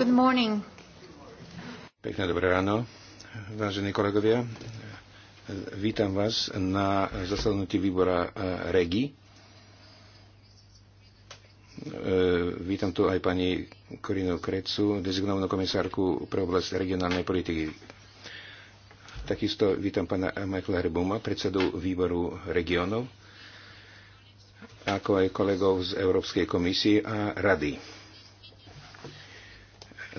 Good morning. Pekné dobré ráno, vážení kolegovia. Vítam vás na zasadnutí výbora e, REGI. E, vítam tu aj pani Korinu Krecu, dezignovanú komisárku pre oblasť regionálnej politiky. Takisto vítam pana Michaela Rebuma, predsedu výboru regionov, ako aj kolegov z Európskej komisie a rady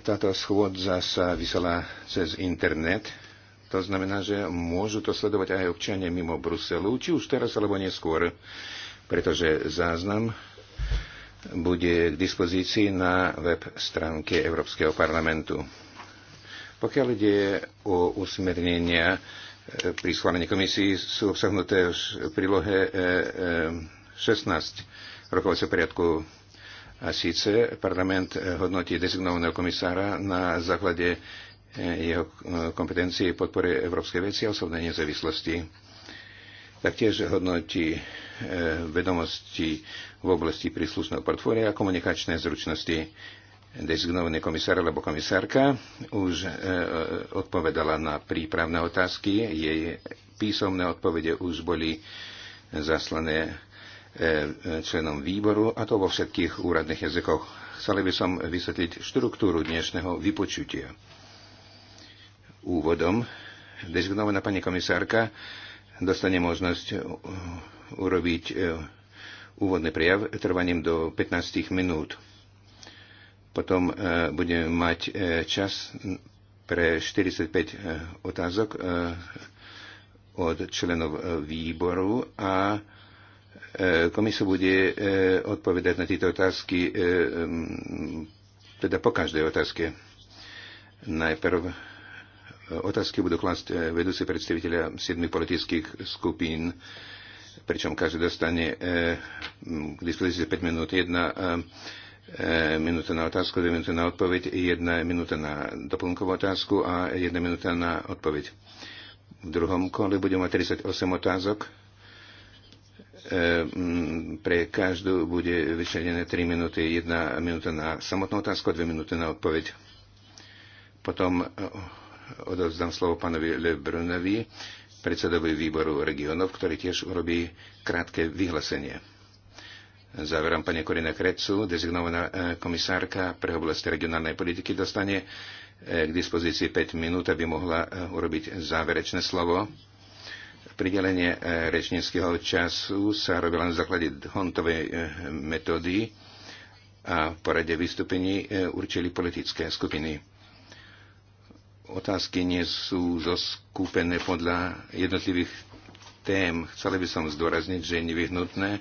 táto schôdza sa vysiela cez internet. To znamená, že môžu to sledovať aj občania mimo Bruselu, či už teraz alebo neskôr, pretože záznam bude k dispozícii na web stránke Európskeho parlamentu. Pokiaľ ide o usmernenia e, pri schválení komisii, sú obsahnuté v prílohe 16 e, e, rokovacieho poriadku a síce parlament eh, hodnotí dezignovaného komisára na základe eh, jeho eh, kompetencie podpory európskej veci a osobnej nezávislosti. Taktiež hodnotí vedomosti v oblasti príslušného portfólia a komunikačné zručnosti. Dezignovaný komisár alebo komisárka už odpovedala na prípravné otázky, jej písomné odpovede už boli zaslané E, členom výboru, a to vo všetkých úradných jazykoch. Chceli by som vysvetliť štruktúru dnešného vypočutia. Úvodom dezignovaná pani komisárka dostane možnosť urobiť e, úvodný prejav trvaním do 15 minút. Potom e, budeme mať čas pre 45 otázok od členov výboru a E, komisia bude e, odpovedať na tieto otázky, e, teda po každej otázke. Najprv otázky budú klásť vedúci predstaviteľa siedmi politických skupín, pričom každý dostane k dispozícii 5 minút. Jedna minúta na otázku, 2 minúty na odpoveď, jedna minúta na doplnkovú otázku a jedna minúta na odpoveď. V druhom kole budeme mať 38 otázok E, pre každú bude vyčlenené 3 minúty, 1 minúta na samotnú otázku, 2 minúty na odpoveď. Potom e, odovzdám slovo pánovi Lebrunovi, predsedovi výboru regionov, ktorý tiež urobí krátke vyhlásenie. Záverom pani Korina Krecu, dezignovaná e, komisárka pre oblasti regionálnej politiky, dostane k dispozícii 5 minút, aby mohla urobiť záverečné slovo. Pridelenie e, rečníckého času sa robilo na základe hontovej e, metódy a v porade vystúpení e, určili politické skupiny. Otázky nie sú zoskupené podľa jednotlivých tém. Chcel by som zdôrazniť, že je nevyhnutné,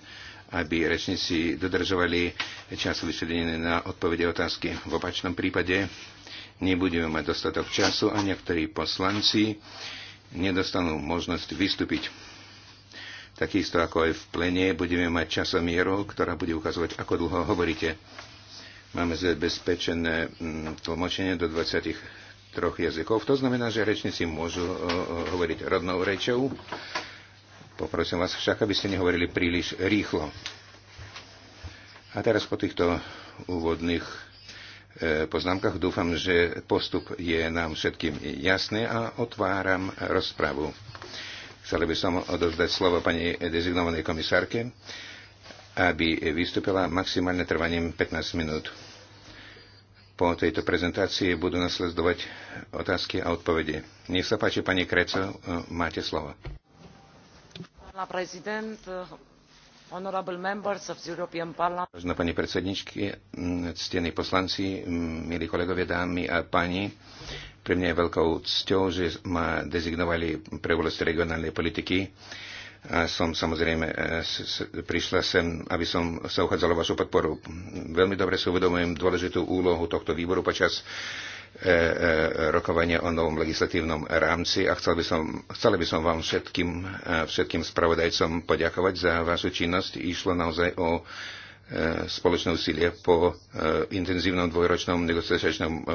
aby rečníci dodržovali čas vyčlenený na odpovede otázky. V opačnom prípade nebudeme mať dostatok času a niektorí poslanci nedostanú možnosť vystúpiť. Takisto ako aj v plene budeme mať časomieru, ktorá bude ukazovať, ako dlho hovoríte. Máme zabezpečené mm, tlmočenie do 23 jazykov. To znamená, že rečníci môžu hovoriť rodnou rečou. Poprosím vás však, aby ste nehovorili príliš rýchlo. A teraz po týchto úvodných E, poznámkach. Dúfam, že postup je nám všetkým jasný a otváram rozpravu. Chcel by som odovzdať slovo pani dezignovanej komisárke, aby vystúpila maximálne trvaním 15 minút. Po tejto prezentácii budú nasledovať otázky a odpovede. Nech sa páči, pani Kreco, e, máte slovo. Pán prezident, Vážená pani predsedničky, ctení poslanci, milí kolegovia, dámy a páni, pre mňa je veľkou cťou, že ma dezignovali pre oblasti regionálnej politiky. A som samozrejme e, prišla sem, aby som sa uchádzala vašu podporu. Veľmi dobre si uvedomujem dôležitú úlohu tohto výboru počas E, e, rokovania o novom legislatívnom rámci a chcel by som, chcel by som vám všetkým, e, všetkým spravodajcom poďakovať za vašu činnosť. Išlo naozaj o spoločné úsilie po intenzívnom dvojročnom negociačnom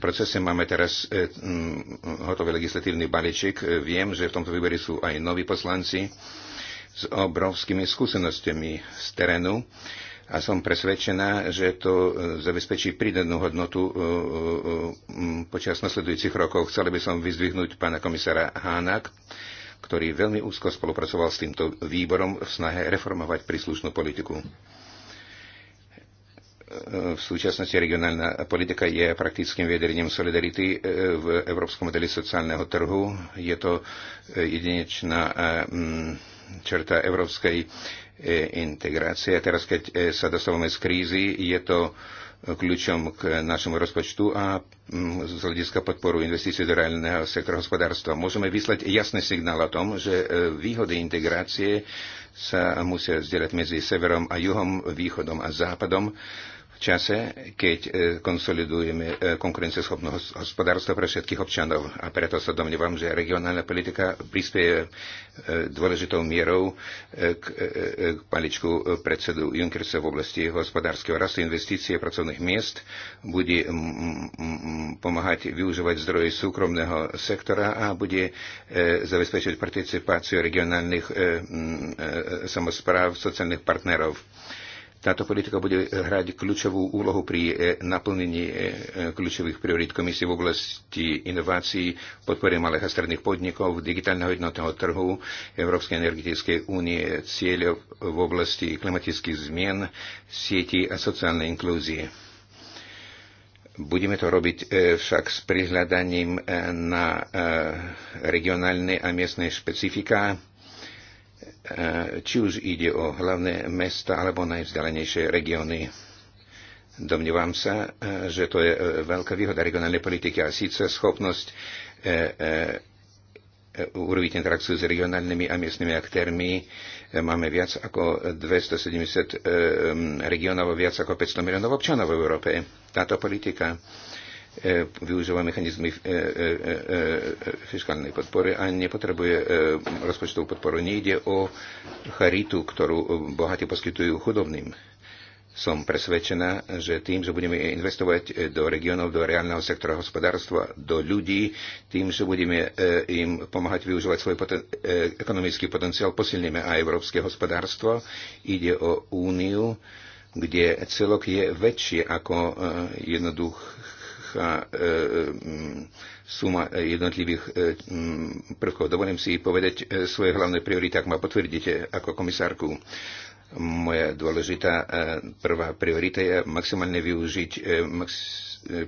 procese máme teraz hotový legislatívny balíček. Viem, že v tomto výbere sú aj noví poslanci s obrovskými skúsenostiami z terénu a som presvedčená, že to e, zabezpečí pridanú hodnotu e, e, počas nasledujúcich rokov. Chcel by som vyzdvihnúť pána komisára Hána, ktorý veľmi úzko spolupracoval s týmto výborom v snahe reformovať príslušnú politiku. V súčasnosti regionálna politika je praktickým vedením solidarity v európskom modeli sociálneho trhu. Je to jedinečná črta európskej E, integrácie. A teraz, keď e, sa dostávame z krízy, je to e, kľúčom k našemu rozpočtu a z hľadiska podporu investícií do reálneho sektora hospodárstva. Môžeme vyslať jasný signál o tom, že výhody integrácie sa musia zdieľať medzi severom a juhom, východom a západom čase, keď e, konsolidujeme e, konkurencieschopnosť hospodárstva pre všetkých občanov. A preto sa domnievam, že regionálna politika prispieje e, dôležitou mierou k, paličku predsedu Junckersa v oblasti hospodárskeho rastu investície pracovných miest, bude pomáhať využívať zdroje súkromného sektora a bude zabezpečiť participáciu regionálnych samozpráv, sociálnych partnerov táto politika bude hrať kľúčovú úlohu pri e, naplnení e, kľúčových priorít komisie v oblasti inovácií, podpory malých a stredných podnikov, digitálneho jednotného trhu, Európskej energetickej únie, cieľov v oblasti klimatických zmien, sieti a sociálnej inklúzie. Budeme to robiť e, však s prihľadaním na regionálne a miestne špecifika, či už ide o hlavné mesta alebo najvzdialenejšie regióny. Domnívam sa, e, že to je e, veľká výhoda regionálnej politiky a síce schopnosť e, urobiť interakciu s regionálnymi a miestnymi aktérmi. Máme viac ako 270 regionov, viac ako 500 miliónov občanov v Európe. Táto politika E, využíva mechanizmy e, e, fiskálnej podpory a nepotrebuje rozpočtovú podporu. Nejde o charitu, ktorú bohatí poskytujú chudobným. Som presvedčená, že tým, že budeme investovať do regionov, do reálneho sektora hospodárstva, do ľudí, tým, že budeme im pomáhať využívať svoj poten- ekonomický potenciál, posilníme aj európske hospodárstvo. Ide o úniu, kde celok je väčší ako jednoduch veľká e, suma e, jednotlivých e, prvkov. Dovolím si povedať svoje hlavné priority, ak ma potvrdíte ako komisárku. Moja dôležitá prvá priorita je maximálne využiť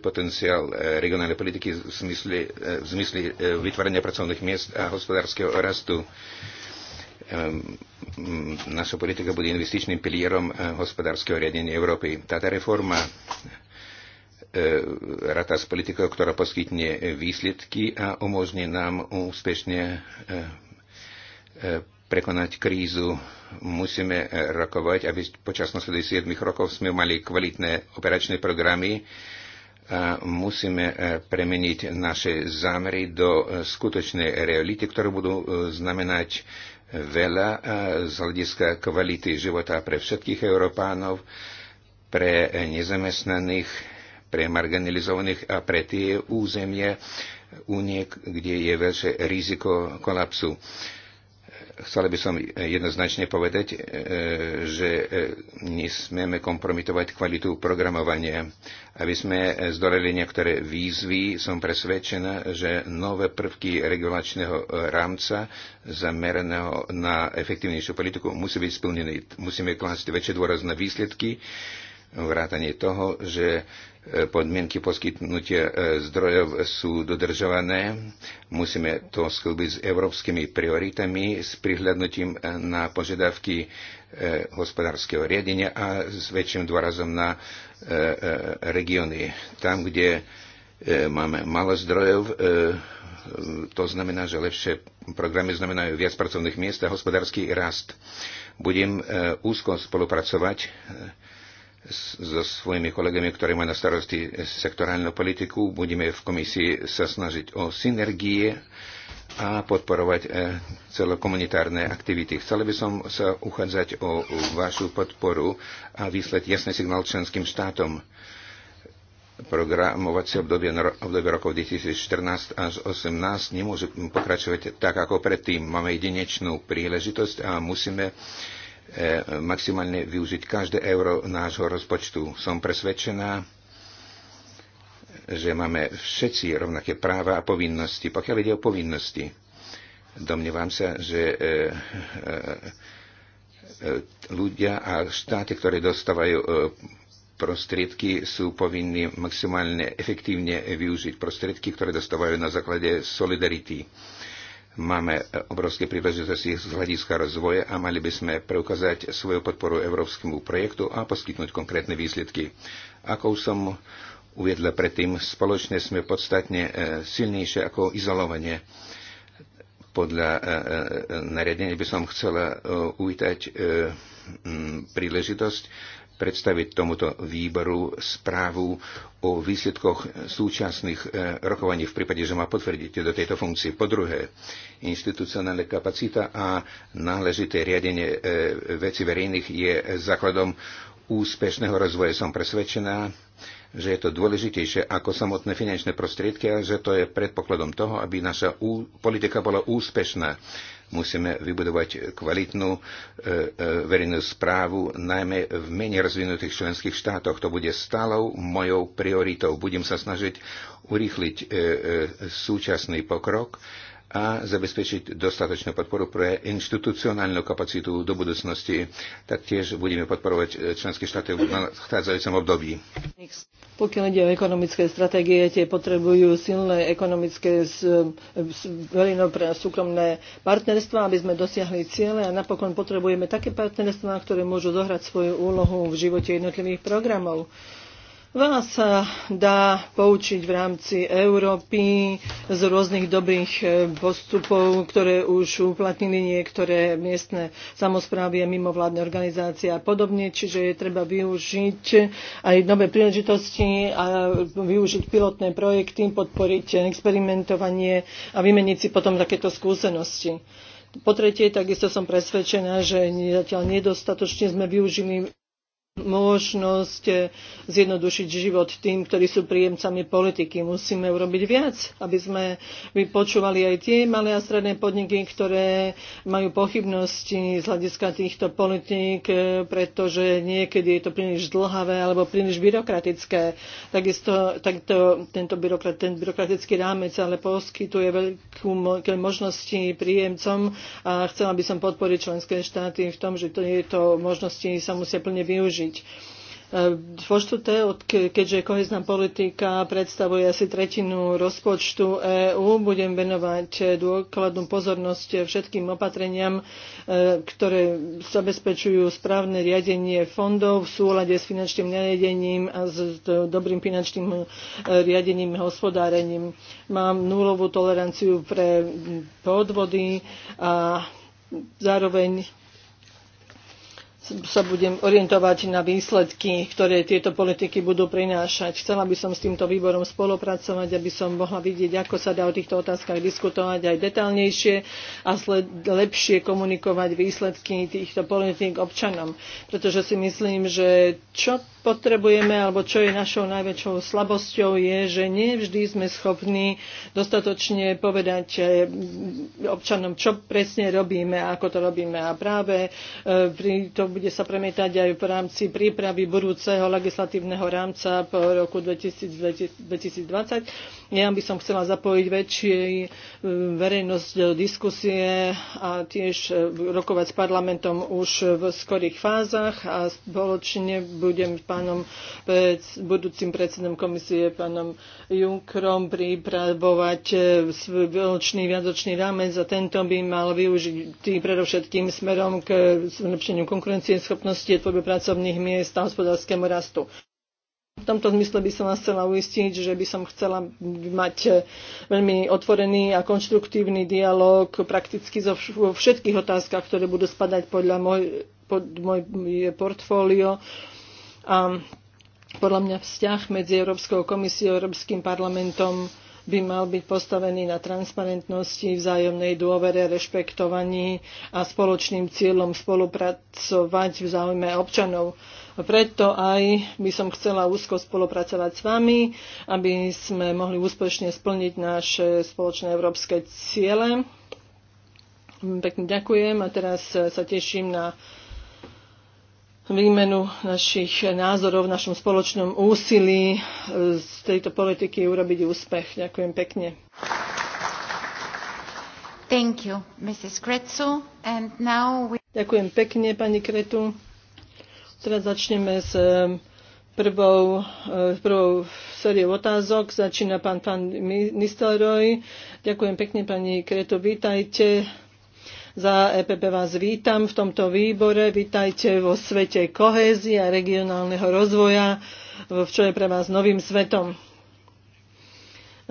potenciál regionálnej politiky v zmysle, v zmysle vytvárania pracovných miest a hospodárskeho rastu ehm, naša politika bude investičným pilierom hospodárskeho riadenia Európy. Táto reforma E, rata s politikou, ktorá poskytne výsledky a umožní nám úspešne e, e, prekonať krízu. Musíme rokovať, aby počas nasledujúcich 7 rokov sme mali kvalitné operačné programy a musíme premeniť naše zámery do skutočnej reality, ktoré budú znamenať veľa z hľadiska kvality života pre všetkých Európánov, pre nezamestnaných, pre marginalizovaných a pre tie územie únie, kde je väčšie riziko kolapsu. Chcela by som jednoznačne povedať, e, že e, nesmieme kompromitovať kvalitu programovania. Aby sme zdoreli niektoré výzvy, som presvedčená, že nové prvky regulačného rámca zameraného na efektívnejšiu politiku musí byť splnené. Musíme klásť väčšie dôraz na výsledky, vrátanie toho, že podmienky poskytnutia e, zdrojov sú dodržované. Musíme to sklbiť s európskymi prioritami, s prihľadnutím e, na požiadavky e, hospodárskeho riadenia a s väčším dôrazom na regióny. Tam, kde máme malo zdrojov, to znamená, že lepšie programy znamenajú viac pracovných miest a hospodársky rast. Budem úzko spolupracovať so svojimi kolegami, ktorí majú na starosti sektorálnu politiku. Budeme v komisii sa snažiť o synergie a podporovať e, celokomunitárne aktivity. Chcel by som sa uchádzať o vašu podporu a vysleť jasný signál členským štátom. Programovacie obdobie na obdobie rokov 2014 až 2018 nemôže pokračovať tak ako predtým. Máme jedinečnú príležitosť a musíme uh, Eh, maximálne využiť každé euro nášho rozpočtu. Som presvedčená, že máme všetci rovnaké práva a povinnosti, pokiaľ ide o povinnosti. Domnievam sa, že eh, eh, ľudia a štáty, ktoré dostávajú prostriedky, sú povinní maximálne efektívne využiť prostriedky, ktoré dostávajú na základe solidarity. Máme e, obrovské príležitosti z hľadiska rozvoja a mali by sme preukázať svoju podporu európskemu projektu a poskytnúť konkrétne výsledky. Ako už som uviedla predtým, spoločne sme podstatne e, silnejšie ako izolovanie podľa e, nariadenia by som chcela uvítať príležitosť predstaviť tomuto výboru správu o výsledkoch súčasných e, rokovaní v prípade, že ma potvrdíte do tejto funkcie. Po druhé, institucionálne kapacita a náležité riadenie e, veci verejných je základom úspešného rozvoja. Som presvedčená, že je to dôležitejšie ako samotné finančné prostriedky a že to je predpokladom toho, aby naša politika bola úspešná Musíme vybudovať kvalitnú e, e, verejnú správu, najmä v menej rozvinutých členských štátoch. To bude stálou mojou prioritou. Budem sa snažiť urýchliť e, súčasný pokrok a zabezpečiť dostatočnú podporu pre inštitucionálnu kapacitu do budúcnosti. Taktiež budeme podporovať e, členské štáty v nadchádzajúcom období. Pokiaľ ide o ekonomické stratégie, tie potrebujú silné ekonomické e, verejno pre súkromné partnerstva, aby sme dosiahli ciele a napokon potrebujeme také partnerstva, ktoré môžu zohrať svoju úlohu v živote jednotlivých programov. Veľa sa dá poučiť v rámci Európy z rôznych dobrých eh, postupov, ktoré už uplatnili niektoré miestne samozprávy a mimovládne organizácie a podobne, čiže je treba využiť aj nové príležitosti a využiť pilotné projekty, podporiť experimentovanie a vymeniť si potom takéto skúsenosti. Po tretie, takisto som presvedčená, že zatiaľ nedostatočne sme využili možnosť eh, zjednodušiť život tým, ktorí sú príjemcami politiky. Musíme urobiť viac, aby sme vypočúvali aj tie malé a stredné podniky, ktoré majú pochybnosti z hľadiska týchto politík, eh, pretože niekedy je to príliš dlhavé alebo príliš byrokratické. Takisto to, tento byrokrat, ten byrokratický rámec ale poskytuje veľké možnosti príjemcom a chcela by som podporiť členské štáty v tom, že tieto možnosti sa musia plne využiť riešiť. E, po keďže kohezná politika predstavuje asi tretinu rozpočtu EÚ, budem venovať dôkladnú pozornosť všetkým opatreniam, e, ktoré zabezpečujú správne riadenie fondov v súlade s finančným riadením a s dobrým finančným e, riadením a hospodárením. Mám nulovú toleranciu pre podvody a zároveň sa budem orientovať na výsledky, ktoré tieto politiky budú prinášať. Chcela by som s týmto výborom spolupracovať, aby som mohla vidieť, ako sa dá o týchto otázkach diskutovať aj detálnejšie a lepšie komunikovať výsledky týchto politik občanom. Pretože si myslím, že čo potrebujeme, alebo čo je našou najväčšou slabosťou, je, že nevždy sme schopní dostatočne povedať eh, občanom, čo presne robíme, ako to robíme. A práve eh, pri tom bude sa premietať aj v rámci prípravy budúceho legislatívneho rámca po roku 2020. Ja by som chcela zapojiť väčšie verejnosť do diskusie a tiež e, rokovať s parlamentom už v skorých fázach a spoločne budem s pánom budúcim predsedom komisie pánom Junkrom pripravovať e, spoločný viadočný rámec a tento by mal využiť tým predovšetkým smerom k zlepšeniu konkurencie konkurencieschopnosti, tvorbe pracovných miest a hospodárskému rastu. V tomto zmysle by som vás chcela uistiť, že by som chcela mať veľmi otvorený a konštruktívny dialog prakticky zo všetkých otázkach, ktoré budú spadať podľa môj, pod moje portfólio. A podľa mňa vzťah medzi Európskou komisiou a Európskym parlamentom by mal byť postavený na transparentnosti, vzájomnej dôvere, rešpektovaní a spoločným cieľom spolupracovať v záujme občanov. Preto aj by som chcela úzko spolupracovať s vami, aby sme mohli úspešne splniť naše spoločné európske ciele. Pekne ďakujem a teraz sa teším na výmenu našich názorov v našom spoločnom úsilí e, z tejto politiky urobiť úspech. Ďakujem pekne. Thank you, Mrs. Kretzu. And now we... Ďakujem pekne, pani Kretu. Teraz začneme s e, prvou, e, prvou sériou otázok. Začína pán, pán Nistelroj. Ďakujem pekne, pani Kretu. Vítajte. Za EPP vás vítam v tomto výbore. Vítajte vo svete kohézie a regionálneho rozvoja, čo je pre vás novým svetom.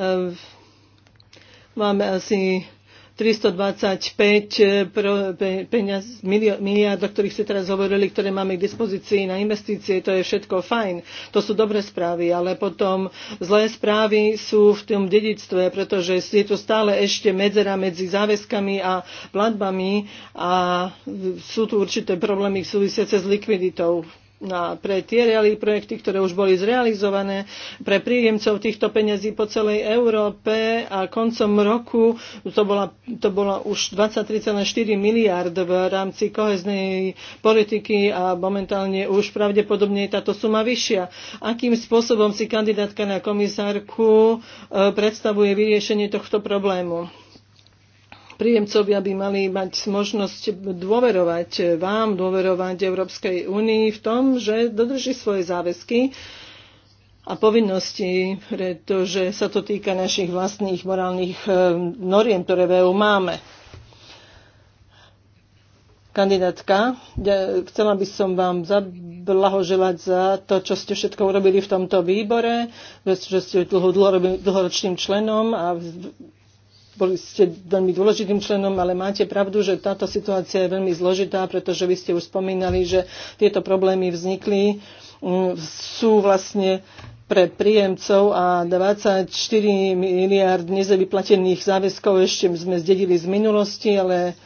Ehm, Máme asi 325 peniaz, miliard, o ktorých ste teraz hovorili, ktoré máme k dispozícii na investície, to je všetko fajn. To sú dobré správy, ale potom zlé správy sú v tom dedictve, pretože je tu stále ešte medzera medzi záväzkami a platbami a sú tu určité problémy súvisiace s likviditou na, pre tie projekty, ktoré už boli zrealizované, pre príjemcov týchto peňazí po celej Európe a koncom roku to bola, to bola už 23,4 miliard v rámci koheznej politiky a momentálne už pravdepodobne je táto suma vyššia. Akým spôsobom si kandidátka na komisárku e, predstavuje vyriešenie tohto problému? príjemcovia by mali mať možnosť dôverovať eh, vám, dôverovať Európskej únii v tom, že dodrží svoje záväzky a povinnosti, pretože sa to týka našich vlastných morálnych eh, noriem, ktoré v EU máme. Kandidátka, ja chcela by som vám zablahoželať za to, čo ste všetko urobili v tomto výbore, že ste dlho, dlho, dlhoročným členom a boli ste veľmi dôležitým členom, ale máte pravdu, že táto situácia je veľmi zložitá, pretože vy ste už spomínali, že tieto problémy vznikli, mm, sú vlastne pre príjemcov a 24 miliard nezavyplatených záväzkov ešte sme zdedili z minulosti, ale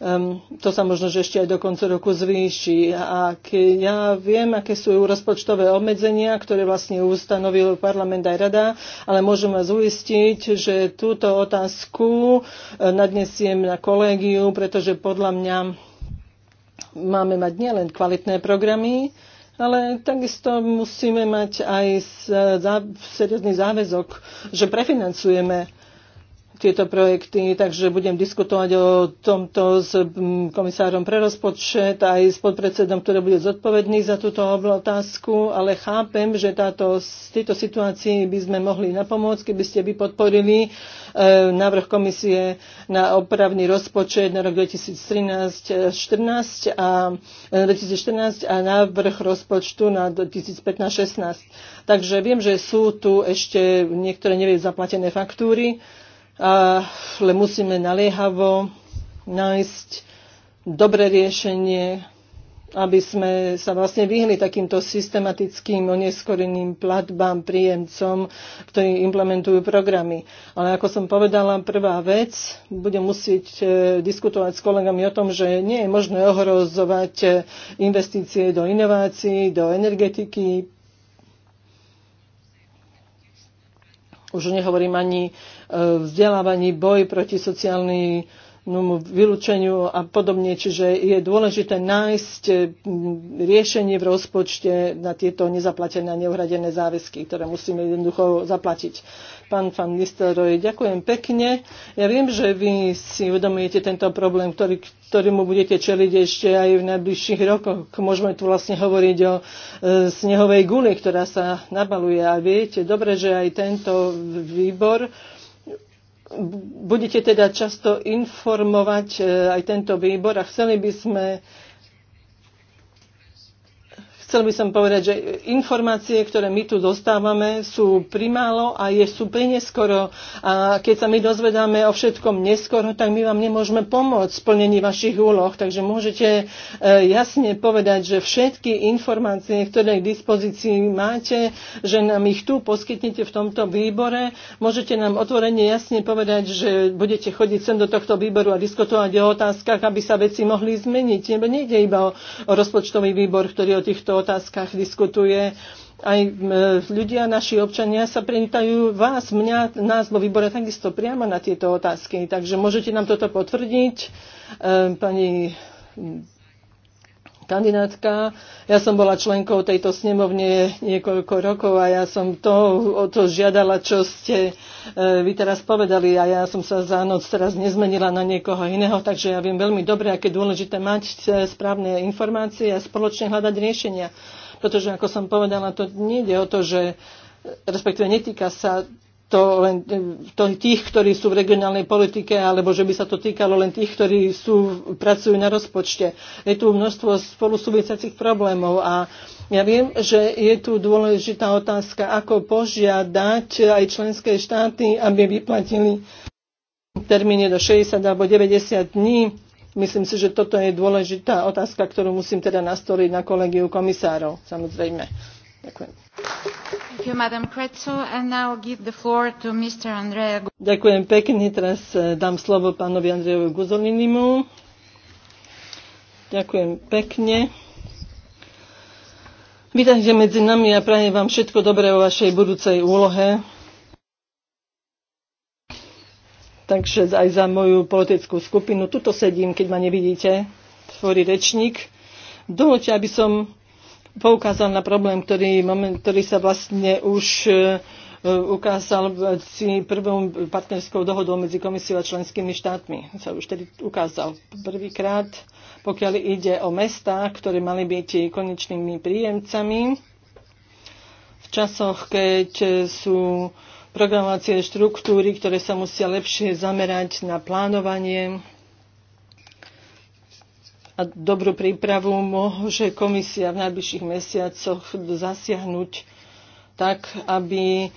um, to sa možno, že ešte aj do konca roku zvýši. A ja viem, aké sú rozpočtové obmedzenia, ktoré vlastne ustanovil parlament aj rada, ale môžem vás uistiť, že túto otázku e, nadnesiem na kolégiu, pretože podľa mňa máme mať nielen kvalitné programy, ale takisto musíme mať aj seriózny záväzok, že prefinancujeme tieto projekty, takže budem diskutovať o tomto s komisárom pre rozpočet aj s podpredsedom, ktorý bude zodpovedný za túto otázku, ale chápem, že táto, z tejto situácii by sme mohli napomôcť, keby ste by podporili e, návrh komisie na opravný rozpočet na rok 2013 14 a, 2014 e, a návrh rozpočtu na 2015-16. Takže viem, že sú tu ešte niektoré nevie zaplatené faktúry, ale musíme naliehavo nájsť dobré riešenie, aby sme sa vlastne vyhli takýmto systematickým oneskoreným platbám príjemcom, ktorí implementujú programy. Ale ako som povedala, prvá vec, budem musieť e, diskutovať s kolegami o tom, že nie je možné ohrozovať e, investície do inovácií, do energetiky, už nehovorím ani e, vzdelávaní, boj proti sociálnej vylúčeniu a podobne. Čiže je dôležité nájsť eh, riešenie v rozpočte na tieto nezaplatené a neuhradené záväzky, ktoré musíme jednoducho zaplatiť. Pán Fan Nistelrooy, ďakujem pekne. Ja viem, že vy si uvedomujete tento problém, ktorý, ktorému budete čeliť ešte aj v najbližších rokoch. Môžeme tu vlastne hovoriť o e, snehovej guli, ktorá sa nabaluje. A viete, dobre, že aj tento výbor budete teda často informovať e, aj tento výbor a chceli by sme Chcel by som povedať, že informácie, ktoré my tu dostávame, sú primálo a je, sú prineskoro. A keď sa my dozvedáme o všetkom neskoro, tak my vám nemôžeme pomôcť v splnení vašich úloh. Takže môžete e, jasne povedať, že všetky informácie, ktoré k dispozícii máte, že nám ich tu poskytnete v tomto výbore. Môžete nám otvorene jasne povedať, že budete chodiť sem do tohto výboru a diskutovať o otázkach, aby sa veci mohli zmeniť. Nebo nejde iba o rozpočtový výbor, ktorý o týchto otázkach diskutuje aj ľudia, naši občania sa prenitajú vás, mňa, nás vo výbore takisto priamo na tieto otázky. Takže môžete nám toto potvrdiť, ehm, pani kandidátka. Ja som bola členkou tejto snemovne niekoľko rokov a ja som to, o to žiadala, čo ste e, vy teraz povedali a ja som sa za noc teraz nezmenila na niekoho iného, takže ja viem veľmi dobre, aké dôležité mať e, správne informácie a spoločne hľadať riešenia. Pretože, ako som povedala, to nie ide o to, že respektíve netýka sa to len to tých, ktorí sú v regionálnej politike, alebo že by sa to týkalo len tých, ktorí sú, pracujú na rozpočte. Je tu množstvo spolu problémov a ja viem, že je tu dôležitá otázka, ako požiadať aj členské štáty, aby vyplatili termíne do 60 alebo 90 dní. Myslím si, že toto je dôležitá otázka, ktorú musím teda nastoliť na kolegiu komisárov, samozrejme. Ďakujem. Ďakujem pekne, teraz e, dám slovo pánovi Andrejovi Guzolinimu. Ďakujem pekne. Vítajte medzi nami a prajem vám všetko dobré o vašej budúcej úlohe. Takže aj za moju politickú skupinu. Tuto sedím, keď ma nevidíte, tvorí rečník. Dovoľte, aby som poukázal na problém, ktorý, moment, ktorý sa vlastne už e, e, ukázal si prvou partnerskou dohodou medzi komisiou a členskými štátmi. Sa už tedy ukázal prvýkrát, pokiaľ ide o mestá, ktoré mali byť konečnými príjemcami. V časoch, keď sú programovacie štruktúry, ktoré sa musia lepšie zamerať na plánovanie, a dobrú prípravu môže komisia v najbližších mesiacoch zasiahnuť tak, aby e,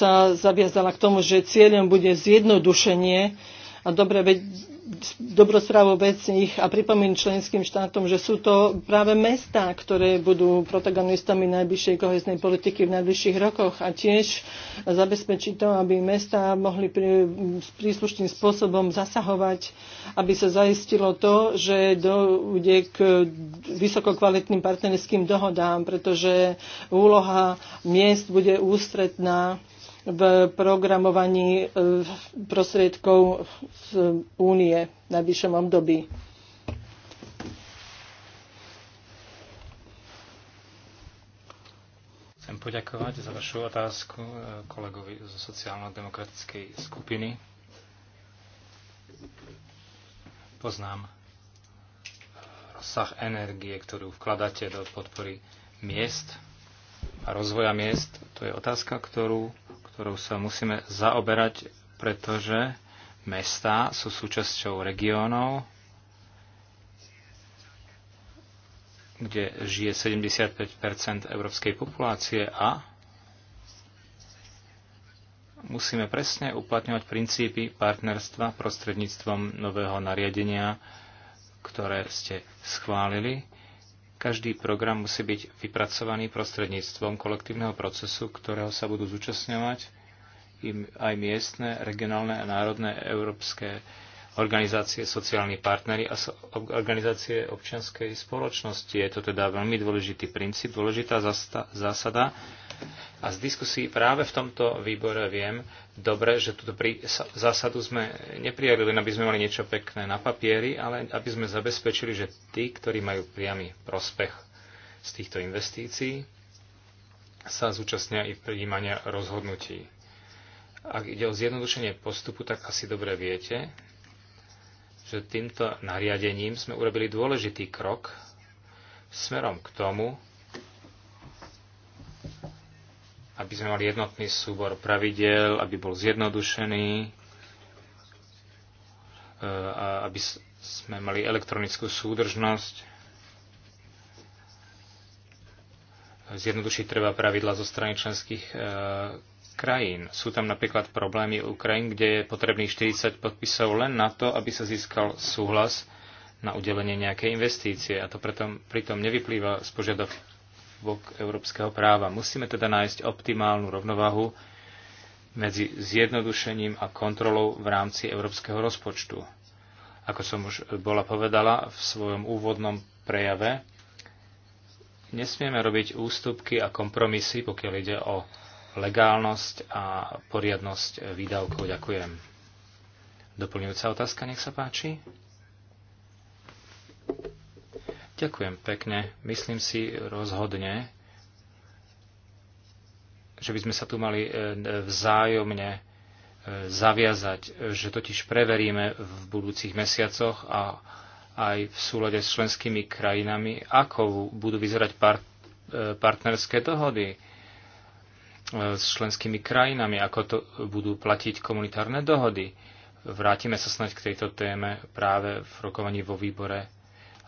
sa zaviazala k tomu, že cieľom bude zjednodušenie a dobre dobrostravo vecných a pripomenúť členským štátom, že sú to práve mestá, ktoré budú protagonistami najbližšej koheznej politiky v najbližších rokoch a tiež zabezpečiť to, aby mestá mohli príslušným spôsobom zasahovať, aby sa zaistilo to, že dojde k vysokokvalitným partnerským dohodám, pretože úloha miest bude ústretná v programovaní e, prostriedkov z únie v najbližšom období. Chcem poďakovať za vašu otázku e, kolegovi zo sociálno-demokratickej skupiny. Poznám e, rozsah energie, ktorú vkladáte do podpory miest a rozvoja miest. To je otázka, ktorú ktorou sa musíme zaoberať, pretože mestá sú súčasťou regiónov, kde žije 75 európskej populácie a musíme presne uplatňovať princípy partnerstva prostredníctvom nového nariadenia, ktoré ste schválili každý program musí byť vypracovaný prostredníctvom kolektívneho procesu, ktorého sa budú zúčastňovať aj miestne, regionálne a národné európske organizácie, sociálni partnery a organizácie občianskej spoločnosti. Je to teda veľmi dôležitý princíp, dôležitá zásada, a z diskusí práve v tomto výbore viem dobre, že túto prí, zásadu sme neprijali len, aby sme mali niečo pekné na papieri, ale aby sme zabezpečili, že tí, ktorí majú priamy prospech z týchto investícií, sa zúčastnia i príjmania rozhodnutí. Ak ide o zjednodušenie postupu, tak asi dobre viete, že týmto nariadením sme urobili dôležitý krok smerom k tomu, aby sme mali jednotný súbor pravidel, aby bol zjednodušený, e, a aby sme mali elektronickú súdržnosť. Zjednodušiť treba pravidla zo strany členských e, krajín. Sú tam napríklad problémy u krajín, kde je potrebných 40 podpisov len na to, aby sa získal súhlas na udelenie nejakej investície. A to preto, pritom nevyplýva z požiadavky prvok európskeho práva. Musíme teda nájsť optimálnu rovnovahu medzi zjednodušením a kontrolou v rámci európskeho rozpočtu. Ako som už bola povedala v svojom úvodnom prejave, nesmieme robiť ústupky a kompromisy, pokiaľ ide o legálnosť a poriadnosť výdavkov. Ďakujem. Doplňujúca otázka, nech sa páči. Ďakujem pekne. Myslím si rozhodne, že by sme sa tu mali e, vzájomne e, zaviazať, že totiž preveríme v budúcich mesiacoch a aj v súlade s členskými krajinami, ako budú vyzerať part- e, partnerské dohody s členskými krajinami, ako to budú platiť komunitárne dohody. Vrátime sa snať k tejto téme práve v rokovaní vo výbore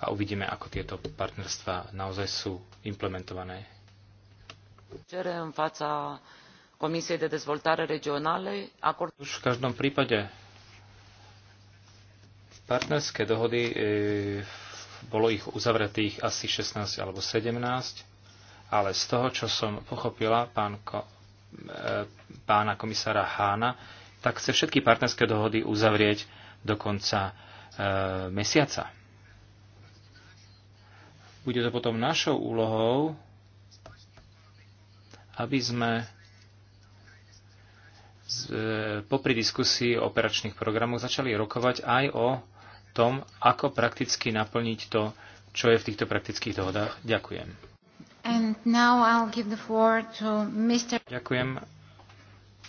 a uvidíme, ako tieto partnerstva naozaj sú implementované. Už v každom prípade partnerské dohody, e, bolo ich uzavretých asi 16 alebo 17, ale z toho, čo som pochopila pán ko, e, pána komisára Hána, tak chce všetky partnerské dohody uzavrieť do konca e, mesiaca. Bude to potom našou úlohou, aby sme e, popri diskusii o operačných programoch začali rokovať aj o tom, ako prakticky naplniť to, čo je v týchto praktických dohodách. Ďakujem. Ďakujem.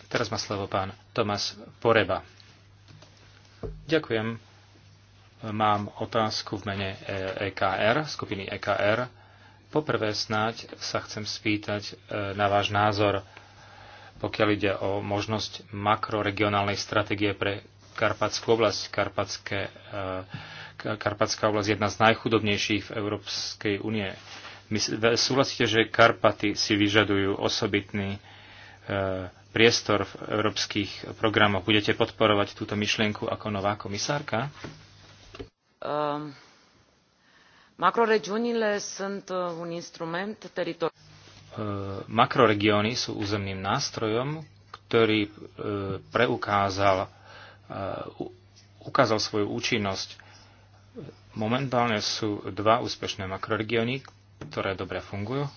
Teraz má slovo pán Tomas Poreba. Ďakujem. Mám otázku v mene EKR, e skupiny EKR. Poprvé snáď sa chcem spýtať e, na váš názor, pokiaľ ide o možnosť makroregionálnej stratégie pre Karpatskú oblasť. Karpatské, e, Karpatská oblasť je jedna z najchudobnejších v Európskej únie. súhlasíte, že Karpaty si vyžadujú osobitný priestor v európskych programoch. Budete podporovať túto myšlienku ako nová komisárka? Ehm, Makroregiónile sunt uh, un instrument ehm, Makroregióny sú územným nástrojom, ktorý e, preukázal e, ukázal svoju účinnosť. Momentálne sú dva úspešné makroregióny, ktoré dobre fungujú,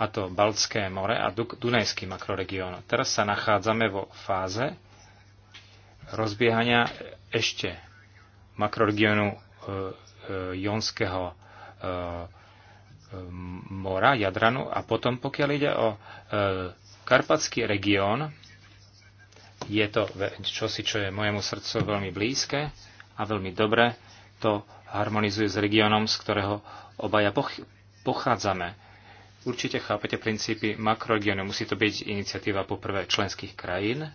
a to Baltské more a Dunajský makroregión. Teraz sa nachádzame vo fáze rozbiehania ešte makroregiónu e, e, Jonského e, mora, Jadranu. A potom, pokiaľ ide o Karpatský región, je to čosi, čo je mojemu srdcu veľmi blízke a veľmi dobre to harmonizuje s regiónom, z ktorého obaja poch- pochádzame. Určite chápete princípy makroregiónu. Musí to byť iniciatíva poprvé členských krajín,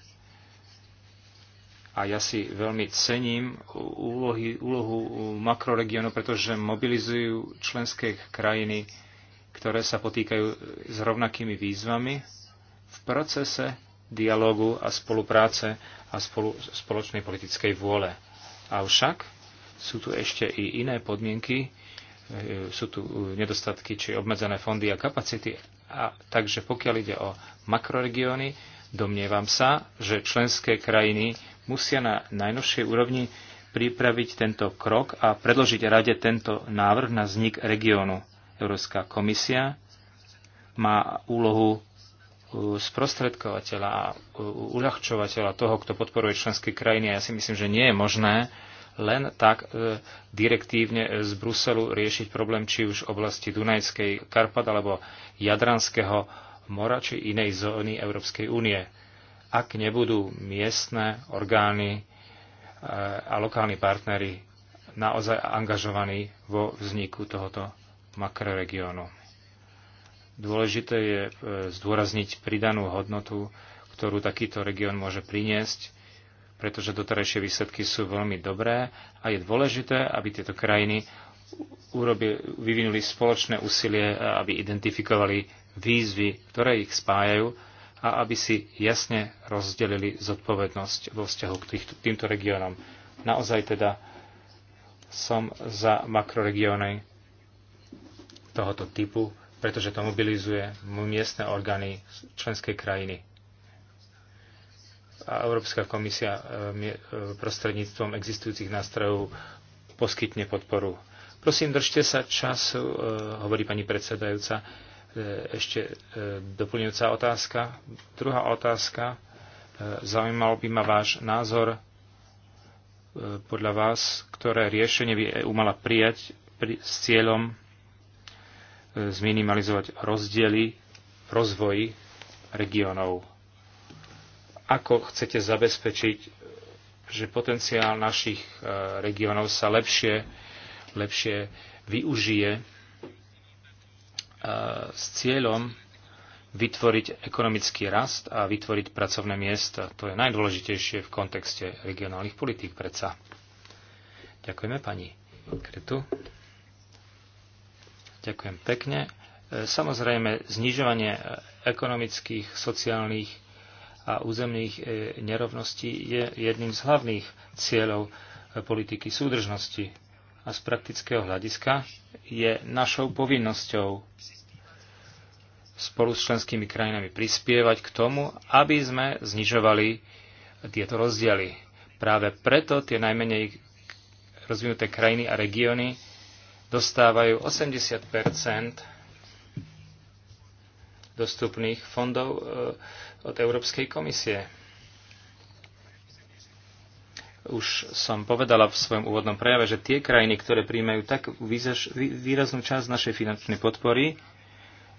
a ja si veľmi cením úlohy, úlohu makroregionu, pretože mobilizujú členské krajiny, ktoré sa potýkajú s rovnakými výzvami v procese dialogu a spolupráce a spolu, spoločnej politickej vôle. Avšak sú tu ešte i iné podmienky, e, sú tu nedostatky či obmedzené fondy a kapacity. A, takže pokiaľ ide o makroregióny, domnievam sa, že členské krajiny musia na najnovšej úrovni pripraviť tento krok a predložiť rade tento návrh na vznik regiónu. Európska komisia má úlohu e, sprostredkovateľa a e, uľahčovateľa toho, kto podporuje členské krajiny. A ja si myslím, že nie je možné len tak e, direktívne z Bruselu riešiť problém či už v oblasti Dunajskej Karpat alebo Jadranského mora či inej zóny Európskej únie ak nebudú miestne orgány e, a lokálni partnery naozaj angažovaní vo vzniku tohoto makroregiónu. Dôležité je e, zdôrazniť pridanú hodnotu, ktorú takýto región môže priniesť, pretože doterajšie výsledky sú veľmi dobré a je dôležité, aby tieto krajiny vyvinuli spoločné úsilie, aby identifikovali výzvy, ktoré ich spájajú a aby si jasne rozdelili zodpovednosť vo vzťahu k týchto, týmto regiónom. Naozaj teda som za makroregióny tohoto typu, pretože to mobilizuje miestne orgány členskej krajiny. A Európska komisia e, e, prostredníctvom existujúcich nástrojov poskytne podporu. Prosím, držte sa času, e, hovorí pani predsedajúca E, ešte e, doplňujúca otázka. Druhá otázka. E, zaujímal by ma váš názor podľa vás, ktoré riešenie by EU mala prijať pri, s cieľom zminimalizovať rozdiely v rozvoji regiónov. Ako chcete zabezpečiť, že potenciál našich regiónov sa lepšie, lepšie využije s cieľom vytvoriť ekonomický rast a vytvoriť pracovné miesta. To je najdôležitejšie v kontexte regionálnych politík predsa. Ďakujeme pani Kretu. Ďakujem pekne. E, samozrejme, znižovanie ekonomických, sociálnych a územných e, nerovností je jedným z hlavných cieľov e, politiky súdržnosti. A z praktického hľadiska je našou povinnosťou spolu s členskými krajinami prispievať k tomu, aby sme znižovali tieto rozdiely. Práve preto tie najmenej rozvinuté krajiny a regióny dostávajú 80 dostupných fondov e, od Európskej komisie už som povedala v svojom úvodnom prejave, že tie krajiny, ktoré príjmajú tak výraznú časť našej finančnej podpory,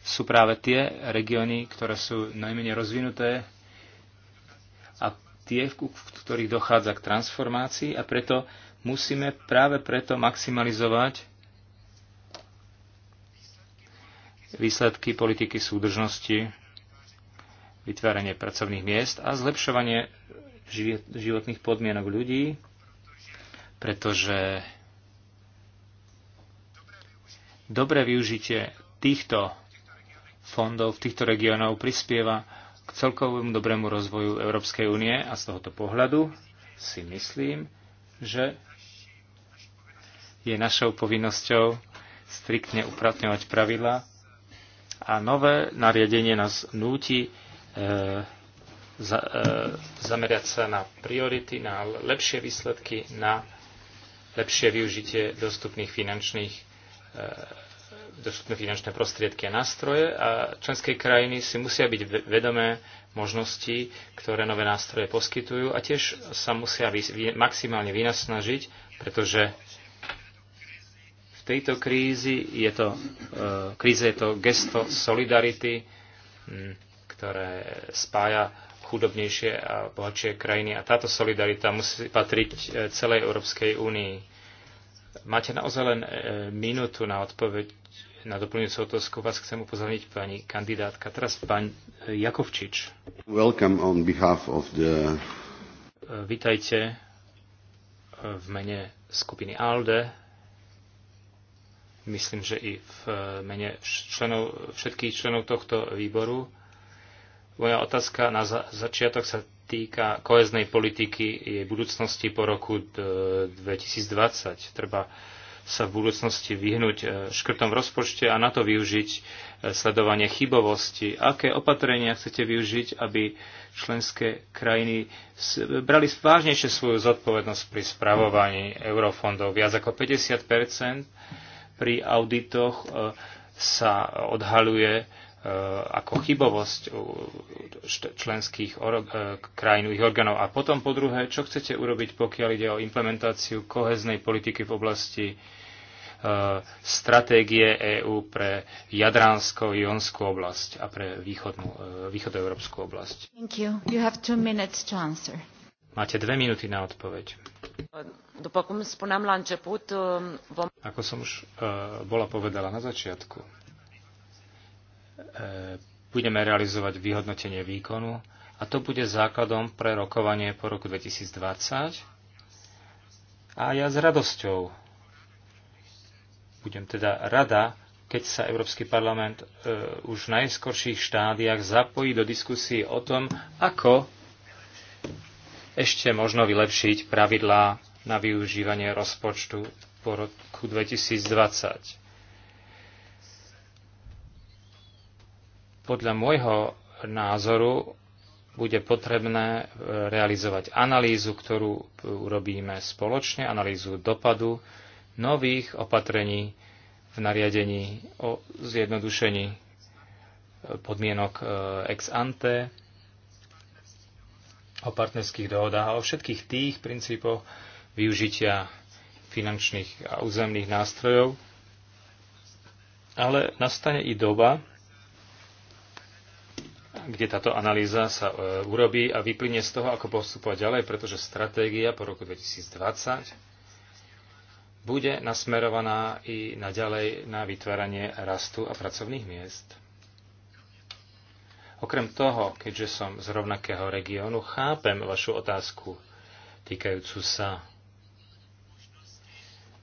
sú práve tie regióny, ktoré sú najmenej rozvinuté a tie, v ktorých dochádza k transformácii a preto musíme práve preto maximalizovať výsledky politiky súdržnosti, vytváranie pracovných miest a zlepšovanie životných podmienok ľudí, pretože dobré využitie týchto fondov v týchto regiónov prispieva k celkovému dobrému rozvoju Európskej únie a z tohoto pohľadu si myslím, že je našou povinnosťou striktne upratňovať pravidla a nové nariadenie nás núti e, za, e, sa na priority, na lepšie výsledky, na lepšie využitie dostupných finančných e, dostupné finančné prostriedky a nástroje a členské krajiny si musia byť vedomé možností, ktoré nové nástroje poskytujú a tiež sa musia vy, maximálne vynasnažiť, pretože v tejto krízi je to, e, kríze je to gesto solidarity, ktoré spája chudobnejšie a bohatšie krajiny. A táto solidarita musí patriť e, celej Európskej únii. Máte naozaj len e, minútu na odpoveď na doplňujúcu otázku. Vás chcem upozorniť, pani kandidátka. Teraz pán e, Jakovčič. Welcome on behalf of the... Vítajte v mene skupiny ALDE. Myslím, že i v mene členov, všetkých členov tohto výboru moja otázka na začiatok sa týka koheznej politiky, jej budúcnosti po roku 2020. E, Treba sa v budúcnosti vyhnúť e, škrtom v rozpočte a na to využiť e, sledovanie chybovosti. Aké opatrenia chcete využiť, aby členské krajiny brali vážnejšie svoju zodpovednosť pri spravovaní eurofondov? Viac ako 50 pri auditoch sa odhaluje Eh, ako chybovosť členských eh, krajín, ich orgánov. A potom po druhé, čo chcete urobiť, pokiaľ ide o implementáciu koheznej politiky v oblasti eh, stratégie EÚ pre jadransko jonskú oblasť a pre východnú, východoeurópsku oblasť. Thank you. You have two minutes to answer. Máte dve minúty na odpoveď. Ako som už bola povedala na začiatku, E, budeme realizovať vyhodnotenie výkonu a to bude základom pre rokovanie po roku 2020. A ja s radosťou budem teda rada, keď sa Európsky parlament e, už v najskorších štádiách zapojí do diskusie o tom, ako ešte možno vylepšiť pravidlá na využívanie rozpočtu po roku 2020 Podľa môjho názoru bude potrebné e, realizovať analýzu, ktorú e, urobíme spoločne, analýzu dopadu nových opatrení v nariadení o zjednodušení e, podmienok ex ante, o partnerských dohodách a o všetkých tých princípoch využitia finančných a územných nástrojov. Ale nastane i doba, kde táto analýza sa e, urobí a vyplynie z toho, ako postupovať ďalej, pretože stratégia po roku 2020 bude nasmerovaná i naďalej na vytváranie rastu a pracovných miest. Okrem toho, keďže som z rovnakého regiónu, chápem vašu otázku týkajúcu sa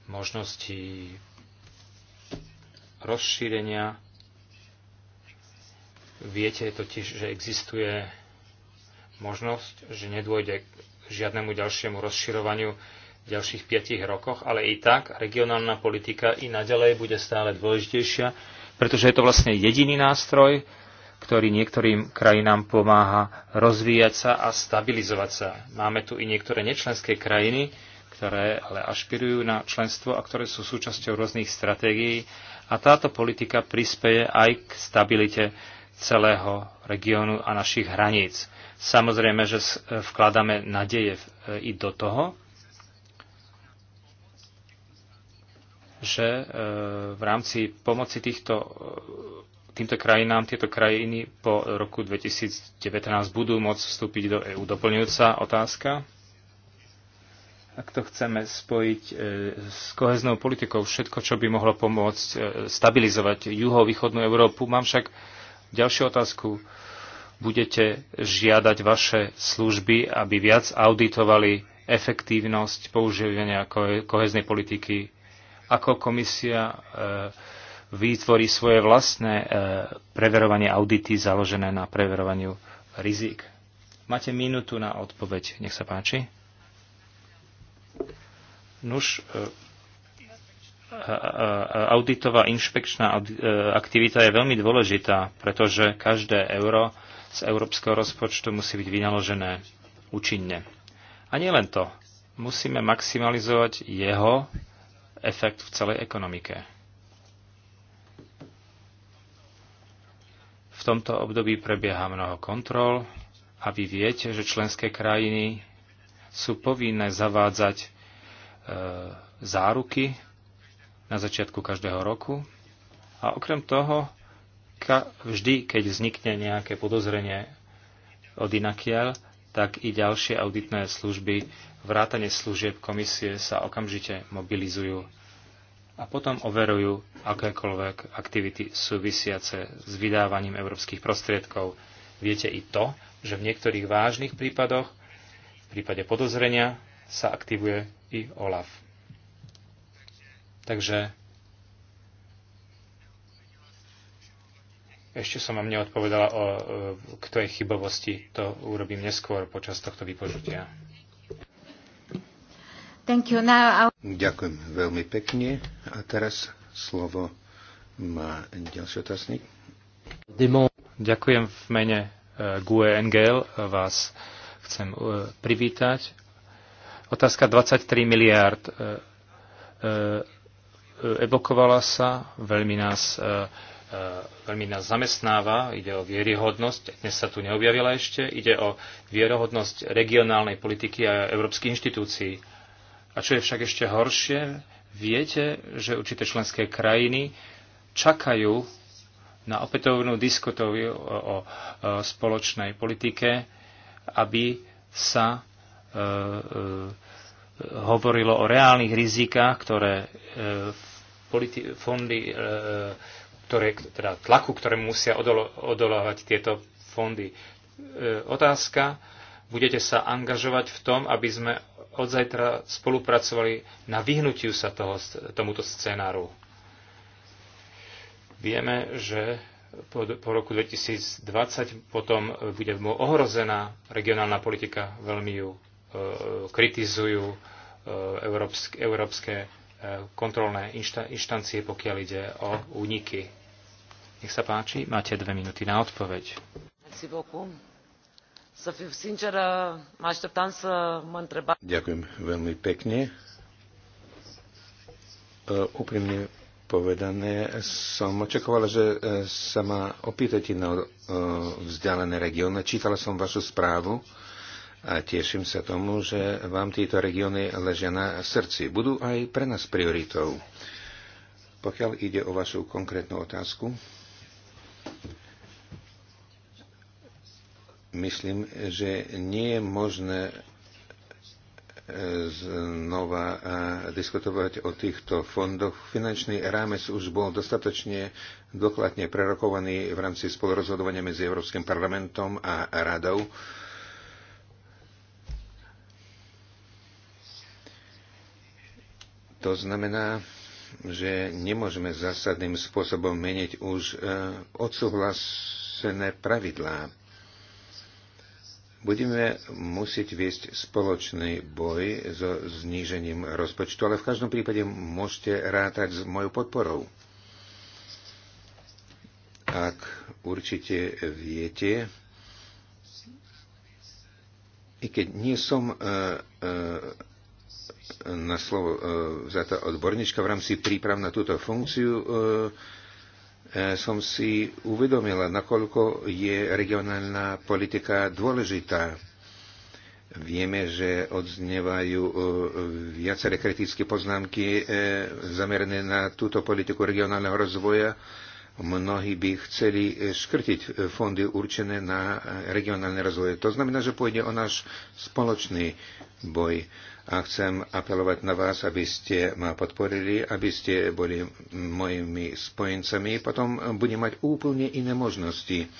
možností rozšírenia Viete totiž, že existuje možnosť, že nedôjde k žiadnemu ďalšiemu rozširovaniu v ďalších piatich rokoch, ale i tak regionálna politika i naďalej bude stále dôležitejšia, pretože je to vlastne jediný nástroj, ktorý niektorým krajinám pomáha rozvíjať sa a stabilizovať sa. Máme tu i niektoré nečlenské krajiny, ktoré ale ašpirujú na členstvo a ktoré sú súčasťou rôznych stratégií a táto politika prispieje aj k stabilite celého regiónu a našich hraníc. Samozrejme, že vkladáme nadeje i do toho, že e, v rámci pomoci týchto, e, týmto krajinám tieto krajiny po roku 2019 budú môcť vstúpiť do EÚ. Doplňujúca otázka? Ak to chceme spojiť e, s koheznou politikou, všetko, čo by mohlo pomôcť stabilizovať juhovýchodnú Európu, mám však Ďalšiu otázku. Budete žiadať vaše služby, aby viac auditovali efektívnosť používania koheznej politiky, ako komisia e, vytvorí svoje vlastné e, preverovanie audity založené na preverovaniu rizik. Máte minútu na odpoveď, nech sa páči. Nuž, e, auditová inšpekčná e, aktivita je veľmi dôležitá, pretože každé euro z európskeho rozpočtu musí byť vynaložené účinne. A nielen to, musíme maximalizovať jeho efekt v celej ekonomike. V tomto období prebieha mnoho kontrol a vy viete, že členské krajiny sú povinné zavádzať e, záruky na začiatku každého roku. A okrem toho, vždy, keď vznikne nejaké podozrenie od inakiaľ, tak i ďalšie auditné služby, vrátane služieb komisie sa okamžite mobilizujú a potom overujú akékoľvek aktivity súvisiace s vydávaním európskych prostriedkov. Viete i to, že v niektorých vážnych prípadoch, v prípade podozrenia, sa aktivuje i OLAF. Takže ešte som vám neodpovedala o, e, k tej chybovosti. To urobím neskôr počas tohto vypočutia. Thank you. Now Ďakujem veľmi pekne. A teraz slovo má ďalší otáznik. Ďakujem v mene e, GUE NGL. vás chcem e, privítať. Otázka 23 miliárd evokovala sa, veľmi nás, e, e, veľmi nás zamestnáva, ide o vieryhodnosť, dnes sa tu neobjavila ešte, ide o vierohodnosť regionálnej politiky a európskych inštitúcií. A čo je však ešte horšie, viete, že určité členské krajiny čakajú na opätovnú diskutoviu o, o, o spoločnej politike, aby sa e, e, hovorilo o reálnych rizikách, ktoré e, v fondy, e, ktoré, teda tlaku, ktoré musia odolo- odolávať tieto fondy. E, otázka, budete sa angažovať v tom, aby sme od zajtra spolupracovali na vyhnutiu sa toho, tomuto scénáru. Vieme, že po, po roku 2020 potom bude ohrozená regionálna politika, veľmi ju e, kritizujú európske, európske E, kontrolné inštancie, pokiaľ ide o úniky. Nech sa páči, máte dve minúty na odpoveď. Ďakujem veľmi pekne. E, úprimne povedané, som očakoval, že e, sa ma opýtate na vzdialené regióny. Čítala som vašu správu a teším sa tomu, že vám títo regióny ležia na srdci. Budú aj pre nás prioritou. Pokiaľ ide o vašu konkrétnu otázku, myslím, že nie je možné e, znova e, diskutovať o týchto fondoch. Finančný rámec už bol dostatočne dokladne prerokovaný v rámci spolurozhodovania medzi Európskym parlamentom a Radou. To znamená, že nemôžeme zásadným spôsobom meniť už e, odsúhlasené pravidlá. Budeme musieť viesť spoločný boj so znížením rozpočtu, ale v každom prípade môžete rátať s mojou podporou. Ak určite viete, i keď nie som e, e, na slovo e, vzata odborníčka v rámci príprav na túto funkciu e, e, som si uvedomila, nakoľko je regionálna politika dôležitá. Vieme, že odznevajú viaceré kritické poznámky zamerané na túto politiku regionálneho rozvoja Mnohí by chceli e, škrtiť e, fondy určené na e, regionálne rozvoje. To znamená, že pôjde o náš spoločný boj a chcem apelovať na vás, aby ste ma podporili, aby ste boli mojimi spojencami. Potom budem mať úplne iné možnosti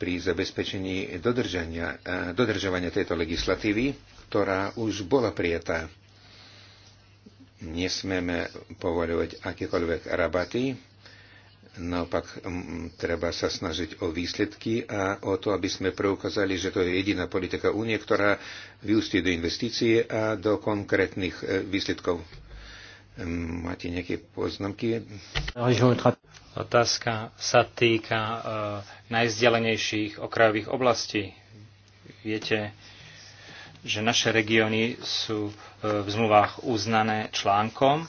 pri zabezpečení dodržania, dodržovania tejto legislatívy, ktorá už bola prijatá nesmeme povoľovať akékoľvek rabaty, naopak treba sa snažiť o výsledky a o to, aby sme preukázali, že to je jediná politika únie, ktorá vyústí do investície a do konkrétnych e, výsledkov. Máte nejaké poznámky? Otázka sa týka uh, e, najzdelenejších okrajových oblastí. Viete, že naše regióny sú e, v zmluvách uznané článkom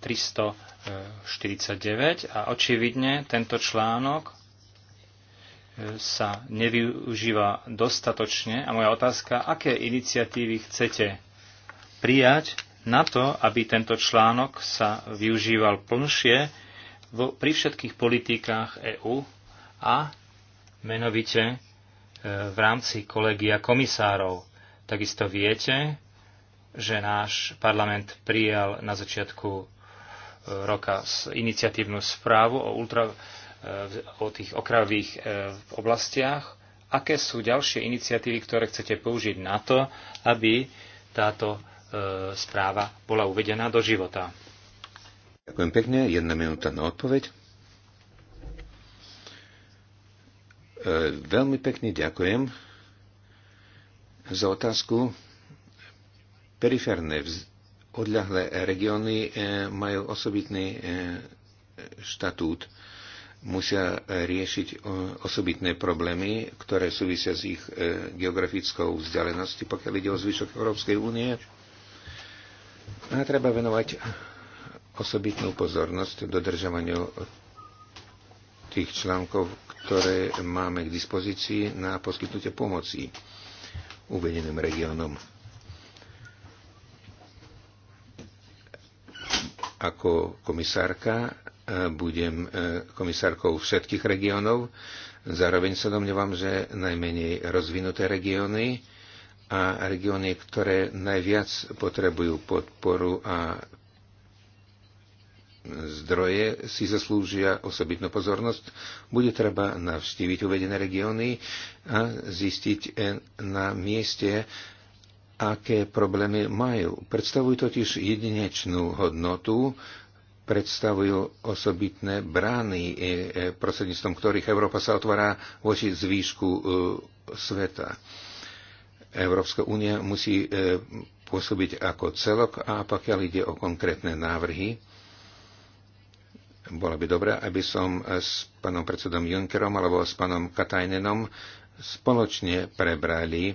349 a očividne tento článok e, sa nevyužíva dostatočne. A moja otázka, aké iniciatívy chcete prijať na to, aby tento článok sa využíval plnšie vo, pri všetkých politikách EÚ a menovite e, v rámci kolegia komisárov Takisto viete, že náš parlament prijal na začiatku e, roka iniciatívnu správu o, ultra, e, o tých okravých e, oblastiach. Aké sú ďalšie iniciatívy, ktoré chcete použiť na to, aby táto správa bola uvedená do života? Ďakujem pekne. Jedna minúta na odpoveď. Veľmi pekne ďakujem za otázku. Periférne odľahlé regióny eh, majú osobitný eh, štatút. Musia eh, riešiť osobitné problémy, ktoré súvisia s ich geografickou vzdialenosti, pokiaľ ide o zvyšok Európskej únie. A treba venovať osobitnú pozornosť dodržavaniu tých článkov, ktoré máme k dispozícii na poskytnutie pomoci uvedeným regiónom. Ako komisárka e, budem e, komisárkou všetkých regiónov. Zároveň sa domnievam, že najmenej rozvinuté regióny a regióny, ktoré najviac potrebujú podporu a zdroje si zaslúžia osobitnú pozornosť. Bude treba navštíviť uvedené regióny a zistiť na mieste, aké problémy majú. Predstavujú totiž jedinečnú hodnotu, predstavujú osobitné brány, e, e, prostredníctvom ktorých Európa sa otvára voči zvýšku e, sveta. Európska únia musí pôsobiť ako celok a pokiaľ ide o konkrétne návrhy, bolo by dobré, aby som s pánom predsedom Junckerom alebo s pánom Katajnenom spoločne prebrali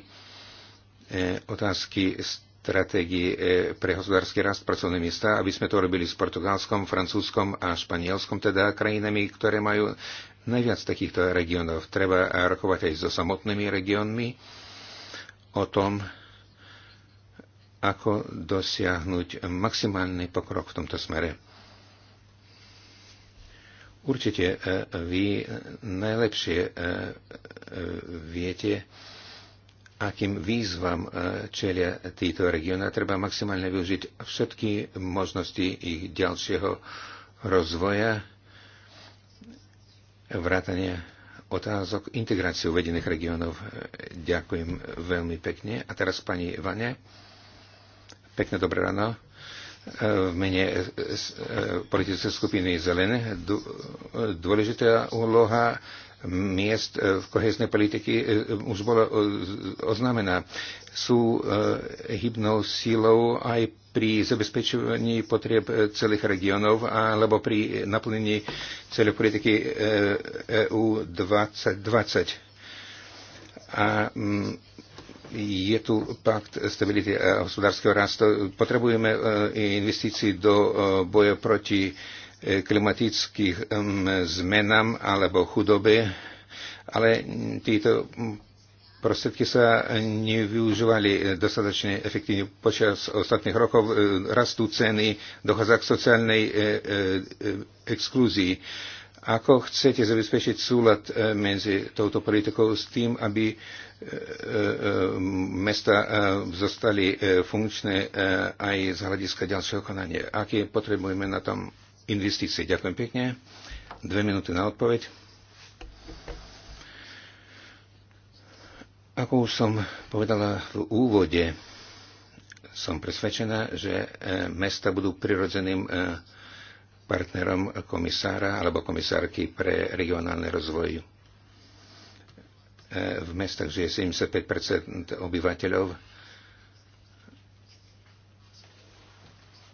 e, otázky stratégie e, pre hospodársky rast pracovné miesta, aby sme to robili s Portugalskom, Francúzskom a Španielskom, teda krajinami, ktoré majú najviac takýchto regiónov. Treba rokovať aj so samotnými regiónmi o tom, ako dosiahnuť maximálny pokrok v tomto smere. Určite e, vy najlepšie e, e, viete, akým výzvam čelia títo regióny. Treba maximálne využiť všetky možnosti ich ďalšieho rozvoja, vrátania otázok integráciu uvedených regiónov. Ďakujem veľmi pekne. A teraz pani Vane. Pekné dobré ráno. E, v mene e, e, politické skupiny Zelené dôležitá úloha miest v koheznej politiky už bola oznámená. Sú hybnou síľou aj pri zabezpečovaní potrieb celých regionov alebo pri naplnení celej politiky EU 2020. A je tu pakt stability a hospodárskeho rastu. Potrebujeme e, investícií do e, boja proti e, klimatických zmenám alebo chudobe, ale títo prostriedky sa nevyužívali dostatočne efektívne počas ostatných rokov. Rastú ceny, dochádza k sociálnej exklúzii ako chcete zabezpečiť súlad e, medzi touto politikou s tým, aby e, e, mesta zostali funkčné aj z hľadiska ďalšieho konania? Aké potrebujeme na tom investície? Ďakujem pekne. Dve minúty na odpoveď. Ako už som povedala v úvode, som presvedčená, že mesta budú prirodzeným partnerom komisára alebo komisárky pre regionálny rozvoj. E, v mestách žije 75 obyvateľov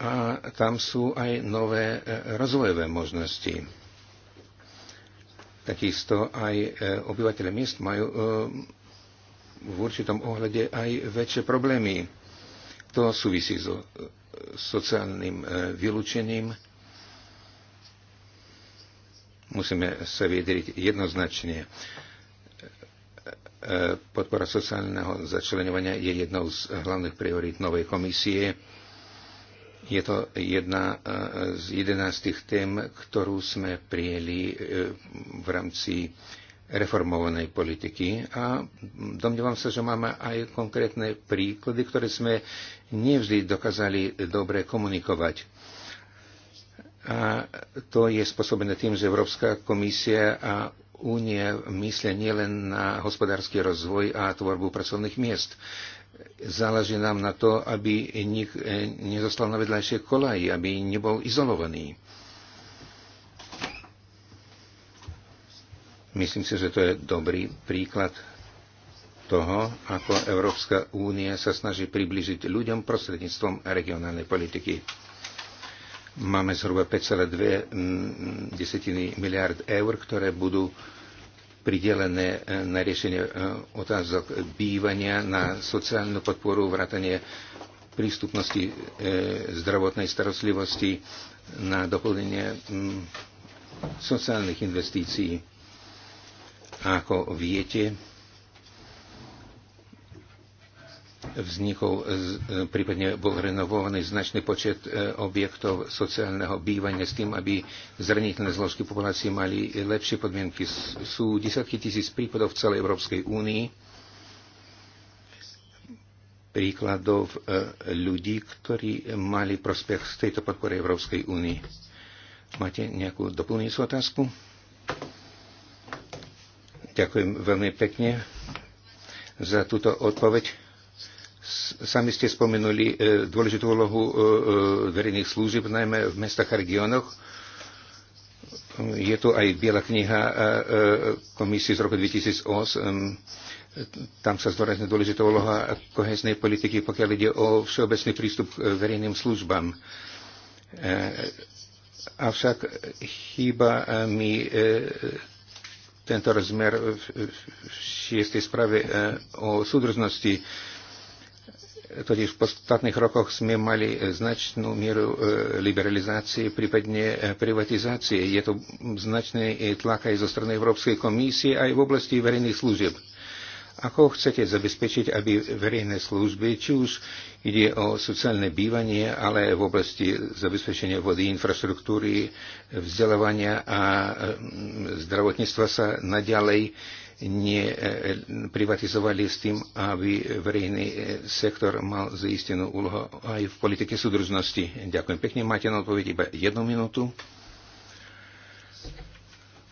a tam sú aj nové e, rozvojové možnosti. Takisto aj e, obyvateľe miest majú v určitom ohľade aj väčšie problémy. To súvisí so sociálnym vylúčením Musíme sa vyjadriť jednoznačne. E, podpora sociálneho začlenovania je jednou z hlavných priorít novej komisie. Je to jedna e, z jedenástich tém, ktorú sme prijeli e, v rámci reformovanej politiky a domnievam sa, že máme aj konkrétne príklady, ktoré sme nevždy dokázali dobre komunikovať. A to je spôsobené tým, že Európska komisia a únie myslia nielen na hospodársky rozvoj a tvorbu pracovných miest. Záleží nám na to, aby nik e, nezostal na vedľajšie kolaji, aby nebol izolovaný. Myslím si, že to je dobrý príklad toho, ako Európska únia sa snaží približiť ľuďom prostredníctvom regionálnej politiky. Máme zhruba 5,2 mm, miliard eur, ktoré budú pridelené e, na riešenie e, otázok bývania, na sociálnu podporu, vrátanie prístupnosti e, zdravotnej starostlivosti, na doplnenie mm, sociálnych investícií. A ako viete, vznikol, e, prípadne bol renovovaný značný počet e, objektov sociálneho bývania s tým, aby zraniteľné zložky populácie mali lepšie podmienky. Sú desiatky tisíc prípadov v celej Európskej únii príkladov e, ľudí, ktorí mali prospech z tejto podpory Európskej únii. Máte nejakú doplňujúcu otázku? Ďakujem veľmi pekne za túto odpoveď Sami ste spomenuli e, dôležitú úlohu e, e, verejných služieb, najmä v mestách a regiónoch. Je tu aj Biela kniha komisie z roku 2008 tam sa zdôrazne dôležitá úloha koheznej politiky, pokiaľ ide o všeobecný prístup k verejným službám. Avšak chýba mi tento rozmer v šiestej správe o súdržnosti totiž v podstatných rokoch sme mali značnú mieru e, liberalizácie, prípadne e, privatizácie. Je to značný tlak aj zo strany Európskej komisie, aj v oblasti verejných služieb. Ako chcete zabezpečiť, aby verejné služby, či už ide o sociálne bývanie, ale v oblasti zabezpečenia vody, infraštruktúry, vzdelávania a e, zdravotníctva sa naďalej neprivatizovali e, e, s tým, aby verejný e, sektor mal zaistenú úlohu aj v politike súdržnosti. Ďakujem pekne. Máte na odpoveď iba jednu minútu.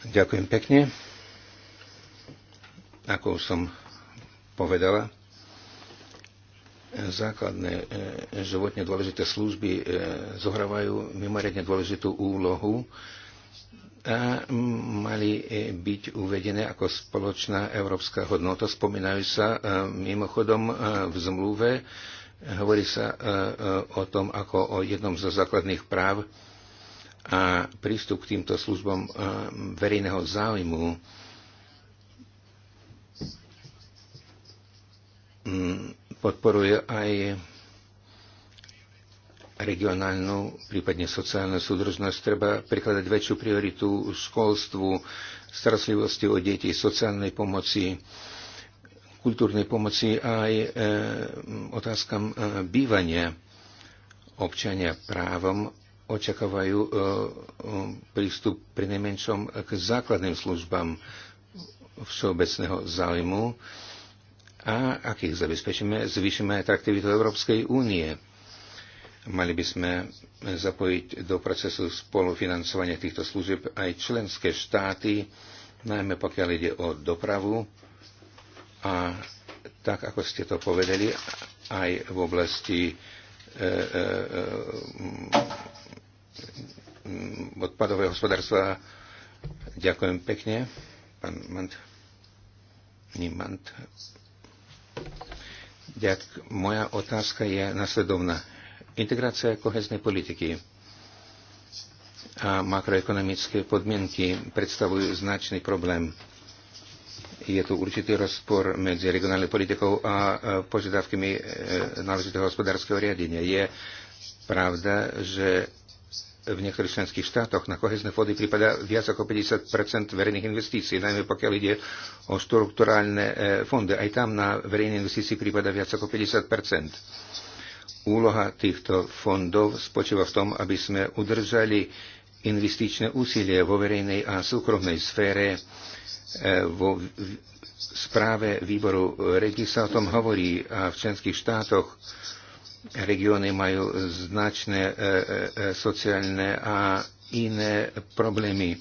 Ďakujem pekne. Ako сам поведала, základné životne dôležité služby zohrávajú mimoriadne dôležitú úlohu a mali e, byť uvedené ako spoločná európska hodnota. Spomínajú sa e, mimochodom e, v zmluve, hovorí sa o tom ako o jednom zo základných práv a prístup k týmto službom verejného záujmu podporuje aj regionálnu, prípadne sociálnu súdržnosť, treba prikladať väčšiu prioritu školstvu, starostlivosti o deti, sociálnej pomoci, kultúrnej pomoci a aj e, otázkam e, bývania. Občania právom očakávajú e, e prístup pri najmenšom k základným službám všeobecného záujmu a ak ich zabezpečíme, zvýšime atraktivitu Európskej únie Mali by sme zapojiť do procesu spolufinancovania týchto služieb aj členské štáty, najmä pokiaľ ide o dopravu a tak, ako ste to povedali, aj v oblasti e, e, mm, odpadového hospodárstva. Ďakujem pekne. Pán Mant. Nimant. Ďak, moja otázka je nasledovná Integrácia koheznej politiky a makroekonomické podmienky predstavujú značný problém. Je tu určitý rozpor medzi regionálnou politikou a e, požiadavkami e, náležitého hospodárskeho riadenia. Je pravda, že v niektorých členských štátoch na kohezné fondy prípada viac ako 50 verejných investícií, najmä pokiaľ ide o štrukturálne e, fondy. Aj tam na verejné investície prípada viac ako 50 Úloha týchto fondov spočíva v tom, aby sme udržali investičné úsilie vo verejnej a súkromnej sfére. E, vo správe výboru regi sa o tom hovorí a v členských štátoch regióny majú značné e, e, sociálne a iné problémy.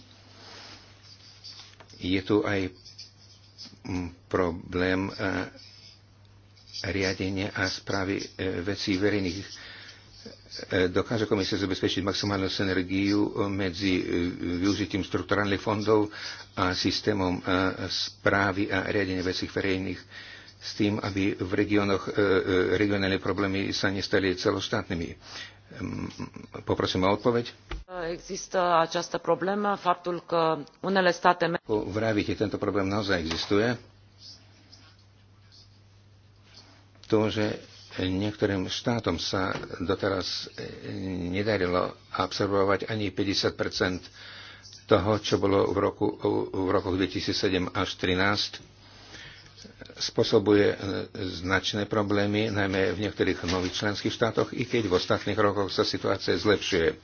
Je tu aj problém riadenie a správy e, vecí verejných e, dokáže komisia zabezpečiť maximálnu synergiu e, medzi využitím strukturálnych fondov a systémom správy a riadenia vecí verejných s tým, aby v regiónoch regionálne problémy sa nestali celoštátnymi. Poprosím o odpoveď. Există această problemă, faptul că unele state... Vravíte, tento problém naozaj existuje to, že niektorým štátom sa doteraz nedarilo absorbovať ani 50 toho, čo bolo v, roku, v rokoch 2007 až 2013 spôsobuje značné problémy, najmä v niektorých nových členských štátoch, i keď v ostatných rokoch sa situácia zlepšuje.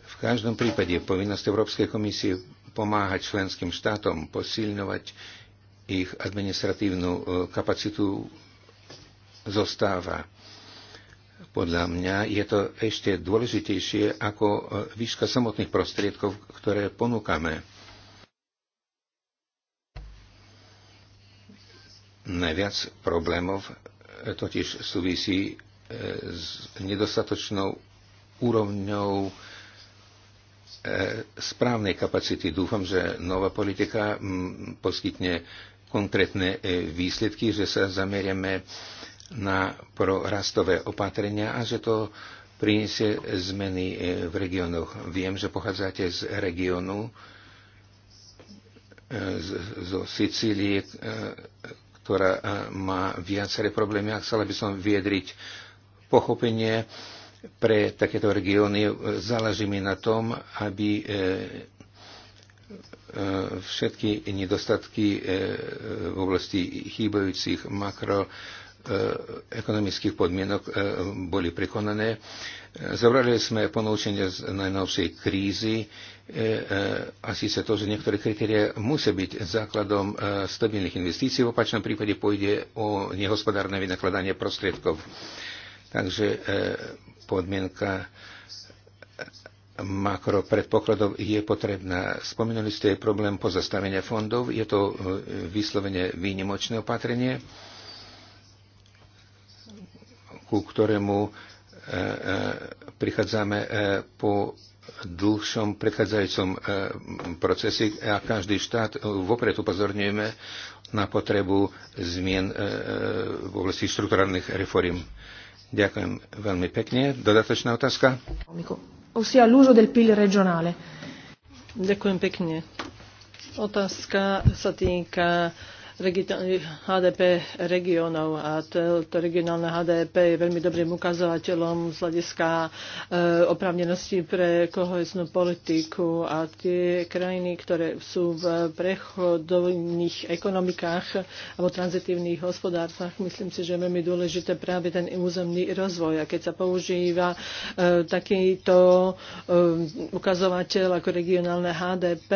V každom prípade povinnosť Európskej komisie pomáhať členským štátom posilňovať ich administratívnu kapacitu zostáva. Podľa mňa je to ešte dôležitejšie ako e, výška samotných prostriedkov, ktoré ponúkame. Najviac problémov e, totiž súvisí e, s nedostatočnou úrovňou správnej kapacity. Dúfam, že nová politika poskytne konkrétne výsledky, že sa zameriame na prorastové opatrenia a že to priniesie zmeny e, v regiónoch. Viem, že pochádzate z regiónu, e, zo Sicílie, e, ktorá má viaceré problémy a chcela by som viedriť pochopenie pre takéto regióny. Záleží mi na tom, aby všetky nedostatky v oblasti chýbajúcich makro E, ekonomických podmienok e, boli prekonané. E, Zabrali sme ponaučenie z najnovšej krízy a síce to, že niektoré kritéria musia byť základom stabilných investícií, v opačnom prípade pôjde o nehospodárne vynakladanie prostriedkov. Takže podmienka makro predpokladov je potrebná. Spomenuli ste problém pozastavenia fondov, je to vyslovene výnimočné opatrenie ku ktorému e, e, prichádzame e, po dlhšom predchádzajúcom procese a každý štát vopred upozorňujeme na potrebu zmien v oblasti štruktúrnych reform. Ďakujem veľmi pekne. Dodatočná otázka? Ossia l'uso del PIL regionale. Ďakujem pekne. Otázka sa týka HDP regionov. a to, to regionálne HDP je veľmi dobrým ukazovateľom z hľadiska e, oprávnenosti pre koheznú politiku a tie krajiny, ktoré sú v prechodových ekonomikách alebo tranzitívnych hospodárstvách, myslím si, že je veľmi dôležité práve ten územný rozvoj. A keď sa používa e, takýto e, ukazovateľ ako regionálne HDP,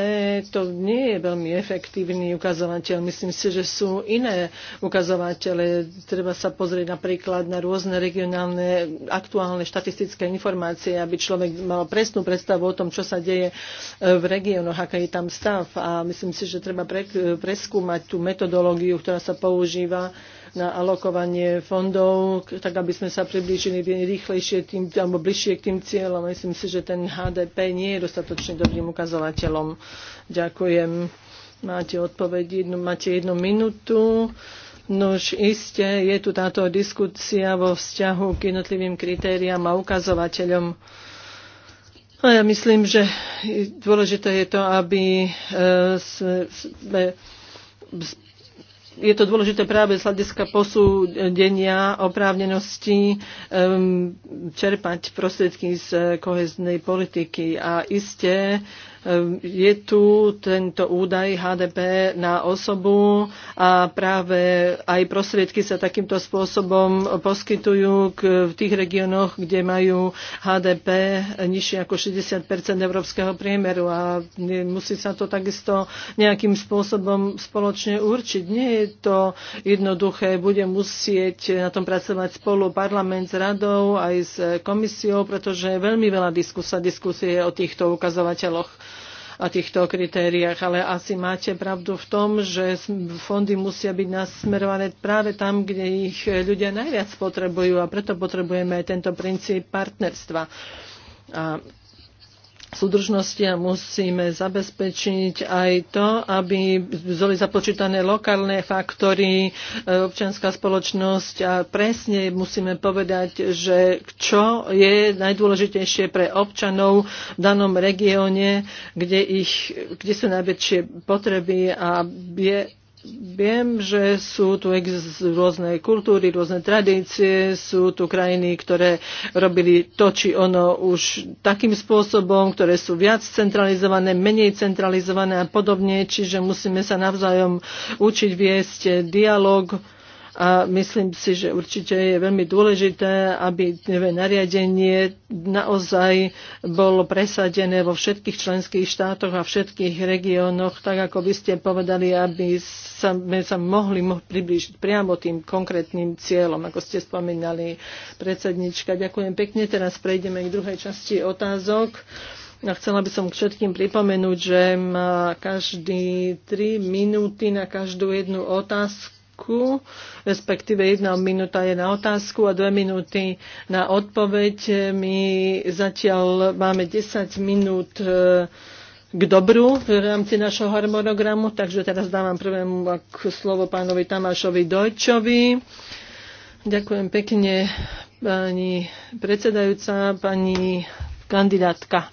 to nie je veľmi efektívny ukazovateľ. Myslím si, pretože sú iné ukazovatele. Treba sa pozrieť napríklad na rôzne regionálne aktuálne štatistické informácie, aby človek mal presnú predstavu o tom, čo sa deje e, v regiónoch, aký je tam stav. A myslím si, že treba pre, preskúmať tú metodológiu, ktorá sa používa na alokovanie fondov, tak aby sme sa priblížili rýchlejšie tým, alebo bližšie k tým cieľom. Myslím si, že ten HDP nie je dostatočne dobrým ukazovateľom. Ďakujem. Máte odpoveď, jednu, máte jednu minútu. Nož iste je tu táto diskusia vo vzťahu k jednotlivým kritériám a ukazovateľom. A ja myslím, že dôležité je to, aby e, sme je to dôležité práve z hľadiska posúdenia oprávnenosti čerpať prostriedky z koheznej politiky. A iste Ehm, je tu tento údaj HDP na osobu a práve aj prostriedky sa takýmto spôsobom poskytujú v tých regiónoch, kde majú HDP nižšie ako 60 európskeho priemeru a musí sa to takisto nejakým spôsobom spoločne určiť. Nie je to jednoduché, bude musieť na tom pracovať spolu parlament s radou aj s komisiou, pretože veľmi veľa diskusie je o týchto ukazovateľoch a týchto kritériách, ale asi máte pravdu v tom, že fondy musia byť nasmerované práve tam, kde ich ľudia najviac potrebujú a preto potrebujeme aj tento princíp partnerstva. A súdržnosti a musíme zabezpečiť aj to, aby boli započítané lokálne faktory, e, občianská spoločnosť a presne musíme povedať, že čo je najdôležitejšie pre občanov v danom regióne, kde, ich, kde sú najväčšie potreby a je Viem, že sú tu ex- rôzne kultúry, rôzne tradície, sú tu krajiny, ktoré robili to či ono už takým spôsobom, ktoré sú viac centralizované, menej centralizované a podobne, čiže musíme sa navzájom učiť viesť dialog a myslím si, že určite je veľmi dôležité, aby nariadenie naozaj bolo presadené vo všetkých členských štátoch a všetkých regiónoch, tak ako by ste povedali, aby sme sa mohli priblížiť priamo tým konkrétnym cieľom, ako ste spomínali, predsednička. Ďakujem pekne. Teraz prejdeme k druhej časti otázok. A chcela by som k všetkým pripomenúť, že má každý 3 minúty na každú jednu otázku otázku, respektíve jedna minúta je na otázku a dve minúty na odpoveď. My zatiaľ máme 10 minút e, k dobru v rámci našho harmonogramu, takže teraz dávam prvému slovo pánovi Tamášovi Dojčovi. Ďakujem pekne, pani predsedajúca, pani kandidátka.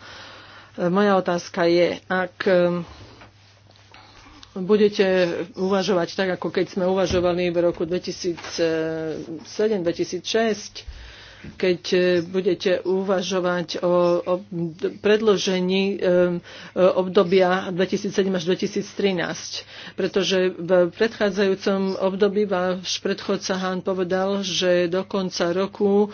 E, moja otázka je, ak budete uvažovať tak, ako keď sme uvažovali v roku 2007-2006, keď e, budete uvažovať o, o predložení e, e, obdobia 2007 až 2013. Pretože v predchádzajúcom období váš predchodca Hán povedal, že do konca roku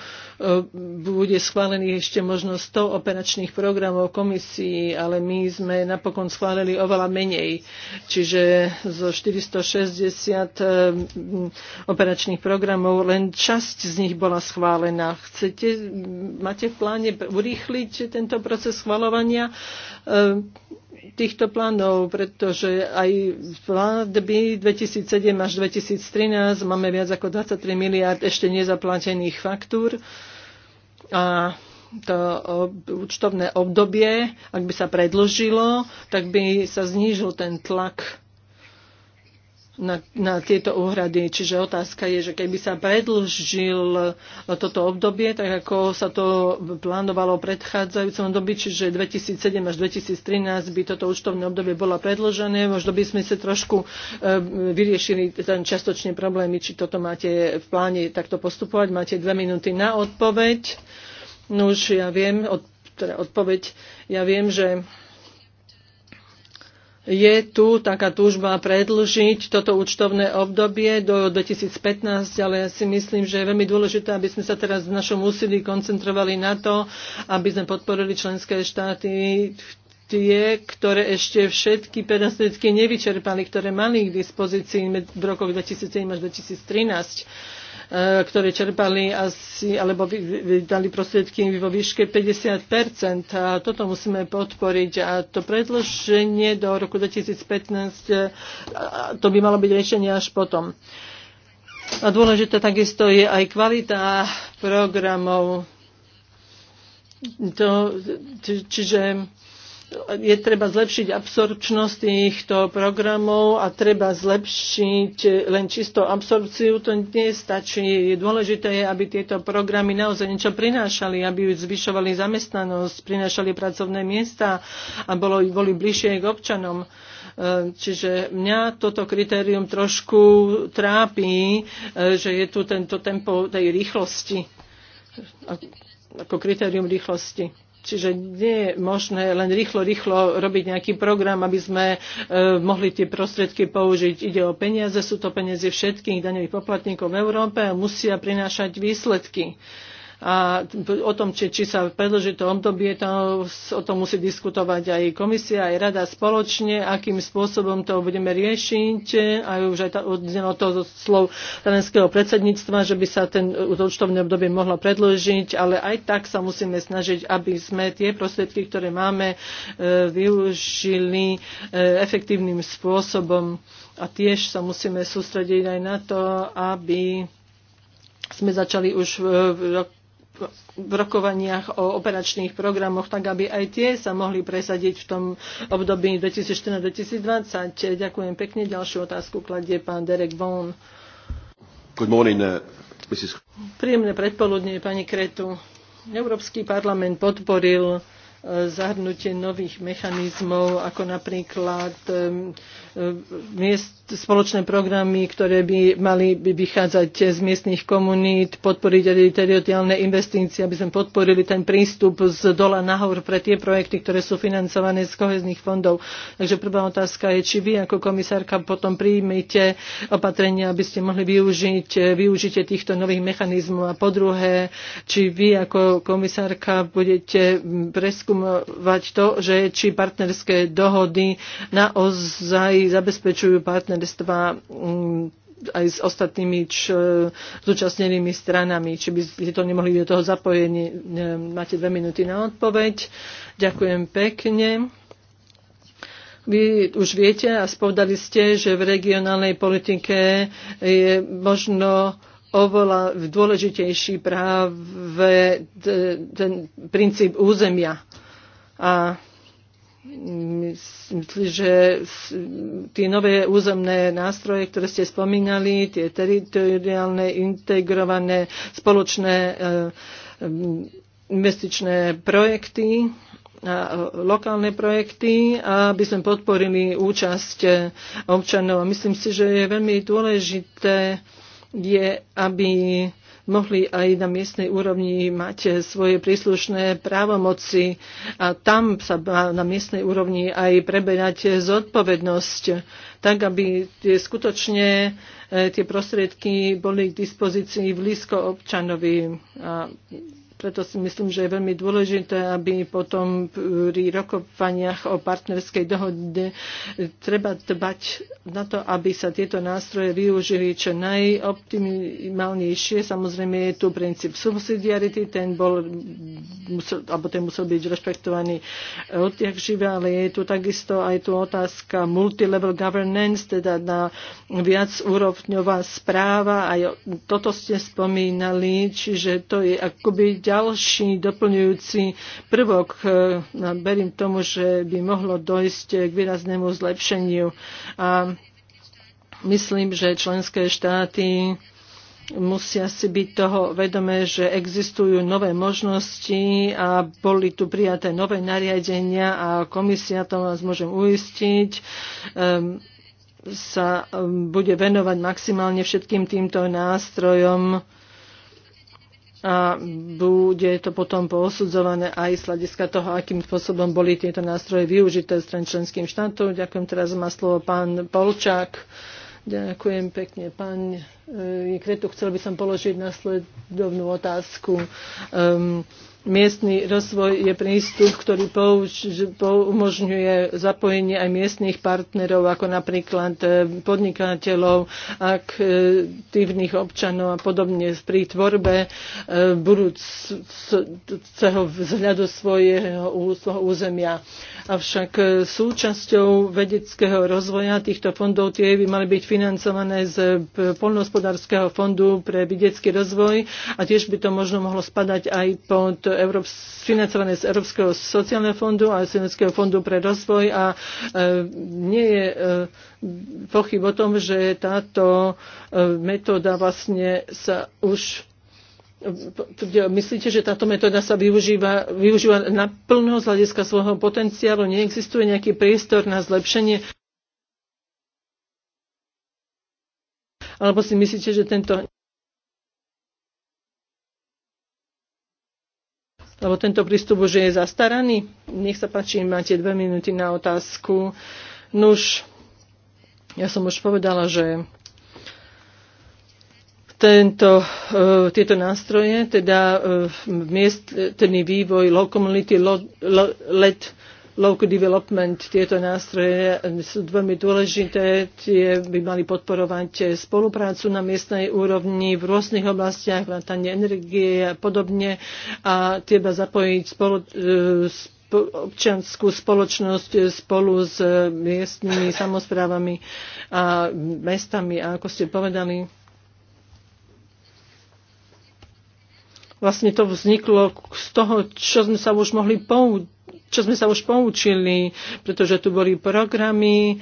bude schválený ešte možno 100 operačných programov komisii, ale my sme napokon schválili oveľa menej. Čiže zo 460 operačných programov len časť z nich bola schválená chcete, máte v pláne urýchliť tento proces schvalovania e, týchto plánov, pretože aj vládby 2007 až 2013 máme viac ako 23 miliard ešte nezaplatených faktúr a to účtovné obdobie, ak by sa predložilo, tak by sa znížil ten tlak na, na tieto úhrady. Čiže otázka je, že keby sa predlžil toto obdobie, tak ako sa to plánovalo v predchádzajúcom období, čiže 2007 až 2013 by toto účtovné obdobie bolo predlžené, možno by sme sa trošku e, vyriešili ten častočne problémy, či toto máte v pláne takto postupovať. Máte dve minúty na odpoveď. No už ja viem, od, teda odpoveď, ja viem, že je tu taká túžba predlžiť toto účtovné obdobie do 2015, ale ja si myslím, že je veľmi dôležité, aby sme sa teraz v našom úsilí koncentrovali na to, aby sme podporili členské štáty tie, ktoré ešte všetky pedagogické nevyčerpali, ktoré mali k dispozícii v rokoch 2007 až 2013 Eh, ktoré čerpali asi, alebo vydali prostriedky vo výške 50 A toto musíme podporiť. A to predloženie do roku 2015, eh, to by malo byť riešenie až potom. A dôležité takisto je aj kvalita programov. To, čiže je treba zlepšiť absorpčnosť týchto programov a treba zlepšiť len čisto absorpciu. To nestačí. Je dôležité, aby tieto programy naozaj niečo prinášali, aby zvyšovali zamestnanosť, prinášali pracovné miesta a bolo, boli bližšie k občanom. E, čiže mňa toto kritérium trošku trápi, e, že je tu tento tempo tej rýchlosti, ako kritérium rýchlosti. Čiže nie je možné len rýchlo, rýchlo robiť nejaký program, aby sme e, mohli tie prostriedky použiť. Ide o peniaze, sú to peniaze všetkých daňových poplatníkov v Európe a musia prinášať výsledky. E, a o tom, či, či sa predlží to obdobie, to, o tom musí diskutovať aj komisia, aj rada spoločne, akým spôsobom to budeme riešiť. A už aj odznelo to zo slov talenského predsedníctva, že by sa ten účtovné obdobie mohlo predložiť, ale aj tak sa musíme snažiť, aby sme tie prostriedky, ktoré máme, e, využili e, efektívnym spôsobom. A tiež sa musíme sústrediť aj na to, aby sme začali už v roku v rokovaniach o operačných programoch, tak aby aj tie sa mohli presadiť v tom období 2014-2020. Ďakujem pekne. Ďalšiu otázku kladie pán Derek Vaughan. Good morning, uh, Mrs. Príjemné predpoludne, pani Kretu. Európsky parlament podporil zahrnutie nových mechanizmov, ako napríklad miest, spoločné programy, ktoré by mali vychádzať z miestných komunít, podporiť teritoriálne investície, aby sme podporili ten prístup z dola nahor pre tie projekty, ktoré sú financované z kohezných fondov. Takže prvá otázka je, či vy ako komisárka potom príjmete opatrenia, aby ste mohli využiť využite týchto nových mechanizmov a po druhé, či vy ako komisárka budete preskúmať preskúmovať to, že či partnerské dohody naozaj zabezpečujú partnerstva mm, aj s ostatnými č, zúčastnenými stranami, či by ste to nemohli do toho zapojení. Máte dve minúty na odpoveď. Ďakujem pekne. Vy už viete a spovedali ste, že v regionálnej politike je možno oveľa dôležitejší práve ten princíp územia. A myslím, že tie nové územné nástroje, ktoré ste spomínali, tie teritoriálne, integrované, spoločné eh, investičné projekty, a lokálne projekty, aby sme podporili účasť občanov. A myslím si, že je veľmi dôležité je, aby mohli aj na miestnej úrovni mať svoje príslušné právomoci a tam sa má na miestnej úrovni aj preberať zodpovednosť, tak aby tie skutočne eh, tie prostriedky boli k dispozícii blízko občanovi. A preto si myslím, že je veľmi dôležité, aby potom pri rokovaniach o partnerskej dohode treba dbať na to, aby sa tieto nástroje využili čo najoptimálnejšie. Samozrejme je tu princíp subsidiarity, ten bol, musel, alebo ten musel byť rešpektovaný odjak živé, ale je tu takisto aj tu otázka multilevel governance, teda na viac úrovňová správa. Aj toto ste spomínali, čiže to je akoby ďalší doplňujúci prvok. berím e, no, tomu, že by mohlo dojsť k výraznému zlepšeniu. A myslím, že členské štáty musia si byť toho vedomé, že existujú nové možnosti a boli tu prijaté nové nariadenia a komisia, to vás môžem uistiť, ehm, sa ehm, bude venovať maximálne všetkým týmto nástrojom a bude to potom posudzované aj z hľadiska toho, akým spôsobom boli tieto nástroje využité stran členským štátom. Ďakujem teraz má slovo pán Polčák. Ďakujem pekne. Pán eh, Kretu, chcel by som položiť nasledovnú otázku. Um, miestny rozvoj je prístup, ktorý umožňuje zapojenie aj miestnych partnerov, ako napríklad e, podnikateľov, aktívnych občanov a podobne pri tvorbe e, budúceho vzhľadu svojho územia. Avšak e, súčasťou vedeckého rozvoja týchto fondov tie by mali byť financované z Polnohospodárskeho fondu pre vedecký rozvoj a tiež by to možno mohlo spadať aj pod to Európs- financované z Európskeho sociálneho fondu a z Európskeho fondu pre rozvoj a e, nie je e, pochyb o tom, že táto e, metóda vlastne sa už e, Myslíte, že táto metóda sa využíva, využíva naplno z hľadiska svojho potenciálu? Neexistuje nejaký priestor na zlepšenie? Alebo si myslíte, že tento lebo tento prístup už je zastaraný. Nech sa páči, máte dve minúty na otázku. Nuž, ja som už povedala, že tento, e, tieto nástroje, teda e, miestný e, vývoj, low lo, lo, let uh, local development, tieto nástroje sú veľmi dôležité, tie by mali podporovať spoluprácu na miestnej úrovni v rôznych oblastiach, vrátanie energie a podobne a treba zapojiť spolu, e, občianskú spoločnosť spolu s miestnymi samozprávami a mestami. A ako ste povedali, vlastne to vzniklo z toho, čo sme sa už mohli poučiť čo sme sa už poučili, pretože tu boli programy,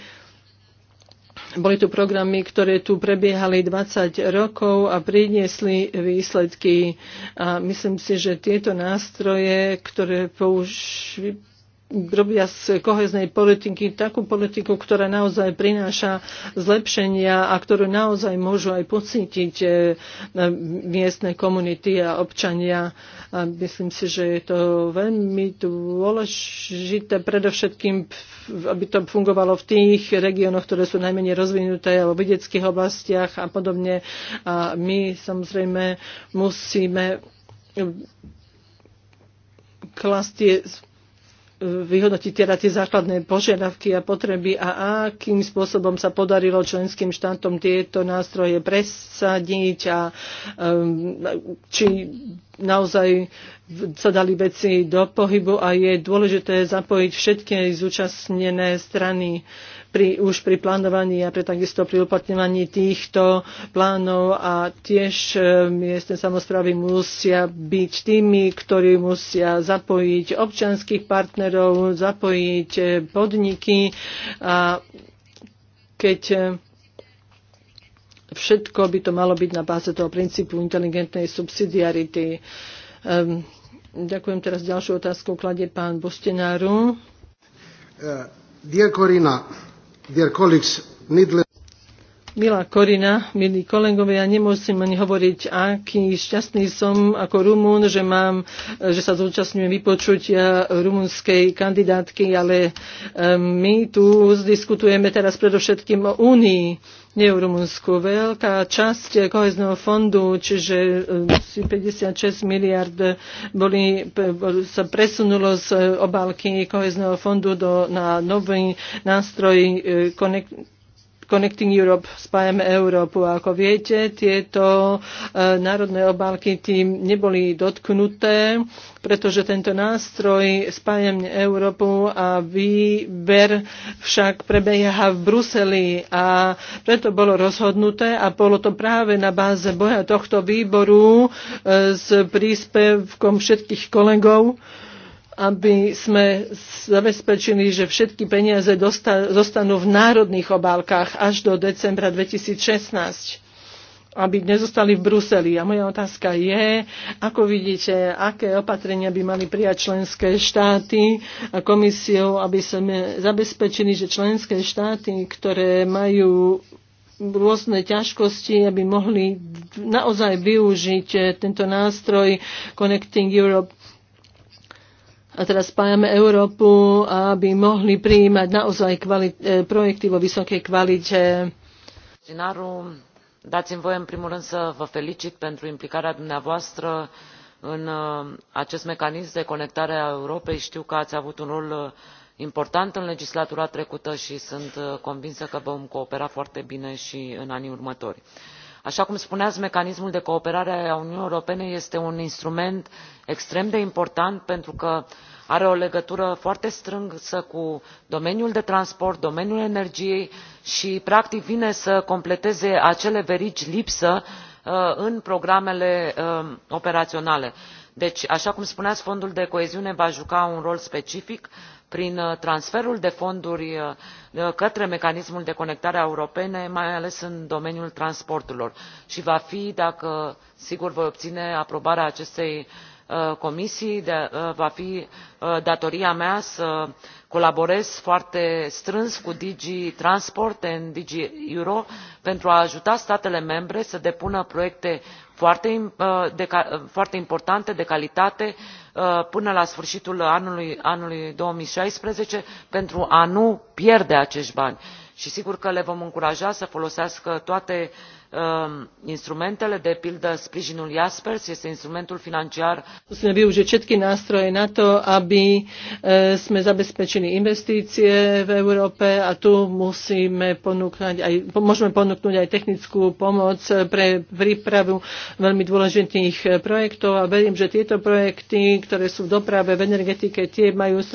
boli tu programy, ktoré tu prebiehali 20 rokov a priniesli výsledky. A myslím si, že tieto nástroje, ktoré použili robia z koheznej politiky takú politiku, ktorá naozaj prináša zlepšenia a ktorú naozaj môžu aj pocítiť e, miestne komunity a občania. A myslím si, že je to veľmi dôležité predovšetkým, aby to fungovalo v tých regiónoch, ktoré sú najmenej rozvinuté alebo v vedeckých oblastiach a podobne. A my samozrejme musíme e, klasť vyhodnotiť teda tie základné požiadavky a potreby a akým spôsobom sa podarilo členským štátom tieto nástroje presadiť a um, či naozaj sa dali veci do pohybu a je dôležité zapojiť všetky zúčastnené strany pri, už pri plánovaní a pre takisto pri uplatňovaní týchto plánov a tiež e, miestne samozprávy musia byť tými, ktorí musia zapojiť občanských partnerov, zapojiť e, podniky a keď e, všetko by to malo byť na báze toho princípu inteligentnej subsidiarity. Um, ďakujem teraz ďalšiu otázku kladie pán Bostenáru. Uh, dear Corina, dear colleagues, needless... Milá Korina, milí kolegovia, ja nemusím ani hovoriť, aký šťastný som ako Rumún, že, mám, že sa zúčastňujem vypočutia rumunskej kandidátky, ale my tu diskutujeme teraz predovšetkým o Únii, nie o Rumunsku. Veľká časť kohezného fondu, čiže 56 miliard boli, sa presunulo z obálky kohezného fondu do, na nový nástroj e, konek. Connecting Europe, Spájame Európu. A ako viete, tieto e, národné obálky tým neboli dotknuté, pretože tento nástroj Spájame Európu a výber však prebieha v Bruseli a preto bolo rozhodnuté a bolo to práve na báze boja tohto výboru e, s príspevkom všetkých kolegov, aby sme zabezpečili, že všetky peniaze zostanú v národných obálkach až do decembra 2016 aby nezostali v Bruseli. A moja otázka je, ako vidíte, aké opatrenia by mali prijať členské štáty a komisiou, aby sme zabezpečili, že členské štáty, ktoré majú rôzne ťažkosti, aby mohli naozaj využiť tento nástroj Connecting Europe a teraz spájame Európu, aby mohli prijímať naozaj kvalit- e, projekty vo vysokej kvalite. Dinaru, dați-mi voie în primul rând să vă felicit pentru implicarea dumneavoastră în e, acest mecanism de conectare a Europei. Știu că ați avut un rol e, important în legislatura trecută și sunt convinsă că vom coopera foarte bine și în anii următori așa cum spuneați mecanismul de cooperare a uniunii europene este un instrument extrem de important pentru că are o legătură foarte strânsă cu domeniul de transport domeniul energiei și practic vine să completeze acele verigi lipsă uh, în programele uh, operaționale. deci așa cum spuneați fondul de coeziune va juca un rol specific prin uh, transferul de fonduri către mecanismul de conectare a mai ales în domeniul transporturilor și va fi dacă sigur voi obține aprobarea acestei Uh, comisii uh, va fi uh, datoria mea să colaborez foarte strâns cu dg transport și dg euro pentru a ajuta statele membre să depună proiecte foarte, importante de calitate până la sfârșitul anului, anului două mii șaisprezece pentru a nu pierde acești bani și sigur că le vom încuraja să folosească toate Um, instrumentele de pildă sprijinul jaspers este instrumentul financiar musíme využiť všetky nástroje na to aby e, sme zabezpečili investície v európe a tu musíme ponúknuť aj, môžeme ponúknuť aj technickú pomoc pre prípravu veľmi dôležitých e, projektov a verím že tieto projekty ktoré sú v doprave v energetike tie majú e,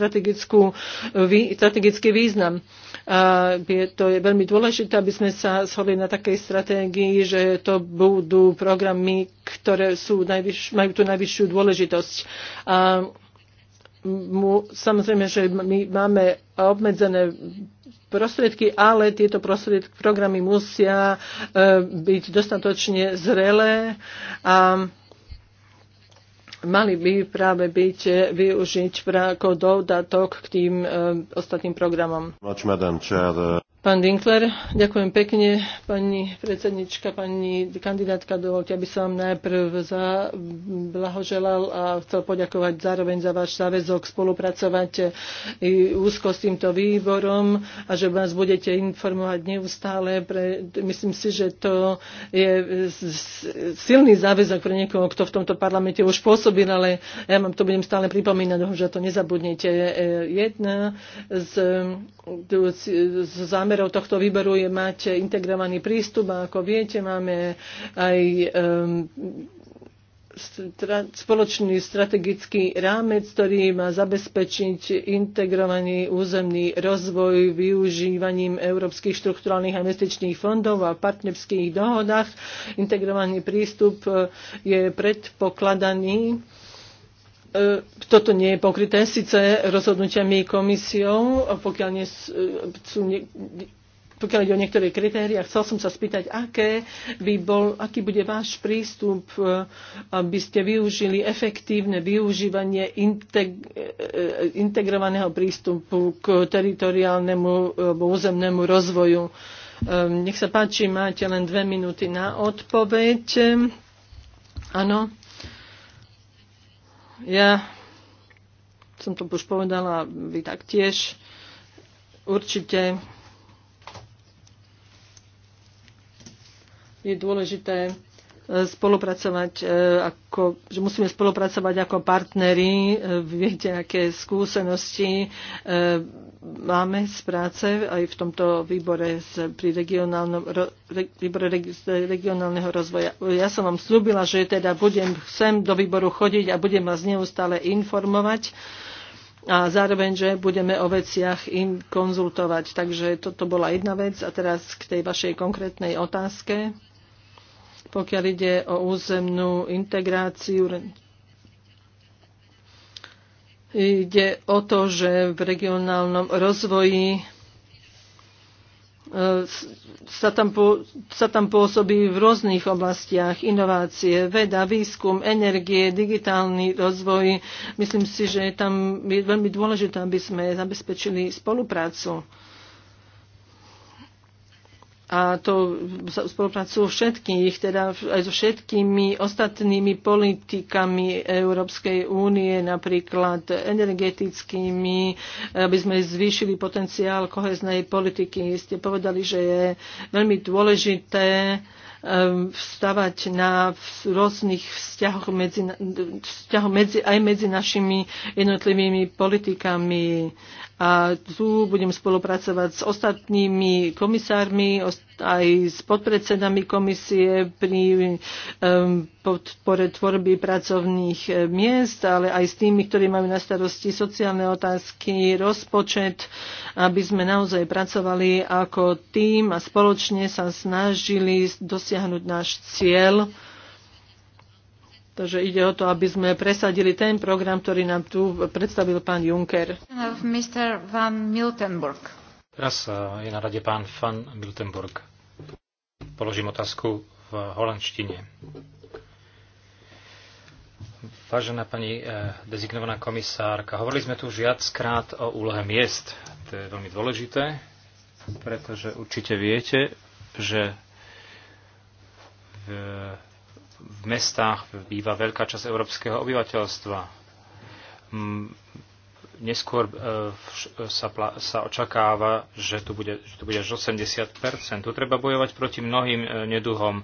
strategický význam. A to je veľmi dôležité, aby sme sa shodli na takej stratégii, že to budú programy, ktoré sú najvyš, majú tú najvyššiu dôležitosť. A mu, samozrejme, že my máme obmedzené prostriedky, ale tieto prostriedky, programy musia e, byť dostatočne zrelé a mali by práve byť e, využiť ako dodatok k tým e, ostatným programom. Pán Dinkler, ďakujem pekne. Pani predsednička, pani kandidátka, dovolte, aby som vám najprv za, blahoželal a chcel poďakovať zároveň za váš záväzok spolupracovať úzko s týmto výborom a že vás budete informovať neustále. Pre, myslím si, že to je silný záväzok pre niekoho, kto v tomto parlamente už pôsobil, ale ja vám to budem stále pripomínať, že to nezabudnete. E, jedna z, z, z zámer zámerov tohto výberu je mať integrovaný prístup a ako viete, máme aj ehm, spoločný strategický rámec, ktorý má zabezpečiť integrovaný územný rozvoj využívaním európskych štrukturálnych a investičných fondov a partnerských dohodách. Integrovaný prístup eh, je predpokladaný E, toto nie je pokryté síce rozhodnutiami komisiou, pokiaľ, nie e, sú, pokiaľ ide o niektoré kritéria. Chcel som sa spýtať, aké by bol, aký bude váš prístup, e, aby ste využili efektívne využívanie integ, integrovaného prístupu k teritoriálnemu alebo územnému rozvoju. Nech sa páči, máte len dve minúty na odpoveď. Áno. Ja som to už povedala, vy taktiež. Určite je dôležité spolupracovať e, ako, že musíme spolupracovať ako partneri. E, viete, aké skúsenosti e, máme z práce aj v tomto výbore pri výbore regionálneho rozvoja. Ja som vám slúbila, že teda budem sem do výboru chodiť a budem vás neustále informovať a zároveň, že budeme o veciach im konzultovať. Takže toto bola jedna vec. A teraz k tej vašej konkrétnej otázke pokiaľ ide o územnú integráciu. Ide o to, že v regionálnom rozvoji e, sa tam, po, sa tam pôsobí v rôznych oblastiach inovácie, veda, výskum, energie, digitálny rozvoj. Myslím si, že tam je veľmi dôležité, aby sme zabezpečili spoluprácu a to spolupracujú všetkých, teda aj so všetkými ostatnými politikami Európskej únie, napríklad energetickými, aby sme zvýšili potenciál koheznej politiky. Ste povedali, že je veľmi dôležité Um, vstavať na rôznych vzťahoch medzi, vzťahoch medzi, aj medzi našimi jednotlivými politikami. A tu budem spolupracovať s ostatnými komisármi, aj s podpredsedami komisie pri um, podpore tvorby pracovných e, miest, ale aj s tými, ktorí majú na starosti sociálne otázky, rozpočet, aby sme naozaj pracovali ako tým a spoločne sa snažili dosiahnuť náš cieľ. Takže ide o to, aby sme presadili ten program, ktorý nám tu predstavil pán Juncker. Mr. Van Miltenburg. Teraz e, je na rade pán Van Miltenburg. Položím otázku v holandštine. Vážená pani eh, dezignovaná komisárka, hovorili sme tu viackrát o úlohe miest. To je veľmi dôležité, pretože určite viete, že v, v mestách býva veľká časť európskeho obyvateľstva. Neskôr eh, sa, sa očakáva, že tu bude, že tu bude až 80 Tu treba bojovať proti mnohým eh, neduhom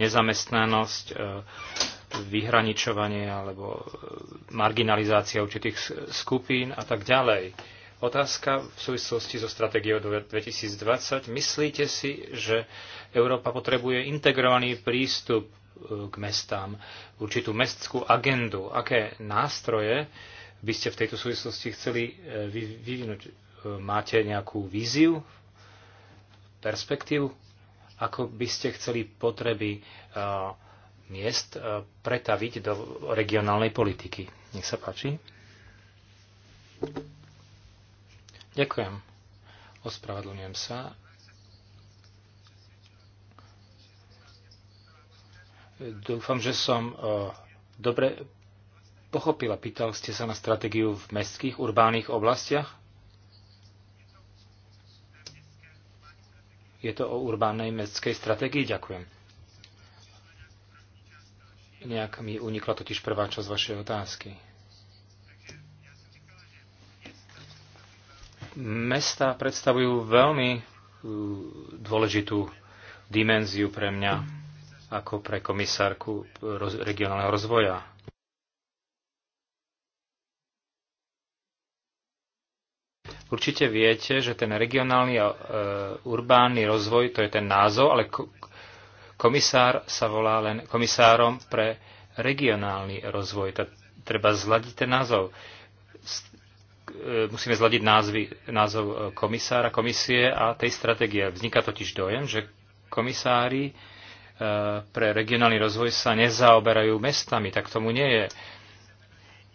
nezamestnanosť, e, vyhraničovanie alebo e, marginalizácia určitých skupín a tak ďalej. Otázka v súvislosti so stratégiou 2020. Myslíte si, že Európa potrebuje integrovaný prístup e, k mestám, určitú mestskú agendu? Aké nástroje by ste v tejto súvislosti chceli vyvinúť? Máte nejakú víziu, perspektívu? ako by ste chceli potreby e, miest e, pretaviť do regionálnej politiky. Nech sa páči. Ďakujem. Ospravedlňujem sa. Dúfam, že som e, dobre pochopila. Pýtal ste sa na stratégiu v mestských urbánnych oblastiach? Je to o urbánnej mestskej stratégii. Ďakujem. Nejak mi unikla totiž prvá časť vašej otázky. Mesta predstavujú veľmi uh, dôležitú dimenziu pre mňa ako pre komisárku regionálneho rozvoja Určite viete, že ten regionálny a e, urbánny rozvoj, to je ten názov, ale komisár sa volá len komisárom pre regionálny rozvoj. Tá, treba zladiť ten názov. E, musíme zladiť názvy, názov e, komisára, komisie a tej stratégie. Vzniká totiž dojem, že komisári e, pre regionálny rozvoj sa nezaoberajú mestami. Tak tomu nie je.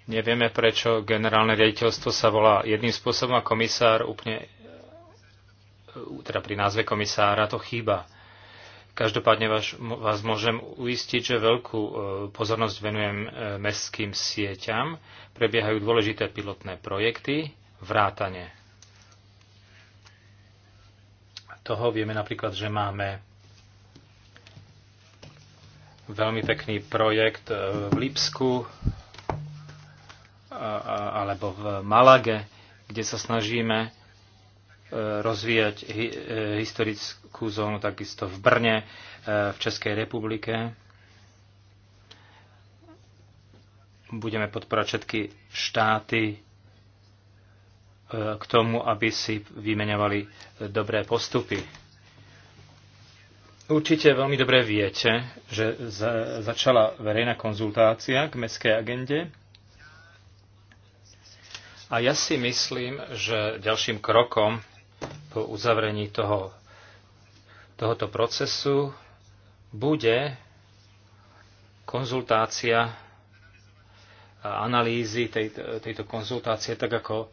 Nevieme, prečo generálne riaditeľstvo sa volá jedným spôsobom a komisár úplne, e, teda pri názve komisára to chýba. Každopádne vás, vás môžem uistiť, že veľkú e, pozornosť venujem e, mestským sieťam. Prebiehajú dôležité pilotné projekty, vrátane. Toho vieme napríklad, že máme veľmi pekný projekt v Lipsku alebo v Malage, kde sa snažíme e, rozvíjať e, historickú zónu, takisto v Brne, e, v Českej republike. Budeme podporať všetky štáty k tomu, aby si vymenovali dobré postupy. Určite veľmi dobre viete, že začala verejná konzultácia k mestskej agende a ja si myslím, že ďalším krokom po uzavrení toho, tohoto procesu bude konzultácia a analýzy tej, tejto konzultácie, tak ako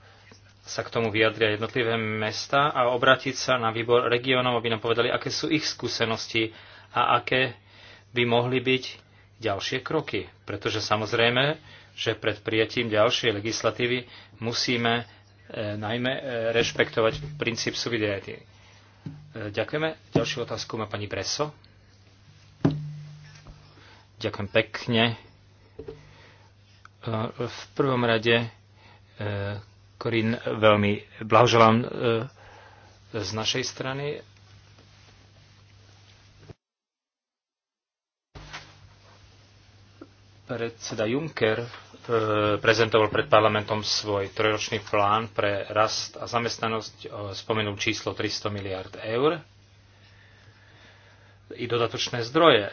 sa k tomu vyjadria jednotlivé mesta a obrátiť sa na výbor regiónov, aby nám povedali, aké sú ich skúsenosti a aké by mohli byť ďalšie kroky. Pretože samozrejme, že pred prijatím ďalšej legislatívy musíme e, najmä e, rešpektovať princíp subsidiarity. E, ďakujeme. Ďalšiu otázku má pani preso. Ďakujem pekne. V prvom rade Korin veľmi blahoželám z našej strany. Predseda Juncker E, prezentoval pred parlamentom svoj trojročný plán pre rast a zamestnanosť, e, spomenul číslo 300 miliard eur i dodatočné zdroje.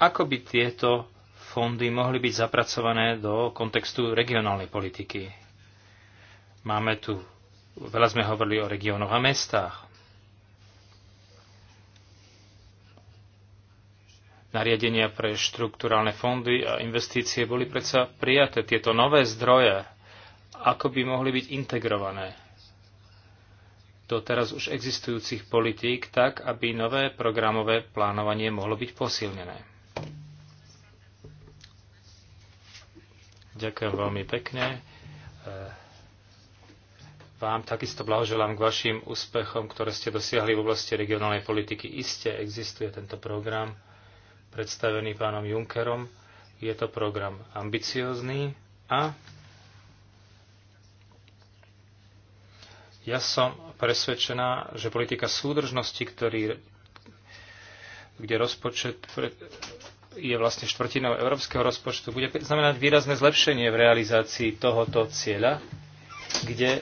Ako by tieto fondy mohli byť zapracované do kontextu regionálnej politiky? Máme tu, veľa sme hovorili o regiónoch a mestách. nariadenia pre štrukturálne fondy a investície boli predsa prijaté tieto nové zdroje, ako by mohli byť integrované do teraz už existujúcich politík tak, aby nové programové plánovanie mohlo byť posilnené. Ďakujem veľmi pekne. E, vám takisto blahoželám k vašim úspechom, ktoré ste dosiahli v oblasti regionálnej politiky. Iste existuje tento program predstavený pánom Junckerom. Je to program ambiciózny a ja som presvedčená, že politika súdržnosti, ktorý, kde rozpočet je vlastne štvrtinou európskeho rozpočtu, bude znamenať výrazné zlepšenie v realizácii tohoto cieľa, kde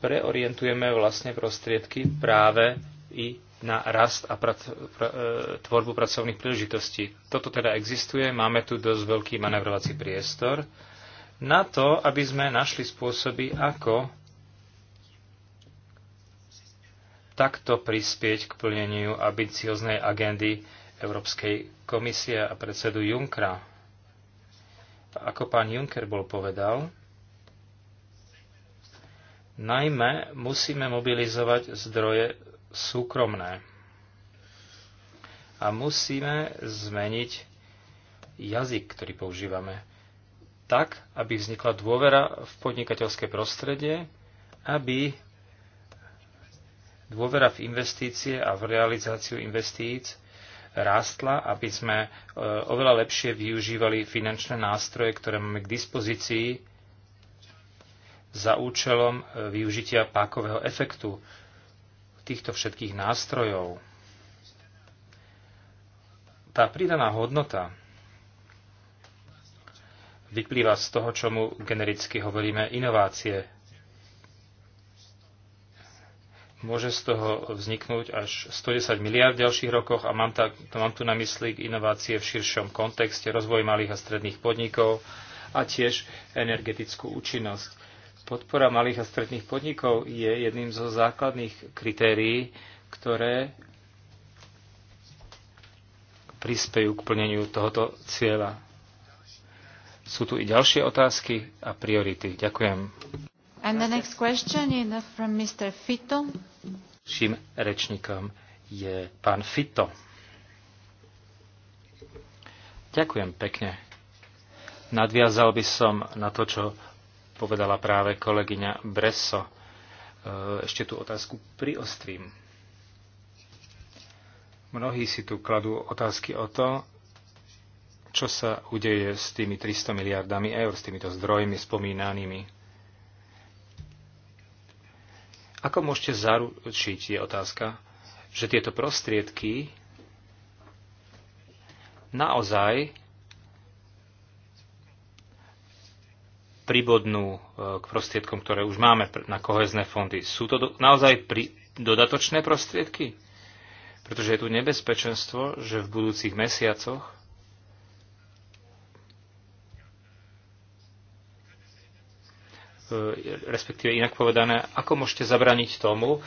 preorientujeme vlastne prostriedky práve i na rast a prac, pra, e, tvorbu pracovných príležitostí. Toto teda existuje, máme tu dosť veľký manevrovací priestor na to, aby sme našli spôsoby, ako takto prispieť k plneniu ambicioznej agendy Európskej komisie a predsedu Junckera. Ako pán Juncker bol povedal, najmä musíme mobilizovať zdroje súkromné. A musíme zmeniť jazyk, ktorý používame, tak, aby vznikla dôvera v podnikateľské prostredie, aby dôvera v investície a v realizáciu investíc rástla, aby sme e, oveľa lepšie využívali finančné nástroje, ktoré máme k dispozícii za účelom e, využitia pákového efektu, týchto všetkých nástrojov. Tá pridaná hodnota vyplýva z toho, čomu genericky hovoríme inovácie. Môže z toho vzniknúť až 110 miliard v ďalších rokoch a mám, tak, mám tu na mysli inovácie v širšom kontexte, rozvoj malých a stredných podnikov a tiež energetickú účinnosť Podpora malých a stredných podnikov je jedným zo základných kritérií, ktoré prispejú k plneniu tohoto cieľa. Sú tu i ďalšie otázky a priority. Ďakujem. And the next question is from Mr. Fito. Vším rečníkom je pán Fito. Ďakujem pekne. Nadviazal by som na to, čo povedala práve kolegyňa Bresso. E, ešte tú otázku priostrím. Mnohí si tu kladú otázky o to, čo sa udeje s tými 300 miliardami eur, s týmito zdrojmi spomínanými. Ako môžete zaručiť, je otázka, že tieto prostriedky naozaj pribodnú e, k prostriedkom, ktoré už máme na kohezné fondy. Sú to do, naozaj pri, dodatočné prostriedky? Pretože je tu nebezpečenstvo, že v budúcich mesiacoch e, respektíve inak povedané, ako môžete zabraniť tomu,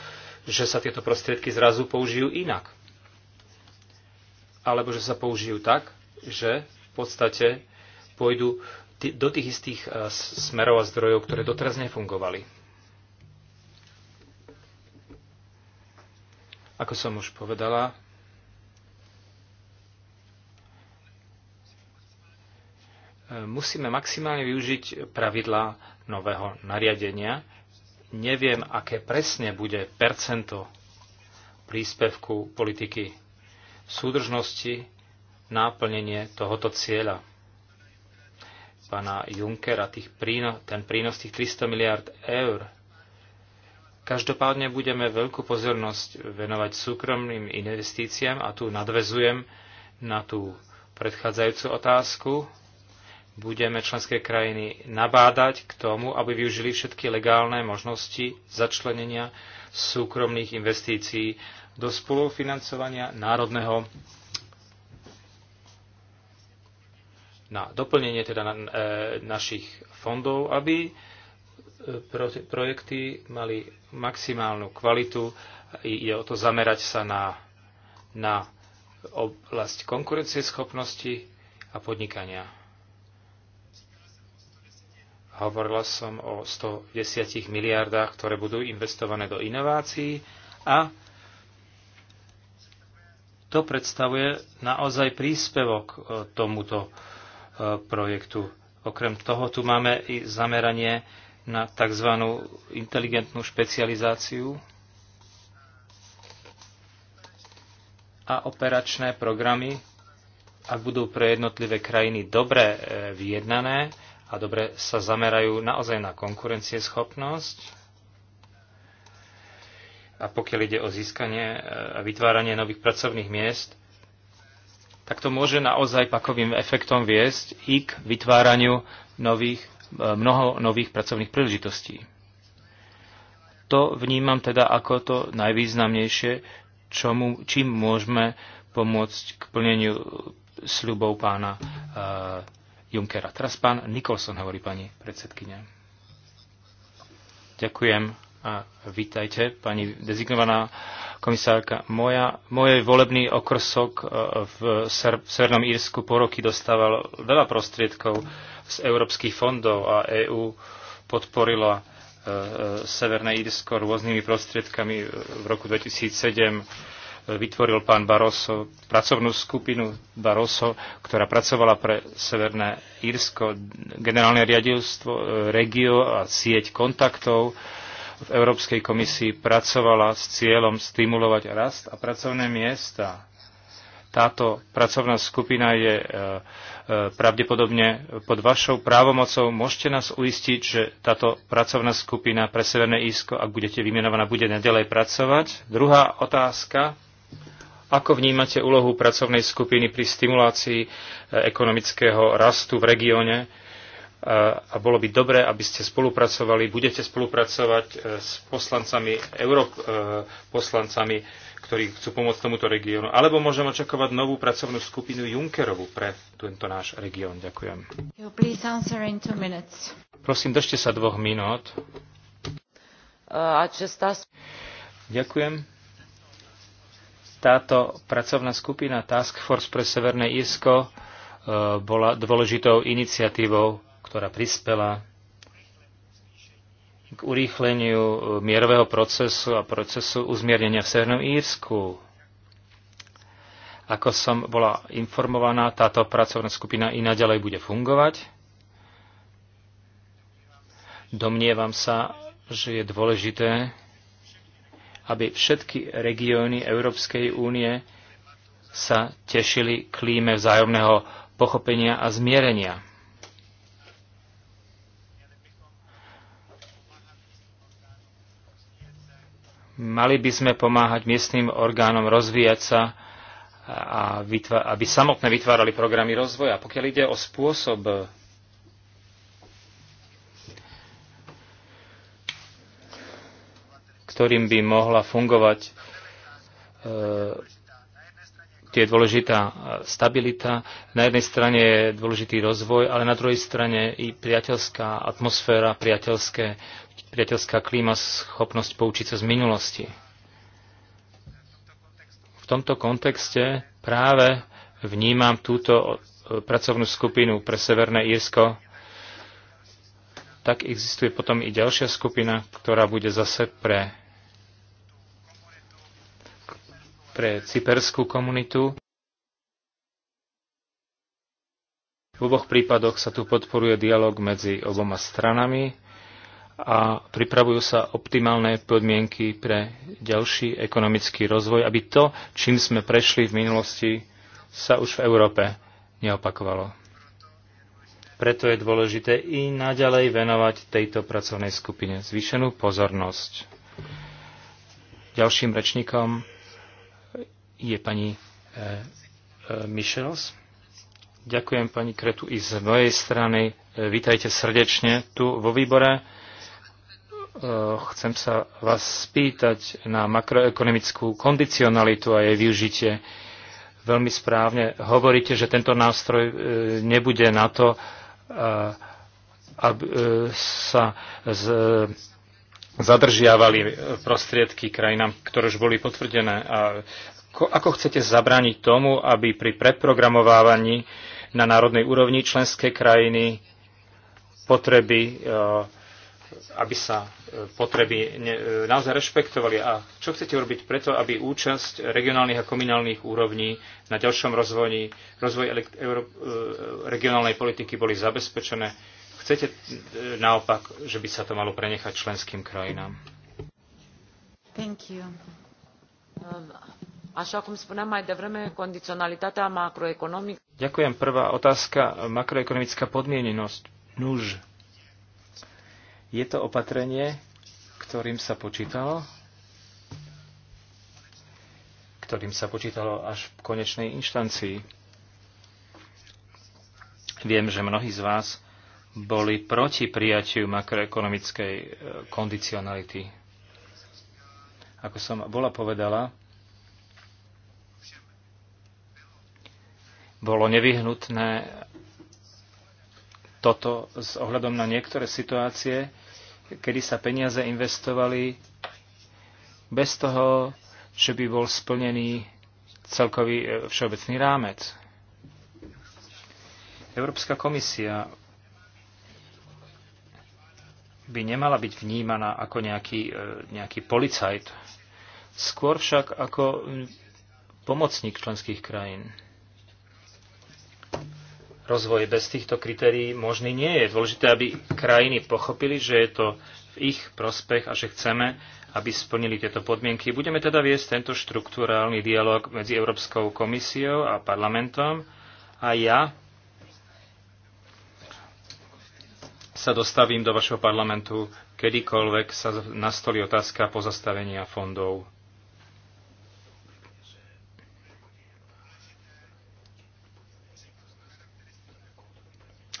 že sa tieto prostriedky zrazu použijú inak. Alebo že sa použijú tak, že v podstate pôjdu do tých istých e, smerov a zdrojov, ktoré doteraz nefungovali. Ako som už povedala, e, musíme maximálne využiť pravidlá nového nariadenia. Neviem, aké presne bude percento príspevku politiky súdržnosti na plnenie tohoto cieľa pána Junckera, tých príno, ten prínos tých 300 miliard eur. Každopádne budeme veľkú pozornosť venovať súkromným investíciám a tu nadvezujem na tú predchádzajúcu otázku. Budeme členské krajiny nabádať k tomu, aby využili všetky legálne možnosti začlenenia súkromných investícií do spolufinancovania národného na doplnenie teda na, e, našich fondov, aby e, pro, projekty mali maximálnu kvalitu. Je o to zamerať sa na, na oblasť konkurencieschopnosti a podnikania. Hovorila som o 110 miliardách, ktoré budú investované do inovácií a to predstavuje naozaj príspevok e, tomuto projektu. Okrem toho tu máme i zameranie na tzv. inteligentnú špecializáciu a operačné programy, ak budú pre jednotlivé krajiny dobre e, vyjednané a dobre sa zamerajú naozaj na konkurencieschopnosť, a pokiaľ ide o získanie e, a vytváranie nových pracovných miest, tak to môže naozaj pakovým efektom viesť i k vytváraniu nových, e, mnoho nových pracovných príležitostí. To vnímam teda ako to najvýznamnejšie, čomu, čím môžeme pomôcť k plneniu sľubov pána uh, e, Junkera. Teraz pán Nikolson hovorí pani predsedkynia. Ďakujem a vítajte, pani dezignovaná komisárka, moja, môj volebný okrsok e, v, Severnom Írsku po roky dostával veľa prostriedkov z európskych fondov a EÚ podporila e, e, Severné Írsko rôznymi prostriedkami v roku 2007 vytvoril pán Barroso pracovnú skupinu Barroso, ktorá pracovala pre Severné Írsko, generálne riadilstvo, regio a sieť kontaktov v Európskej komisii pracovala s cieľom stimulovať rast a pracovné miesta. Táto pracovná skupina je e, e, pravdepodobne pod vašou právomocou. Môžete nás uistiť, že táto pracovná skupina pre Severné Ísko, ak budete vymenovaná, bude nadalej pracovať? Druhá otázka. Ako vnímate úlohu pracovnej skupiny pri stimulácii e, ekonomického rastu v regióne? a bolo by dobré, aby ste spolupracovali, budete spolupracovať e, s poslancami, europoslancami, e, ktorí chcú pomôcť tomuto regiónu. Alebo môžeme očakávať novú pracovnú skupinu Junckerovu pre tento náš región. Ďakujem. Prosím, držte sa dvoch minút. Uh, Ďakujem. Táto pracovná skupina Task Force pre Severné Írsko uh, bola dôležitou iniciatívou ktorá prispela k urýchleniu e, mierového procesu a procesu uzmiernenia v Severnom Írsku. Ako som bola informovaná, táto pracovná skupina i naďalej bude fungovať. Domnievam sa, že je dôležité, aby všetky regióny Európskej únie sa tešili klíme vzájomného pochopenia a zmierenia. Mali by sme pomáhať miestnym orgánom rozvíjať sa, a aby samotné vytvárali programy rozvoja. Pokiaľ ide o spôsob ktorým by mohla fungovať e, tie dôležitá stabilita. Na jednej strane je dôležitý rozvoj, ale na druhej strane i priateľská atmosféra, priateľské priateľská klíma, schopnosť poučiť sa z minulosti. V tomto kontexte práve vnímam túto e, pracovnú skupinu pre Severné Írsko. Tak existuje potom i ďalšia skupina, ktorá bude zase pre, pre cyperskú komunitu. V oboch prípadoch sa tu podporuje dialog medzi oboma stranami a pripravujú sa optimálne podmienky pre ďalší ekonomický rozvoj, aby to, čím sme prešli v minulosti, sa už v Európe neopakovalo. Preto je dôležité i naďalej venovať tejto pracovnej skupine zvýšenú pozornosť. Ďalším rečníkom je pani e, e, Michels. Ďakujem pani Kretu i z mojej strany. E, vítajte srdečne tu vo výbore Eh, chcem sa vás spýtať na makroekonomickú kondicionalitu a jej využitie. Veľmi správne hovoríte, že tento nástroj eh, nebude na to, eh, aby sa z, zadržiavali prostriedky krajinám, ktoré už boli potvrdené. A ako chcete zabrániť tomu, aby pri preprogramovávaní na národnej úrovni členské krajiny potreby aby sa potreby e, naozaj rešpektovali. A čo chcete urobiť preto, aby účasť regionálnych a komunálnych úrovní na ďalšom rozvoji, rozvoji e, regionálnej politiky boli zabezpečené? Chcete e, naopak, že by sa to malo prenechať členským krajinám? Thank you. Um, așa cum spuneam mai devreme, condiționalitatea macroeconomică. Ďakujem. Prvá otázka, makroekonomická podmienenosť. Nuž, je to opatrenie, ktorým sa počítalo, ktorým sa počítalo až v konečnej inštancii. Viem, že mnohí z vás boli proti prijatiu makroekonomickej e, kondicionality. Ako som bola povedala, bolo nevyhnutné toto s ohľadom na niektoré situácie, kedy sa peniaze investovali bez toho, že by bol splnený celkový e, všeobecný rámec. Európska komisia by nemala byť vnímaná ako nejaký, e, nejaký policajt, skôr však ako e, pomocník členských krajín. Rozvoj bez týchto kritérií možný nie je. Dôležité, aby krajiny pochopili, že je to v ich prospech a že chceme, aby splnili tieto podmienky. Budeme teda viesť tento štruktúrálny dialog medzi Európskou komisiou a parlamentom a ja sa dostavím do vašho parlamentu, kedykoľvek sa nastolí otázka pozastavenia fondov.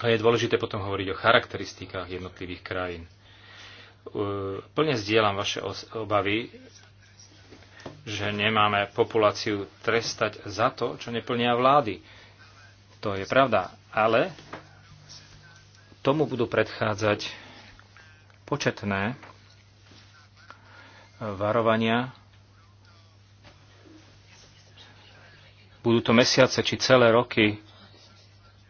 A je dôležité potom hovoriť o charakteristikách jednotlivých krajín. Plne zdieľam vaše obavy, že nemáme populáciu trestať za to, čo neplnia vlády. To je pravda, ale tomu budú predchádzať početné varovania. Budú to mesiace či celé roky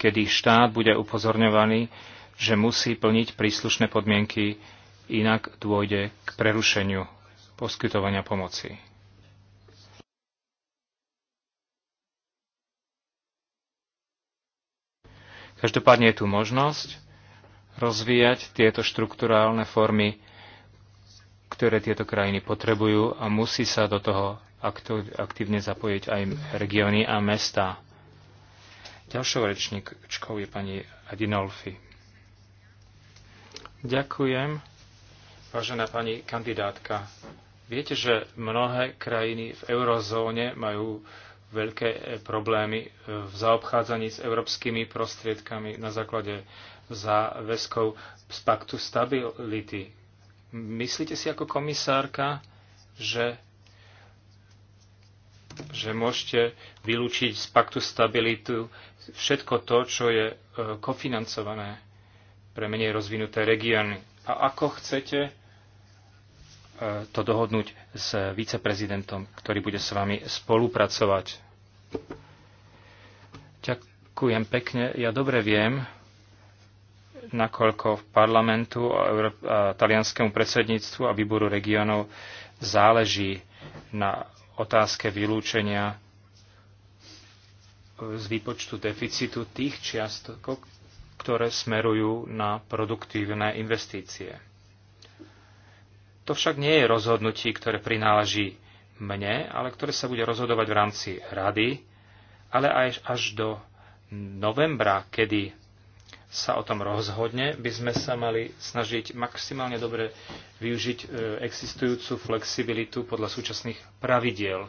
kedy štát bude upozorňovaný, že musí plniť príslušné podmienky, inak dôjde k prerušeniu poskytovania pomoci. Každopádne je tu možnosť rozvíjať tieto štruktúrálne formy, ktoré tieto krajiny potrebujú a musí sa do toho aktívne zapojiť aj regióny a mesta. Ďalšou rečníčkou je pani Adinolfi. Ďakujem, vážená pani kandidátka. Viete, že mnohé krajiny v eurozóne majú veľké eh, problémy eh, v zaobchádzaní s európskymi prostriedkami na základe záväzkov z paktu stability. Myslíte si ako komisárka, že že môžete vylúčiť z paktu stabilitu všetko to, čo je e, kofinancované pre menej rozvinuté regióny. A ako chcete e, to dohodnúť s viceprezidentom, ktorý bude s vami spolupracovať? Ďakujem pekne. Ja dobre viem, nakoľko v parlamentu a talianskému predsedníctvu a výboru regionov záleží na otázke vylúčenia z výpočtu deficitu tých čiastok, ktoré smerujú na produktívne investície. To však nie je rozhodnutie, ktoré prináleží mne, ale ktoré sa bude rozhodovať v rámci rady, ale aj až do novembra, kedy sa o tom rozhodne, by sme sa mali snažiť maximálne dobre využiť e, existujúcu flexibilitu podľa súčasných pravidiel.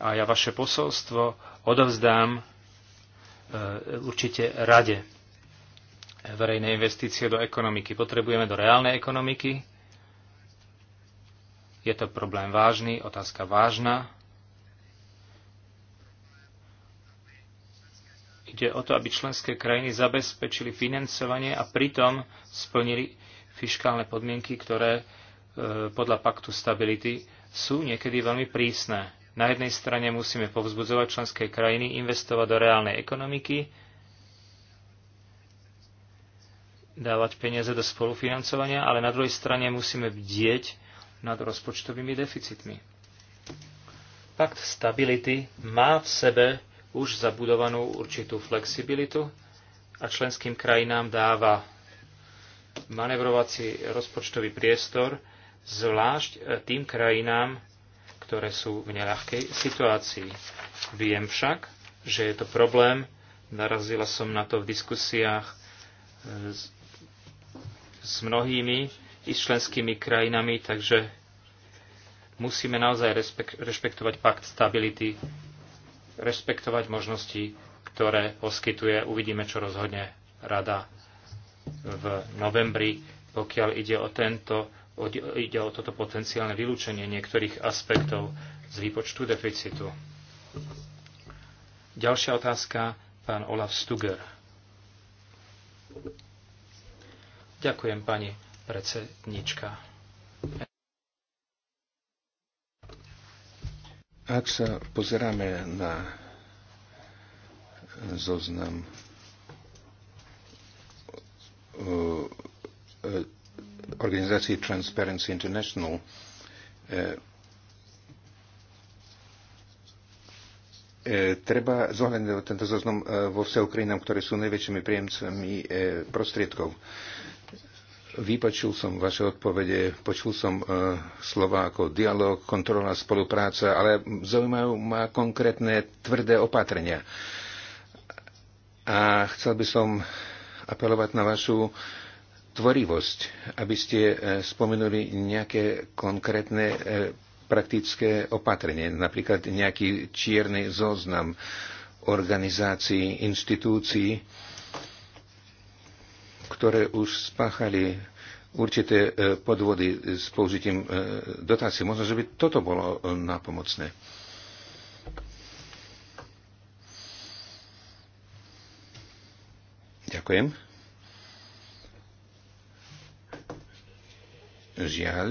A ja vaše posolstvo odovzdám e, určite rade verejné investície do ekonomiky. Potrebujeme do reálnej ekonomiky. Je to problém vážny, otázka vážna. Ide o to, aby členské krajiny zabezpečili financovanie a pritom splnili fiskálne podmienky, ktoré e, podľa paktu stability sú niekedy veľmi prísne. Na jednej strane musíme povzbudzovať členské krajiny investovať do reálnej ekonomiky, dávať peniaze do spolufinancovania, ale na druhej strane musíme bdieť nad rozpočtovými deficitmi. Pakt stability má v sebe už zabudovanú určitú flexibilitu a členským krajinám dáva manevrovací rozpočtový priestor, zvlášť e, tým krajinám, ktoré sú v neľahkej situácii. Viem však, že je to problém, narazila som na to v diskusiách e, s, s mnohými i s členskými krajinami, takže musíme naozaj rešpektovať pakt stability rešpektovať možnosti, ktoré poskytuje. Uvidíme, čo rozhodne rada v novembri, pokiaľ ide o, tento, ide o toto potenciálne vylúčenie niektorých aspektov z výpočtu deficitu. Ďalšia otázka, pán Olaf Stuger. Ďakujem, pani predsednička. Ak sa pozeráme na zoznam eh, organizácie Transparency International, eh, eh, treba zohľadniť tento zoznam vo vseho krajinám, ktoré sú najväčšími príjemcami prostriedkov. Vypočul som vaše odpovede, počul som e, slova ako dialog, kontrola, spolupráca, ale zaujímajú ma konkrétne tvrdé opatrenia. A chcel by som apelovať na vašu tvorivosť, aby ste e, spomenuli nejaké konkrétne e, praktické opatrenie, napríklad nejaký čierny zoznam organizácií, inštitúcií, ktoré už spáchali určité e, podvody s použitím e, dotácií. Možno, že by toto bolo e, napomocné. Ďakujem. Žiaľ,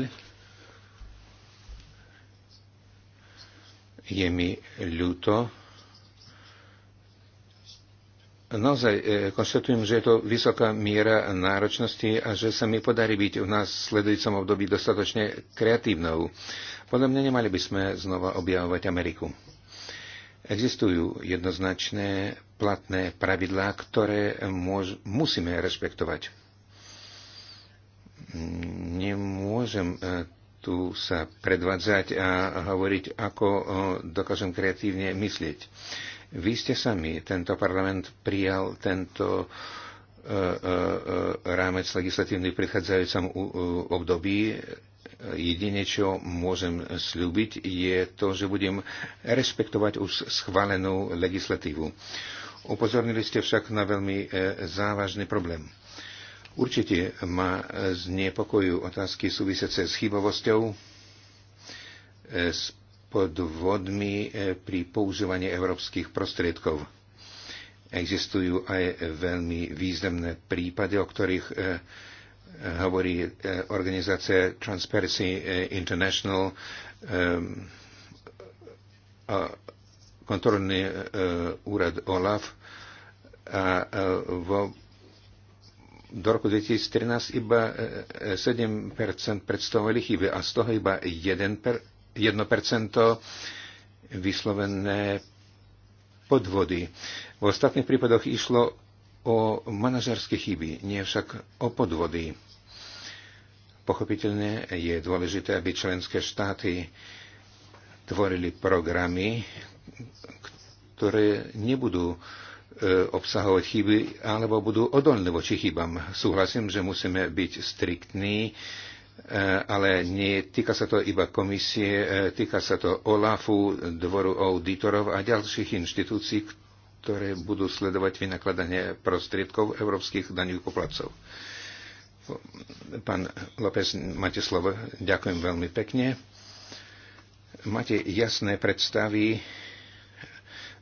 je mi ľúto, Naozaj e, konštatujem, že je to vysoká miera náročnosti a že sa mi podarí byť v nás sledujúcom období dostatočne kreatívnou. Podľa mňa nemali by sme znova objavovať Ameriku. Existujú jednoznačné platné pravidlá, ktoré môž- musíme rešpektovať. Nemôžem e, tu sa predvádzať a hovoriť, ako e, dokážem kreatívne myslieť vy ste sami, tento parlament prijal tento e, e, e, rámec legislatívny v predchádzajúcom období. Jedine, čo môžem slúbiť, je to, že budem respektovať už schválenú legislatívu. Upozornili ste však na veľmi závažný problém. Určite ma znepokojujú otázky súvisiace s chybovosťou, s podvodmi e, pri používaní európskych prostriedkov. Existujú aj veľmi významné prípady, o ktorých e, e, hovorí organizácia Transparency International, kontrolný úrad OLAF a vo do roku 2013 iba 7% predstavovali chyby a z toho iba 1% vyslovené podvody. V ostatných prípadoch išlo o manažerské chyby, nie však o podvody. Pochopiteľne je dôležité, aby členské štáty tvorili programy, ktoré nebudú e, obsahovať chyby alebo budú odolné voči chybám. Súhlasím, že musíme byť striktní E, ale nie týka sa to iba komisie, e, týka sa to OLAFu, dvoru auditorov a ďalších inštitúcií, ktoré budú sledovať vynakladanie prostriedkov európskych daňových poplatcov. Pán López, máte slovo. Ďakujem veľmi pekne. Máte jasné predstavy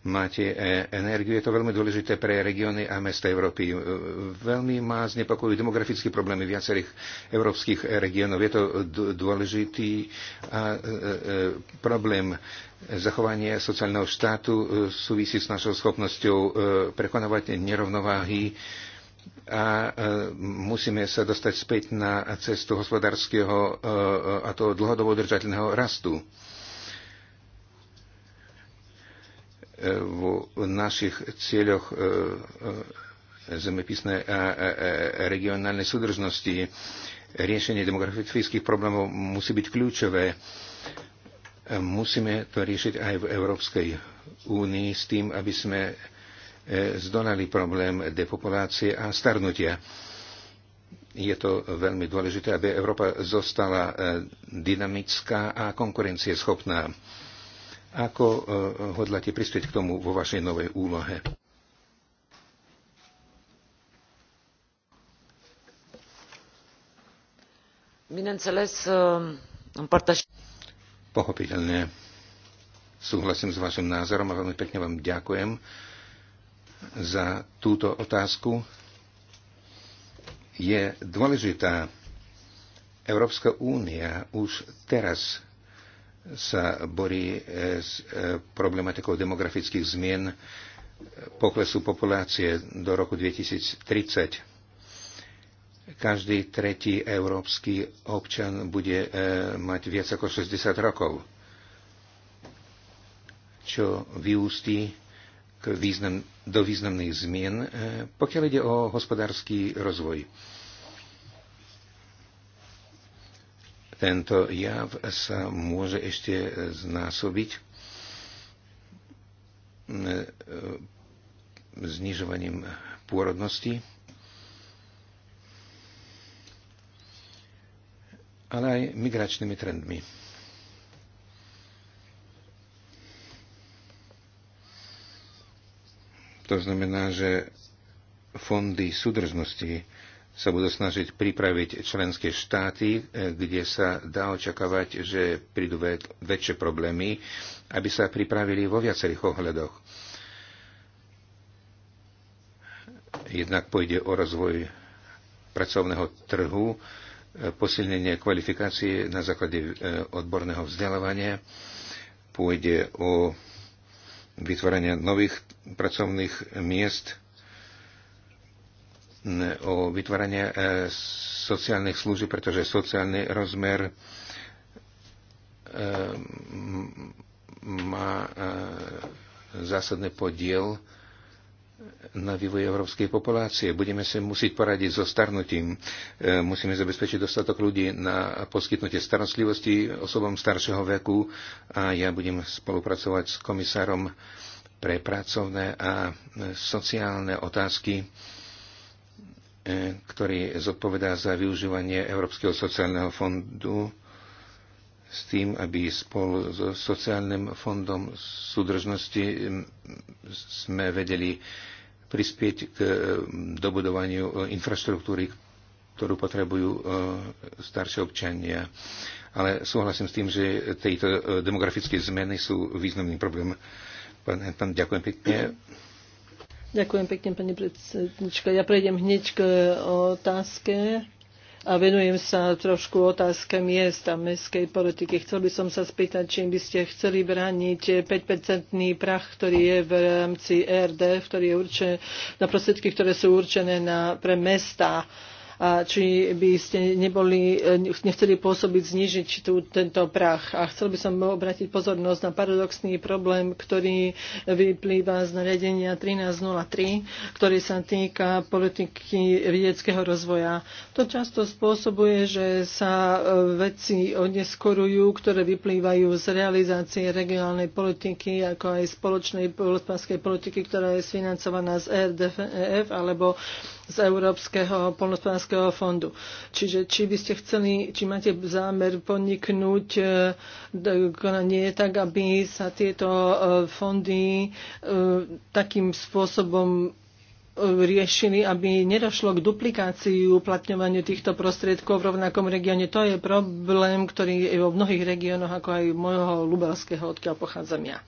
máte e, energiu. Je to veľmi dôležité pre regióny a mesta Európy. E, veľmi má znepokojujú demografické problémy viacerých európskych e, regiónov. Je to dôležitý problém. Zachovanie sociálneho štátu súvisí s našou schopnosťou prekonávať nerovnováhy a musíme sa dostať späť na cestu hospodárskeho a toho dlhodobo udržateľného rastu. v našich целях e, e, zemepisnej региональной e, regionálnej решение Riešenie demografických problémov быть byť kľúčové. Musíme to riešiť aj v Európskej únii s tým, aby sme zdolali problém depopulácie a starnutia. Je to veľmi dôležité, aby Európa zostala dynamická a konkurencieschopná ako e, hodláte pristúť k tomu vo vašej novej úlohe? Bineînțeles, e, Pochopiteľne. Súhlasím s vašim názorom a veľmi pekne vám ďakujem za túto otázku. Je dôležitá Európska únia už teraz sa borí e, s e, problematikou demografických zmien, e, poklesu populácie do roku 2030. Každý tretí európsky občan bude mať viac ako 60 rokov, čo vyústí k význam, do významných zmien, pokiaľ ide o hospodársky rozvoj. Tento jav sa môže ešte znásobiť eh, znižovaním pôrodnosti, ale aj migračnými trendmi. To znamená, že fondy súdržnosti sa budú snažiť pripraviť členské štáty, e, kde sa dá očakávať, že prídu väčšie problémy, aby sa pripravili vo viacerých ohľadoch. Jednak pôjde o rozvoj pracovného trhu, e, posilnenie kvalifikácie na základe e, odborného vzdelávania, pôjde o vytvorenie nových pracovných miest, o vytváranie e, sociálnych služieb, pretože sociálny rozmer e, má e, zásadný podiel na vývoj európskej populácie. Budeme sa musieť poradiť so starnutím. Musíme zabezpečiť dostatok ľudí na poskytnutie starostlivosti osobom staršieho veku a ja budem spolupracovať s komisárom pre pracovné a sociálne otázky E, ktorý zodpovedá za využívanie Európskeho sociálneho fondu s tým, aby spolu so sociálnym fondom súdržnosti sme vedeli prispieť k e, dobudovaniu e, infraštruktúry, ktorú potrebujú staršie občania. Ale súhlasím s tým, že tejto demografické zmeny sú významným problém. Pán Hentan, ďakujem pekne. Ďakujem pekne, pani predsednička. Ja prejdem hneď k e, otázke a venujem sa trošku otázke miest a mestskej politiky. Chcel by som sa spýtať, či by ste chceli brániť 5-percentný prach, ktorý je v rámci ERD, ktorý je určené, na prostriedky, ktoré sú určené na, pre mesta. Uh, či by ste neboli, e, nechceli pôsobiť znižiť tú, tento prach. A chcel by som obrátiť pozornosť na paradoxný problém, ktorý vyplýva z nariadenia 1303, ktorý sa týka politiky vedeckého rozvoja. To často spôsobuje, že sa e, veci odneskorujú, ktoré vyplývajú z realizácie regionálnej politiky, ako aj spoločnej polospanskej politiky, ktorá je financovaná z RDF e alebo z Európskeho polospanského Občianského fondu. Čiže či by ste chceli, či máte zámer podniknúť e, konanie tak, aby sa tieto e, fondy e, takým spôsobom riešili, aby nedošlo k duplikácii uplatňovaniu týchto prostriedkov v rovnakom regióne. To je problém, ktorý je vo mnohých regiónoch, ako aj môjho Lubelského, odkiaľ pochádzam ja.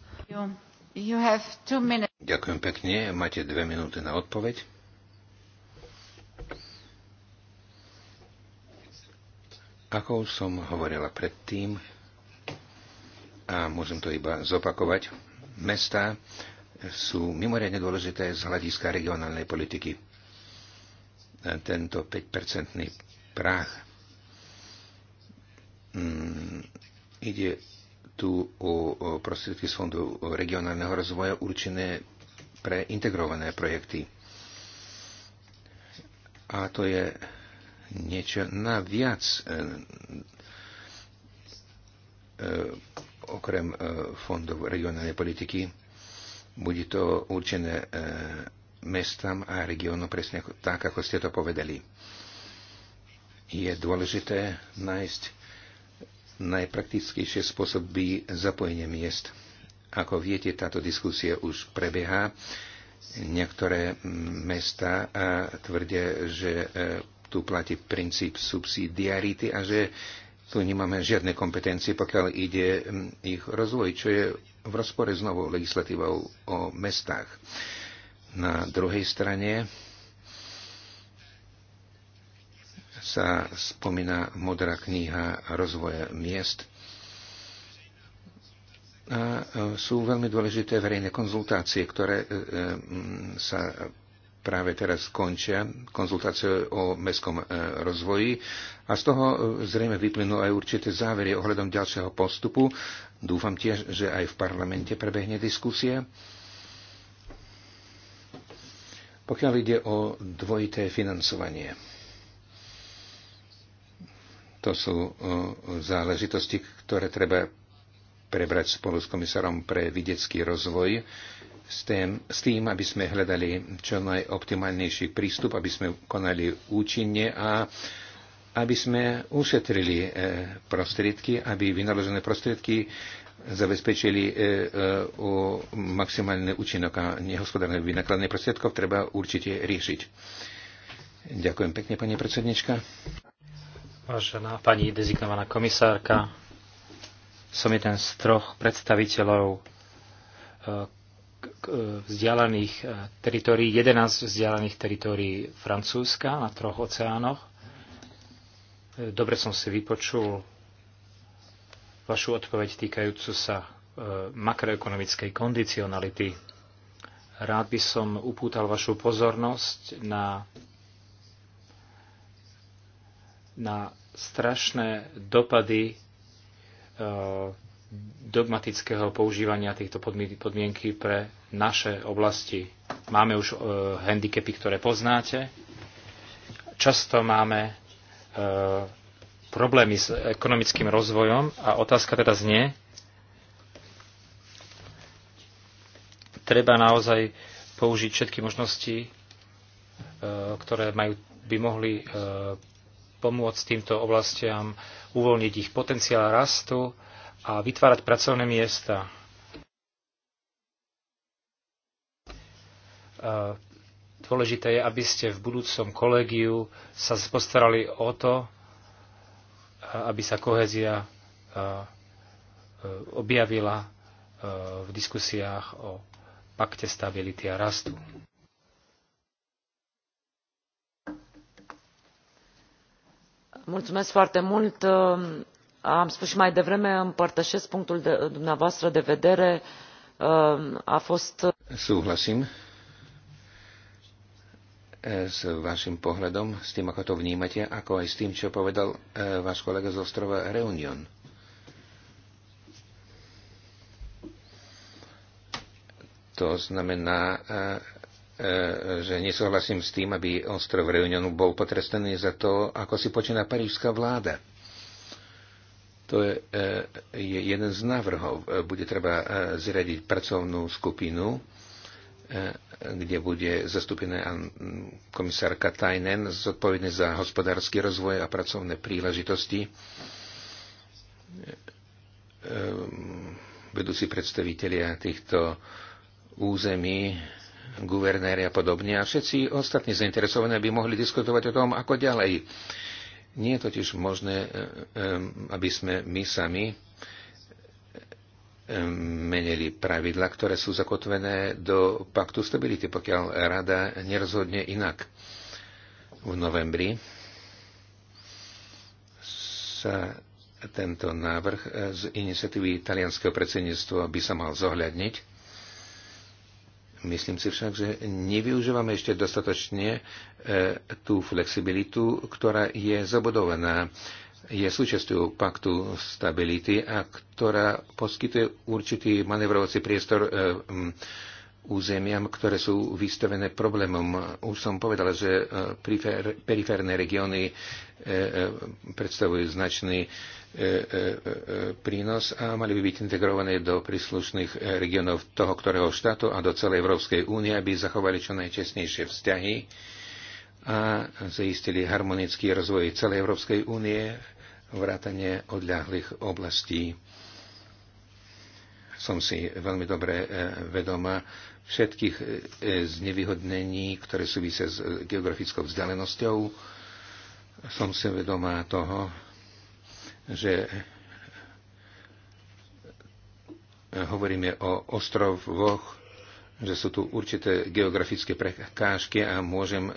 You have two minutes. Ďakujem pekne. Máte dve minúty na odpoveď. Ako už som hovorila predtým, a môžem to iba zopakovať, mesta sú mimoriadne dôležité z hľadiska regionálnej politiky. Tento 5-percentný práh mm, ide tu o prostriedky z Fondu regionálneho rozvoja určené pre integrované projekty. A to je niečo naviac e, e, okrem e, fondov regionálnej politiky. Bude to určené mestám a regionu presne tak, ako ste to povedali. Je dôležité nájsť najpraktickejšie spôsoby zapojenia miest. Ako viete, táto diskusia už prebieha. Niektoré mesta tvrdia, že tu platí princíp subsidiarity a že tu nemáme žiadne kompetencie, pokiaľ ide ich rozvoj, čo je v rozpore s novou legislatívou o mestách. Na druhej strane sa spomína modrá kniha rozvoja miest a e, sú veľmi dôležité verejné konzultácie, ktoré e, e, sa práve teraz končia konzultácie o mestskom e, rozvoji a z toho e, zrejme vyplynú aj určité závery ohľadom ďalšieho postupu. Dúfam tiež, že aj v parlamente prebehne diskusia. Pokiaľ ide o dvojité financovanie, to sú e, záležitosti, ktoré treba prebrať spolu s komisárom pre videcký rozvoj s tým, s tým, aby sme hľadali čo najoptimálnejší prístup, aby sme konali účinne a aby sme ušetrili e, prostriedky, aby vynaložené prostriedky zabezpečili e, e, o maximálny účinok a nehospodárne vynakladné prostriedkov treba určite riešiť. Ďakujem pekne, pani predsednička. Vážená pani dezignovaná komisárka, som jeden z troch predstaviteľov E, vzdialených e, teritórií, 11 vzdialených teritórií Francúzska na troch oceánoch. E, dobre som si vypočul vašu odpoveď týkajúcu sa makroekonomickej kondicionality. Rád by som upútal vašu pozornosť na, na strašné dopady dogmatického používania týchto podmienky pre naše oblasti. Máme už e, handicapy, ktoré poznáte. Často máme e, problémy s ekonomickým rozvojom a otázka teda znie, treba naozaj použiť všetky možnosti, e, ktoré majú, by mohli e, pomôcť týmto oblastiam uvoľniť ich potenciál rastu, a vytvárať pracovné miesta. E, dôležité je, aby ste v budúcom kolégiu sa postarali o to, e, aby sa kohezia e, objavila v diskusiách o pakte stability a rastu. Mulțumesc foarte mult am spus și mai devreme împărtășesc punctul dumneavoastră de vedere a fost Súhlasím e, s vašim pohľadom, s tým, ako to vnímate, ako aj s tým, čo povedal e, váš kolega z ostrova Reunion. To znamená, e, že nesúhlasím s tým, aby ostrov Reunionu bol potrestaný za to, ako si počína parížská vláda. To je, e, je jeden z návrhov. E, bude treba e, zriadiť pracovnú skupinu, kde bude zastúpená komisárka Tajnen, zodpovedný za hospodársky rozvoj a pracovné príležitosti, vedúci predstavitelia týchto území, guvernéry a podobne. A všetci ostatní zainteresovaní by mohli diskutovať o tom, ako ďalej nie je totiž možné, e, e, aby sme my sami e, menili pravidla, ktoré sú zakotvené do paktu stability, pokiaľ rada nerozhodne inak. V novembri sa tento návrh z iniciatívy italianského predsedníctva by sa mal zohľadniť Myslím si však, že nevyužívame ešte dostatočne e, tú flexibilitu, ktorá je zabudovaná je súčasťou paktu stability a ktorá poskytuje určitý manevrovací priestor e, m územiam, ktoré sú vystavené problémom. Už som povedal, že e, periférne regióny e, e, predstavujú značný prínos a mali by byť integrované do príslušných regiónov toho, ktorého štátu a do celej Európskej únie, aby zachovali čo najčestnejšie vzťahy a zaistili harmonický rozvoj celej Európskej únie, vrátanie odľahlých oblastí som si veľmi dobre vedoma všetkých e, e, znevýhodnení, ktoré súvisia s e, geografickou vzdialenosťou. Som si vedomá toho, že hovoríme o ostrovoch, že sú tu určité geografické prekážky a môžem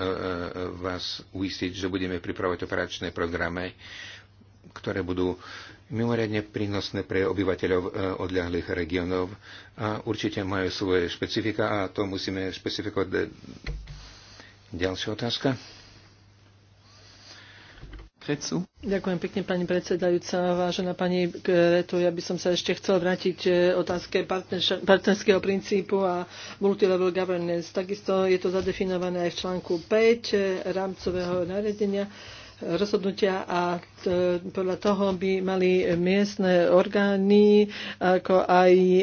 vás uistiť, že budeme pripravovať operačné programy, ktoré budú mimoriadne prínosné pre obyvateľov e, odľahlých regiónov a určite majú svoje špecifika a to musíme špecifikovať. Ďalšia otázka. Krecu. Ďakujem pekne, pani predsedajúca. Vážená pani Kretu, ja by som sa ešte chcel vrátiť e, otázke partnerského princípu a multilevel governance. Takisto je to zadefinované aj v článku 5 e, rámcového nariadenia rozhodnutia a t- e, podľa toho by mali miestne orgány ako aj e,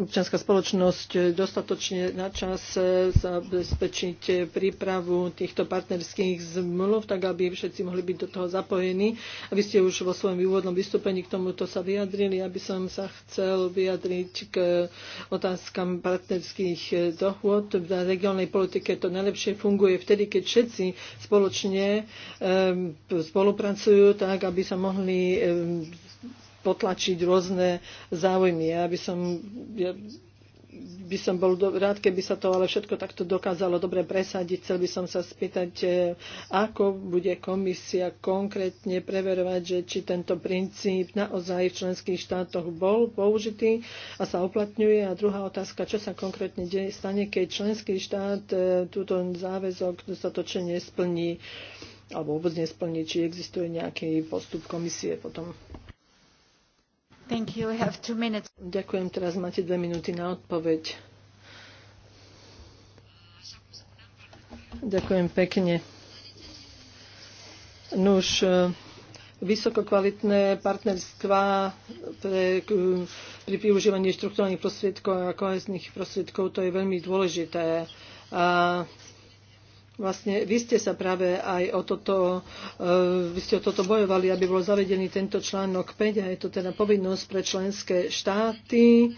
občianská spoločnosť dostatočne na čas e, zabezpečiť prípravu týchto partnerských zmluv, tak aby všetci mohli byť do toho zapojení. A vy ste už vo svojom úvodnom vystúpení k tomuto sa vyjadrili. aby som sa chcel vyjadriť k otázkam partnerských e, dohôd. V regionálnej politike to najlepšie funguje vtedy, keď všetci spoločne e, spolupracujú tak, aby sa mohli potlačiť rôzne záujmy. Ja by som, ja by som bol do, rád, keby sa to ale všetko takto dokázalo dobre presadiť. Chcel by som sa spýtať, e, ako bude komisia konkrétne preverovať, že či tento princíp naozaj v členských štátoch bol použitý a sa uplatňuje. A druhá otázka, čo sa konkrétne deje, stane, keď členský štát e, túto záväzok dostatočne nesplní alebo vôbec nesplní, či existuje nejaký postup komisie potom. Thank you. We have two minutes. Ďakujem, teraz máte dve minúty na odpoveď. Ďakujem pekne. Nuž, e, vysokokvalitné partnerstvá pre, e, pri využívaní štruktúrnych prostriedkov a kohezných prostriedkov, to je veľmi dôležité. A Vlastne vy ste sa práve aj o toto, e, vy ste o toto bojovali, aby bol zavedený tento článok 5 a je to teda povinnosť pre členské štáty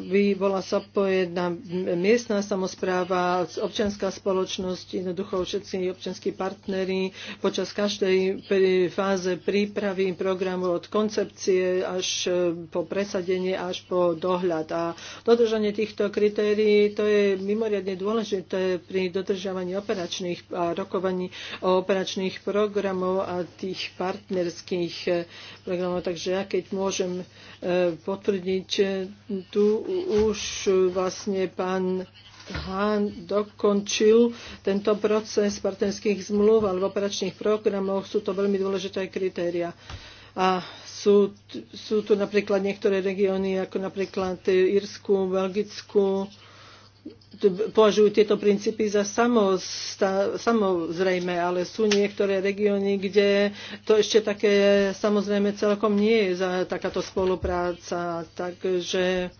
by bola zodpovedná miestna samozpráva, občianská spoločnosť, jednoducho všetci občianskí partnery počas každej fáze prípravy programu od koncepcie až e, po presadenie, až po dohľad. A dodržanie týchto kritérií to je mimoriadne dôležité pri dodržiavaní operačných a rokovaní o operačných programov a tých partnerských e, programov. Takže ja keď môžem e, potvrdiť tu už vlastne pán Hán dokončil tento proces partnerských zmluv alebo operačných programov. Sú to veľmi dôležité kritéria. A sú, sú tu napríklad niektoré regióny, ako napríklad Irsku, Belgicku, považujú tieto princípy za samosta, samozrejme, ale sú niektoré regióny, kde to ešte také samozrejme celkom nie je za takáto spolupráca. Takže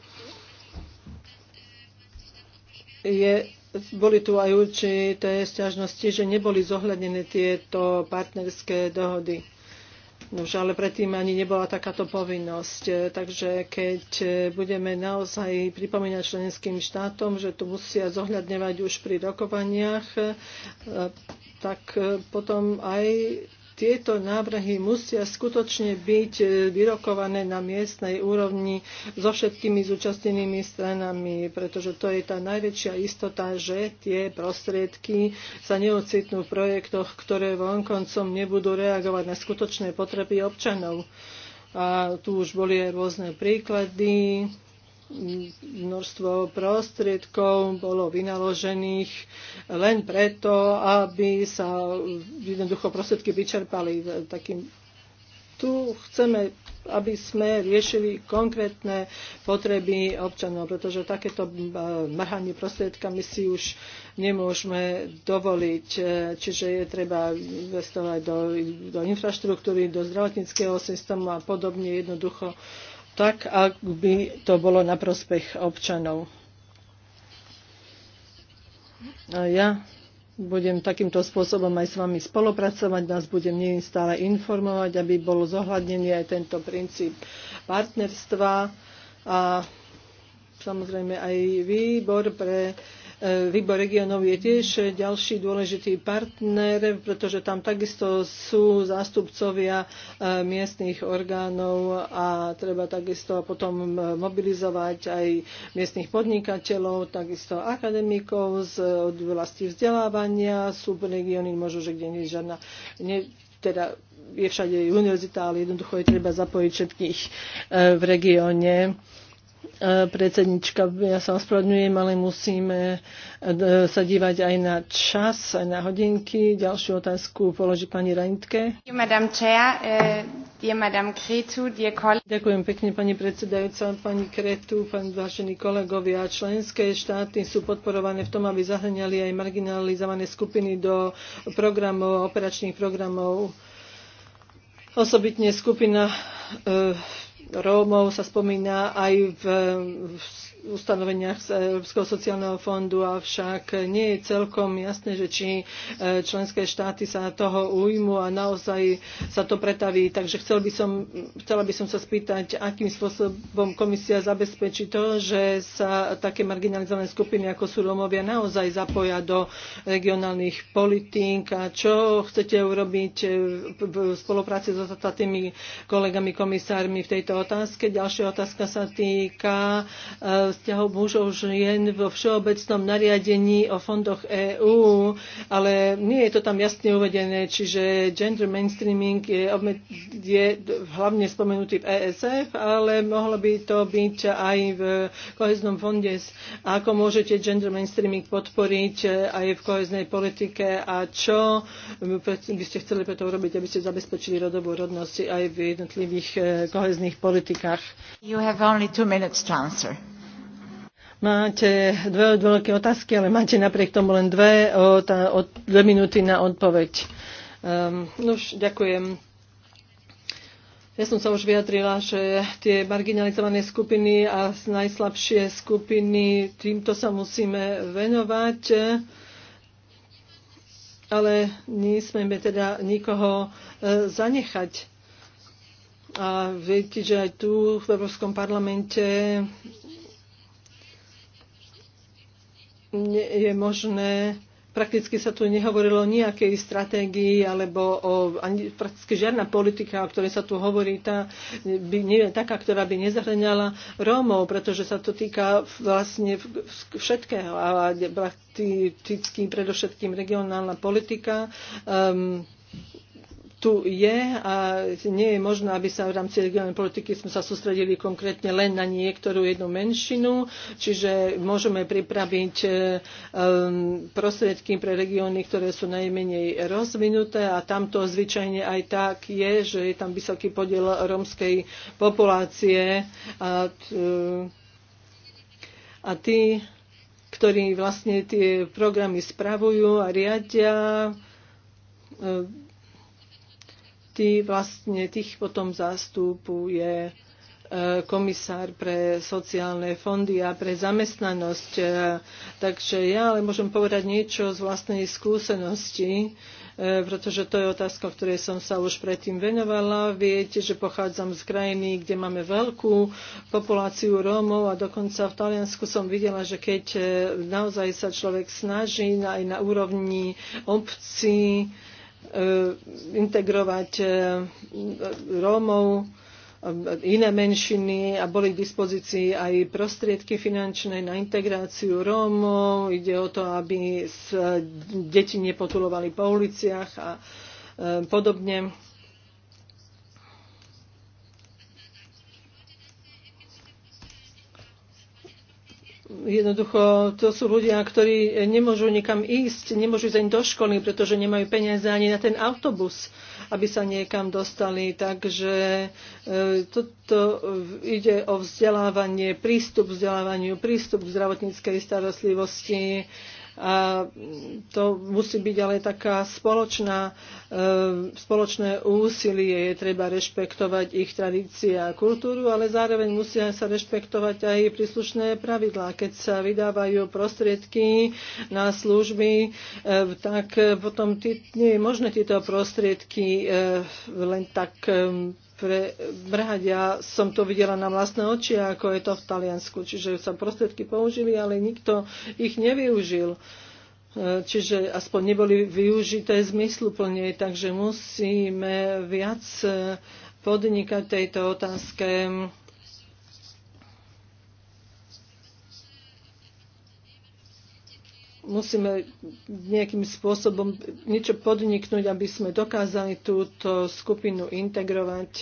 je, boli tu aj určité stiažnosti, že neboli zohľadnené tieto partnerské dohody. Nož, ale predtým ani nebola takáto povinnosť. E, takže keď e, budeme naozaj pripomínať členským štátom, že to musia zohľadňovať už pri rokovaniach, e, tak potom aj tieto návrhy musia skutočne byť e, vyrokované na miestnej úrovni so všetkými zúčastnenými stranami, pretože to je tá najväčšia istota, že tie prostriedky sa neocitnú v projektoch, ktoré vonkoncom nebudú reagovať na skutočné potreby občanov. A tu už boli aj rôzne príklady, množstvo prostriedkov bolo vynaložených len preto, aby sa jednoducho prostriedky vyčerpali takým tu chceme, aby sme riešili konkrétne potreby občanov, pretože takéto e, mrhanie prostriedkami si už nemôžeme dovoliť. E, čiže je treba investovať do, do infraštruktúry, do zdravotníckého systému a podobne jednoducho tak, ak by to bolo na prospech občanov. A ja budem takýmto spôsobom aj s vami spolupracovať, nás budem neustále informovať, aby bol zohľadnený aj tento princíp partnerstva a samozrejme aj výbor pre E, výbor regionov je tiež ďalší dôležitý partner, pretože tam takisto sú zástupcovia e, miestných orgánov a treba takisto potom e, mobilizovať aj miestných podnikateľov, takisto akademikov z oblasti vzdelávania. Sú regióny, možno, že kde nie je žiadna nie, teda je všade univerzita, ale jednoducho je treba zapojiť všetkých v regióne. Eh, predsednička, ja sa ospravedlňujem, ale musíme eh, sa dívať aj na čas, aj na hodinky. Ďalšiu otázku položí pani Rajntke. Eh, Ďakujem pekne, pani predsedajúca, pani Kretu, pani vážení kolegovia. Členské štáty sú podporované v tom, aby zahrňali aj marginalizované skupiny do programov, operačných programov. Osobitne skupina Rómov sa spomína aj v, v ustanoveniach z Európskeho sociálneho fondu, avšak nie je celkom jasné, že či e, členské štáty sa toho ujmu a naozaj sa to pretaví. Takže chcel by som, chcela by som sa spýtať, akým spôsobom komisia zabezpečí to, že sa také marginalizované skupiny ako sú Romovia naozaj zapoja do regionálnych politík a čo chcete urobiť e, v spolupráci so tými kolegami komisármi v tejto otázke. Ďalšia otázka sa týka e, vzťahov mužov žien vo všeobecnom nariadení o fondoch EÚ, ale nie je to tam jasne uvedené, čiže gender mainstreaming je, je hlavne spomenutý v ESF, ale mohlo by to byť aj v koheznom fonde. A ako môžete gender mainstreaming podporiť e, aj v koheznej politike a čo by ste chceli preto urobiť, aby ste zabezpečili rodovú rodnosť aj v jednotlivých e, kohezných politikách? You have only two minutes to answer. Máte dve veľké otázky, ale máte napriek tomu len dve, o, tá, o, dve minúty na odpoveď. Um, ehm, no už ďakujem. Ja som sa už vyjadrila, že tie marginalizované skupiny a najslabšie skupiny, týmto sa musíme venovať, ale nesmieme teda nikoho e, zanechať. A viete, že aj tu v Európskom parlamente je možné Prakticky sa tu nehovorilo o nejakej stratégii alebo o, ani, prakticky žiadna politika, o ktorej sa tu hovorí, tá by, nie je taká, ktorá by nezahrňala Rómov, pretože sa to týka vlastne všetkého a prakticky predovšetkým regionálna politika. Um, tu je a nie je možné, aby sa v rámci regionálnej politiky sme sa sústredili konkrétne len na niektorú jednu menšinu, čiže môžeme pripraviť e, um, prostriedky pre regióny, ktoré sú najmenej rozvinuté a tamto zvyčajne aj tak je, že je tam vysoký podiel rómskej populácie a, e, a tí, ktorí vlastne tie programy spravujú a riadia, e, tí vlastne tých potom zastupuje e, komisár pre sociálne fondy a pre zamestnanosť. E, takže ja ale môžem povedať niečo z vlastnej skúsenosti e, pretože to je otázka, ktorej som sa už predtým venovala. Viete, že pochádzam z krajiny, kde máme veľkú populáciu Rómov a dokonca v Taliansku som videla, že keď naozaj sa človek snaží aj na úrovni obcí, E, integrovať e, Rómov, e, iné menšiny a boli k dispozícii aj prostriedky finančné na integráciu Rómov. Ide o to, aby deti nepotulovali po uliciach a podobne. Jednoducho, to sú ľudia, ktorí nemôžu nikam ísť, nemôžu ísť ani do školy, pretože nemajú peniaze ani na ten autobus, aby sa niekam dostali. Takže e, toto ide o vzdelávanie, prístup k vzdelávaniu, prístup k zdravotníckej starostlivosti, a mm, to musí byť ale taká spoločná, e, spoločné úsilie. Je treba rešpektovať ich tradície a kultúru, ale zároveň musia sa rešpektovať aj príslušné pravidlá. Keď sa vydávajú prostriedky na služby, e, tak potom nie je možné tieto prostriedky e, len tak pre brhať. Ja som to videla na vlastné oči, ako je to v Taliansku. Čiže sa prostriedky použili, ale nikto ich nevyužil. E, čiže aspoň neboli využité zmysluplne, takže musíme viac e, podnikať tejto otázke musíme nejakým spôsobom niečo podniknúť, aby sme dokázali túto skupinu integrovať.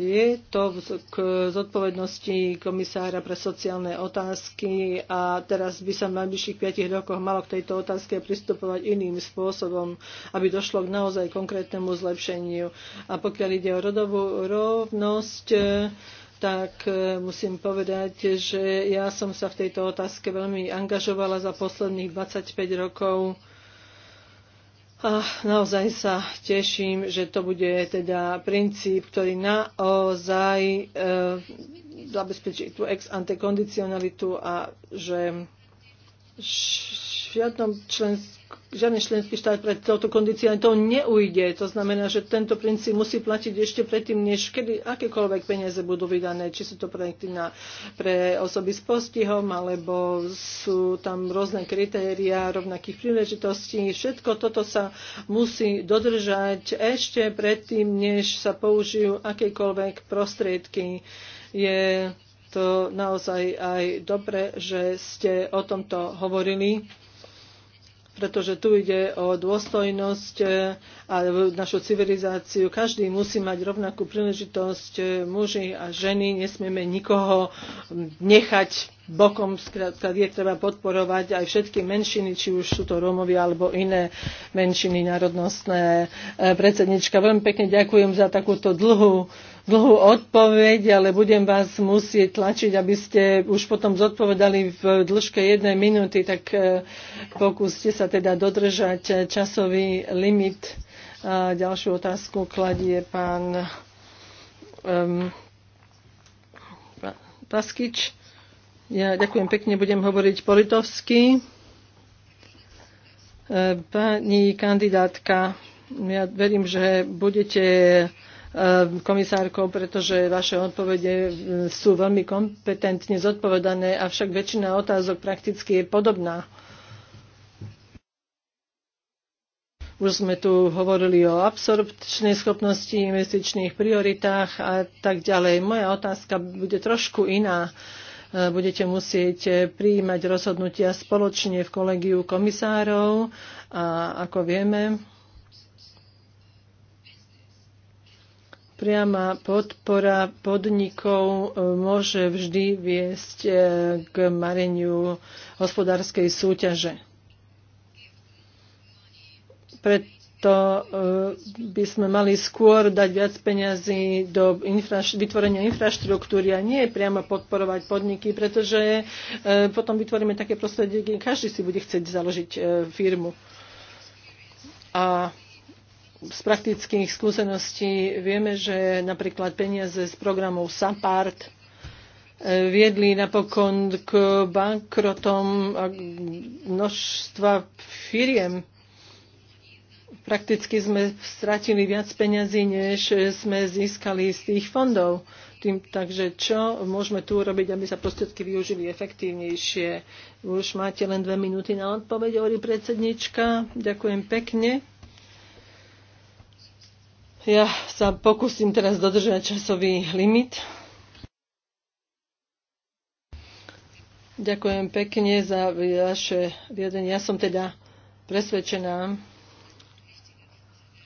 Je to k zodpovednosti komisára pre sociálne otázky a teraz by sa v najbližších 5 rokoch malo k tejto otázke pristupovať iným spôsobom, aby došlo k naozaj konkrétnemu zlepšeniu. A pokiaľ ide o rodovú rovnosť, tak e, musím povedať, že ja som sa v tejto otázke veľmi angažovala za posledných 25 rokov. A naozaj sa teším, že to bude teda princíp, ktorý naozaj e, zabezpečí tú ex ante kondicionalitu a že v žiadnom členstve žiadny členský štát pred touto to neujde. To znamená, že tento princíp musí platiť ešte predtým, než kedy akékoľvek peniaze budú vydané, či sú to projekty na, pre osoby s postihom, alebo sú tam rôzne kritéria rovnakých príležitostí. Všetko toto sa musí dodržať ešte predtým, než sa použijú akékoľvek prostriedky. Je to naozaj aj dobre, že ste o tomto hovorili pretože tu ide o dôstojnosť e, a našu civilizáciu. Každý musí mať rovnakú príležitosť, e, muži a ženy, nesmieme nikoho nechať bokom, skrátka je treba podporovať aj všetky menšiny, či už sú to Rómovia alebo iné menšiny národnostné. E, predsednička, veľmi pekne ďakujem za takúto dlhú dlhú odpoveď, ale budem vás musieť tlačiť, aby ste už potom zodpovedali v dĺžke jednej minúty, tak e, pokúste sa teda dodržať časový limit. A ďalšiu otázku kladie pán um, Paskič. Ja ďakujem pekne, budem hovoriť po litovsky. E, pani kandidátka, ja verím, že budete e, komisárkou, pretože vaše odpovede e, sú veľmi kompetentne zodpovedané, avšak väčšina otázok prakticky je podobná. Už sme tu hovorili o absorpčnej schopnosti, investičných prioritách a tak ďalej. Moja otázka bude trošku iná. Uh, E, budete musieť e, prijímať rozhodnutia spoločne v kolegiu komisárov a ako vieme, priama podpora podnikov e, môže vždy viesť k mareniu hospodárskej súťaže. Pred to e, by sme mali skôr dať viac peniazy do vytvorenia infraštruktúry a nie priamo podporovať podniky, pretože e, potom vytvoríme také prostredie, kde každý si bude chcieť založiť e, firmu. A z praktických skúseností vieme, že napríklad peniaze z programov SAPART viedli napokon k bankrotom množstva firiem prakticky sme stratili viac peňazí, než sme získali z tých fondov. Tým, takže čo môžeme tu urobiť, aby sa prostriedky využili efektívnejšie? Už máte len dve minúty na odpoveď, hovorí predsednička. Ďakujem pekne. Ja sa pokúsim teraz dodržať časový limit. Ďakujem pekne za vaše viedenie. Ja som teda presvedčená,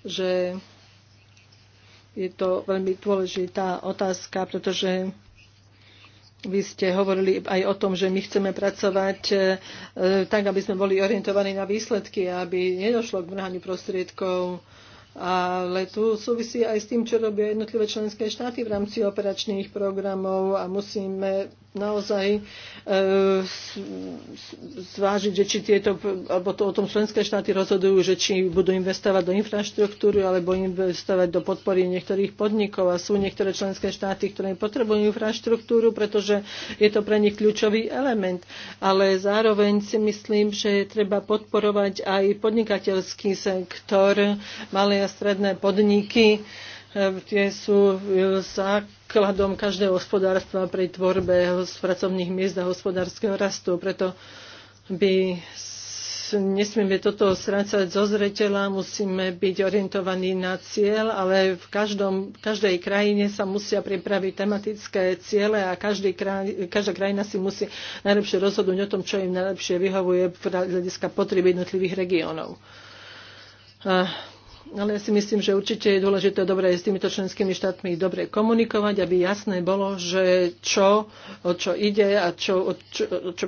že je to veľmi dôležitá otázka, pretože vy ste hovorili aj o tom, že my chceme pracovať e, tak, aby sme boli orientovaní na výsledky, aby nedošlo k vrhaniu prostriedkov. Ale tu súvisí aj s tým, čo robia jednotlivé členské štáty v rámci operačných programov a musíme naozaj e, zvážiť, že či tieto, alebo to o tom členské štáty rozhodujú, že či budú investovať do infraštruktúry alebo investovať do podpory niektorých podnikov a sú niektoré členské štáty, ktoré potrebujú infraštruktúru, pretože je to pre nich kľúčový element. Ale zároveň si myslím, že treba podporovať aj podnikateľský sektor, malé a stredné podniky, Ehm, tie sú e, základom každého hospodárstva pri tvorbe pracovných miest a hospodárskeho rastu. Preto by nesmieme toto srácať zo zreteľa, musíme byť orientovaní na cieľ, ale v každom, každej krajine sa musia pripraviť tematické ciele a každý kraj, každá krajina si musí najlepšie rozhodnúť o tom, čo im najlepšie vyhovuje v hľadiska potreby jednotlivých regiónov ale ja si myslím, že určite je dôležité dobre s týmito členskými štátmi dobre komunikovať, aby jasné bolo, že čo, o čo ide a čo, čo, čo,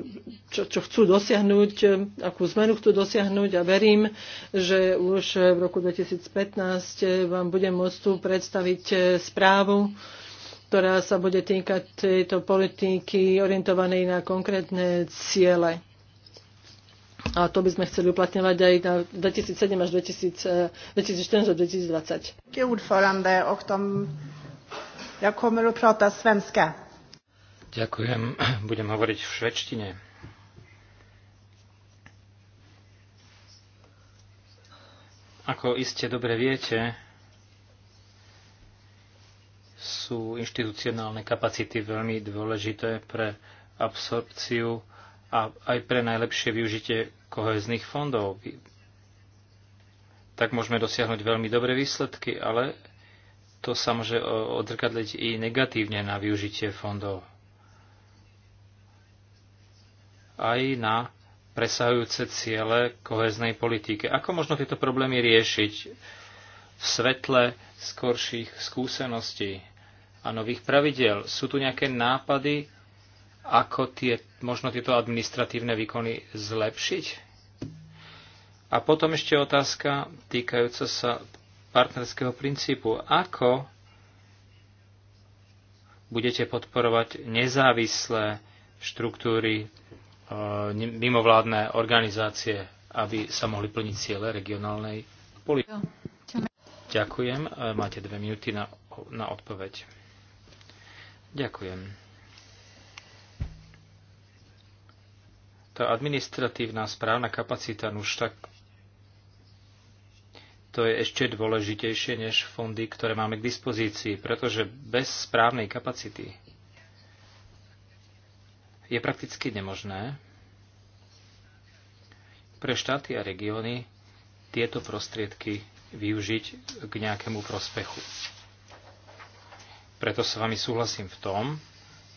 čo, čo chcú dosiahnuť, akú zmenu chcú dosiahnuť a verím, že už v roku 2015 vám budem môcť tu predstaviť správu, ktorá sa bude týkať tejto politiky orientovanej na konkrétne ciele. A to by sme chceli uplatňovať aj na 2007 až 2014 eh, až 2020. Ďakujem. Budem hovoriť v švedštine. Ako iste dobre viete, sú inštitucionálne kapacity veľmi dôležité pre absorpciu a aj pre najlepšie využitie kohezných fondov. Tak môžeme dosiahnuť veľmi dobré výsledky, ale to sa môže odrkadliť i negatívne na využitie fondov. Aj na presahujúce ciele koheznej politike. Ako možno tieto problémy riešiť v svetle skorších skúseností a nových pravidel? Sú tu nejaké nápady, ako tie, možno tieto administratívne výkony zlepšiť? A potom ešte otázka týkajúca sa partnerského princípu. Ako budete podporovať nezávislé štruktúry, e, mimovládne organizácie, aby sa mohli plniť ciele regionálnej politiky? Ďakujem. E, máte dve minúty na, na odpoveď. Ďakujem. tá administratívna správna kapacita už tak to je ešte dôležitejšie než fondy, ktoré máme k dispozícii, pretože bez správnej kapacity je prakticky nemožné pre štáty a regióny tieto prostriedky využiť k nejakému prospechu. Preto s vami súhlasím v tom,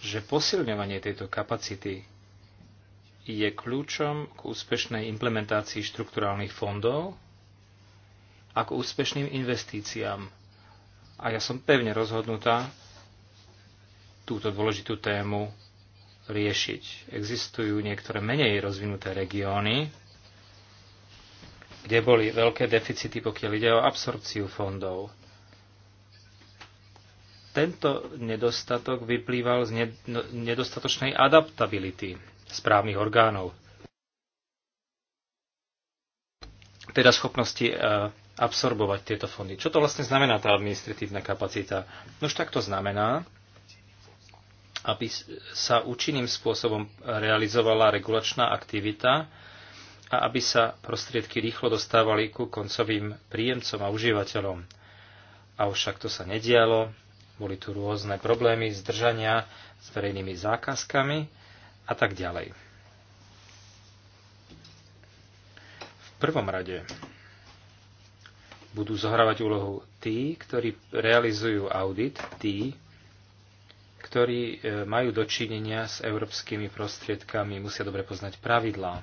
že posilňovanie tejto kapacity je kľúčom k úspešnej implementácii štrukturálnych fondov ako úspešným investíciám. A ja som pevne rozhodnutá túto dôležitú tému riešiť. Existujú niektoré menej rozvinuté regióny, kde boli veľké deficity, pokiaľ ide o absorpciu fondov. Tento nedostatok vyplýval z no- nedostatočnej adaptability správnych orgánov, teda schopnosti eh, absorbovať tieto fondy. Čo to vlastne znamená tá administratívna kapacita? No už tak to znamená, aby sa účinným spôsobom realizovala regulačná aktivita a aby sa prostriedky rýchlo dostávali ku koncovým príjemcom a užívateľom. Avšak to sa nedialo, boli tu rôzne problémy zdržania s verejnými zákazkami a tak ďalej. V prvom rade budú zohrávať úlohu tí, ktorí realizujú audit, tí, ktorí e, majú dočinenia s európskymi prostriedkami, musia dobre poznať pravidlá.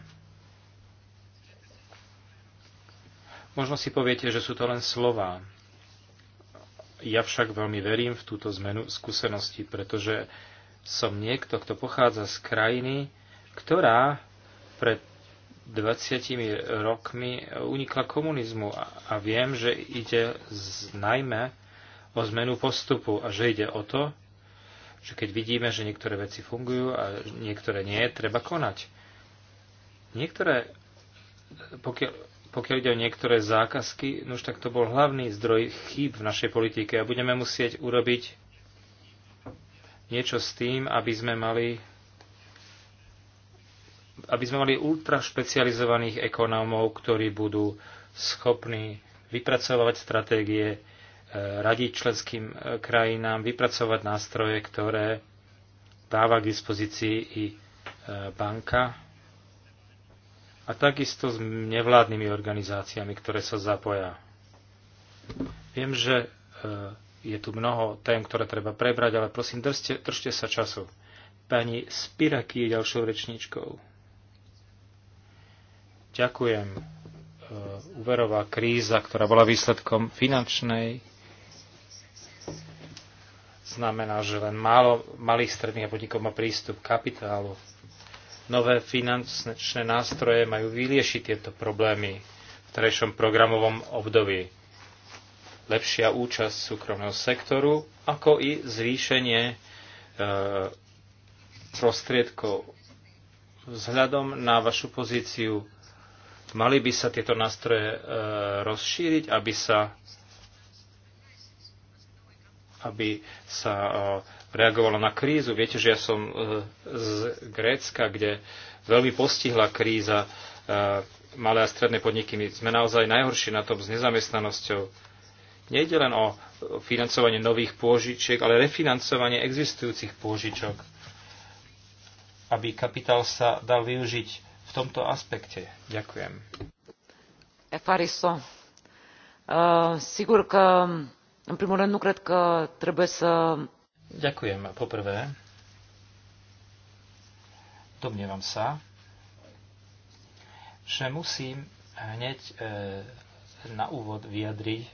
Možno si poviete, že sú to len slova. Ja však veľmi verím v túto zmenu skúsenosti, pretože som niekto, kto pochádza z krajiny, ktorá pred 20 rokmi unikla komunizmu a viem, že ide z, najmä o zmenu postupu a že ide o to, že keď vidíme, že niektoré veci fungujú a niektoré nie, treba konať. Niektoré, pokiaľ, pokiaľ ide o niektoré zákazky, no už tak to bol hlavný zdroj chýb v našej politike a budeme musieť urobiť niečo s tým, aby sme mali aby sme mali ultrašpecializovaných ekonómov, ktorí budú schopní vypracovať stratégie, e, radiť členským e, krajinám, vypracovať nástroje, ktoré dáva k dispozícii i e, banka a takisto s nevládnymi organizáciami, ktoré sa zapoja. Viem, že je tu mnoho tém, ktoré treba prebrať, ale prosím, držte, držte sa času. Pani Spiraky je ďalšou rečníčkou. Ďakujem. E, úverová kríza, ktorá bola výsledkom finančnej, znamená, že len málo malých stredných podnikov má prístup k kapitálu. Nové finančné nástroje majú vyriešiť tieto problémy v terajšom programovom období lepšia účasť súkromného sektoru, ako i zvýšenie e, prostriedkov. Vzhľadom na vašu pozíciu Mali by sa tieto nástroje e, rozšíriť, aby sa, aby sa e, reagovalo na krízu. Viete, že ja som e, z Grécka, kde veľmi postihla kríza malé a stredné podniky. My sme naozaj najhorší na tom s nezamestnanosťou. Nejde len o financovanie nových pôžičiek, ale refinancovanie existujúcich pôžičok, aby kapitál sa dal využiť v tomto aspekte. Ďakujem. Eh, sigur că, în primul rând, nu cred că trebuie să... Ďakujem. Poprvé, domnievam sa, že musím hneď e, na úvod vyjadriť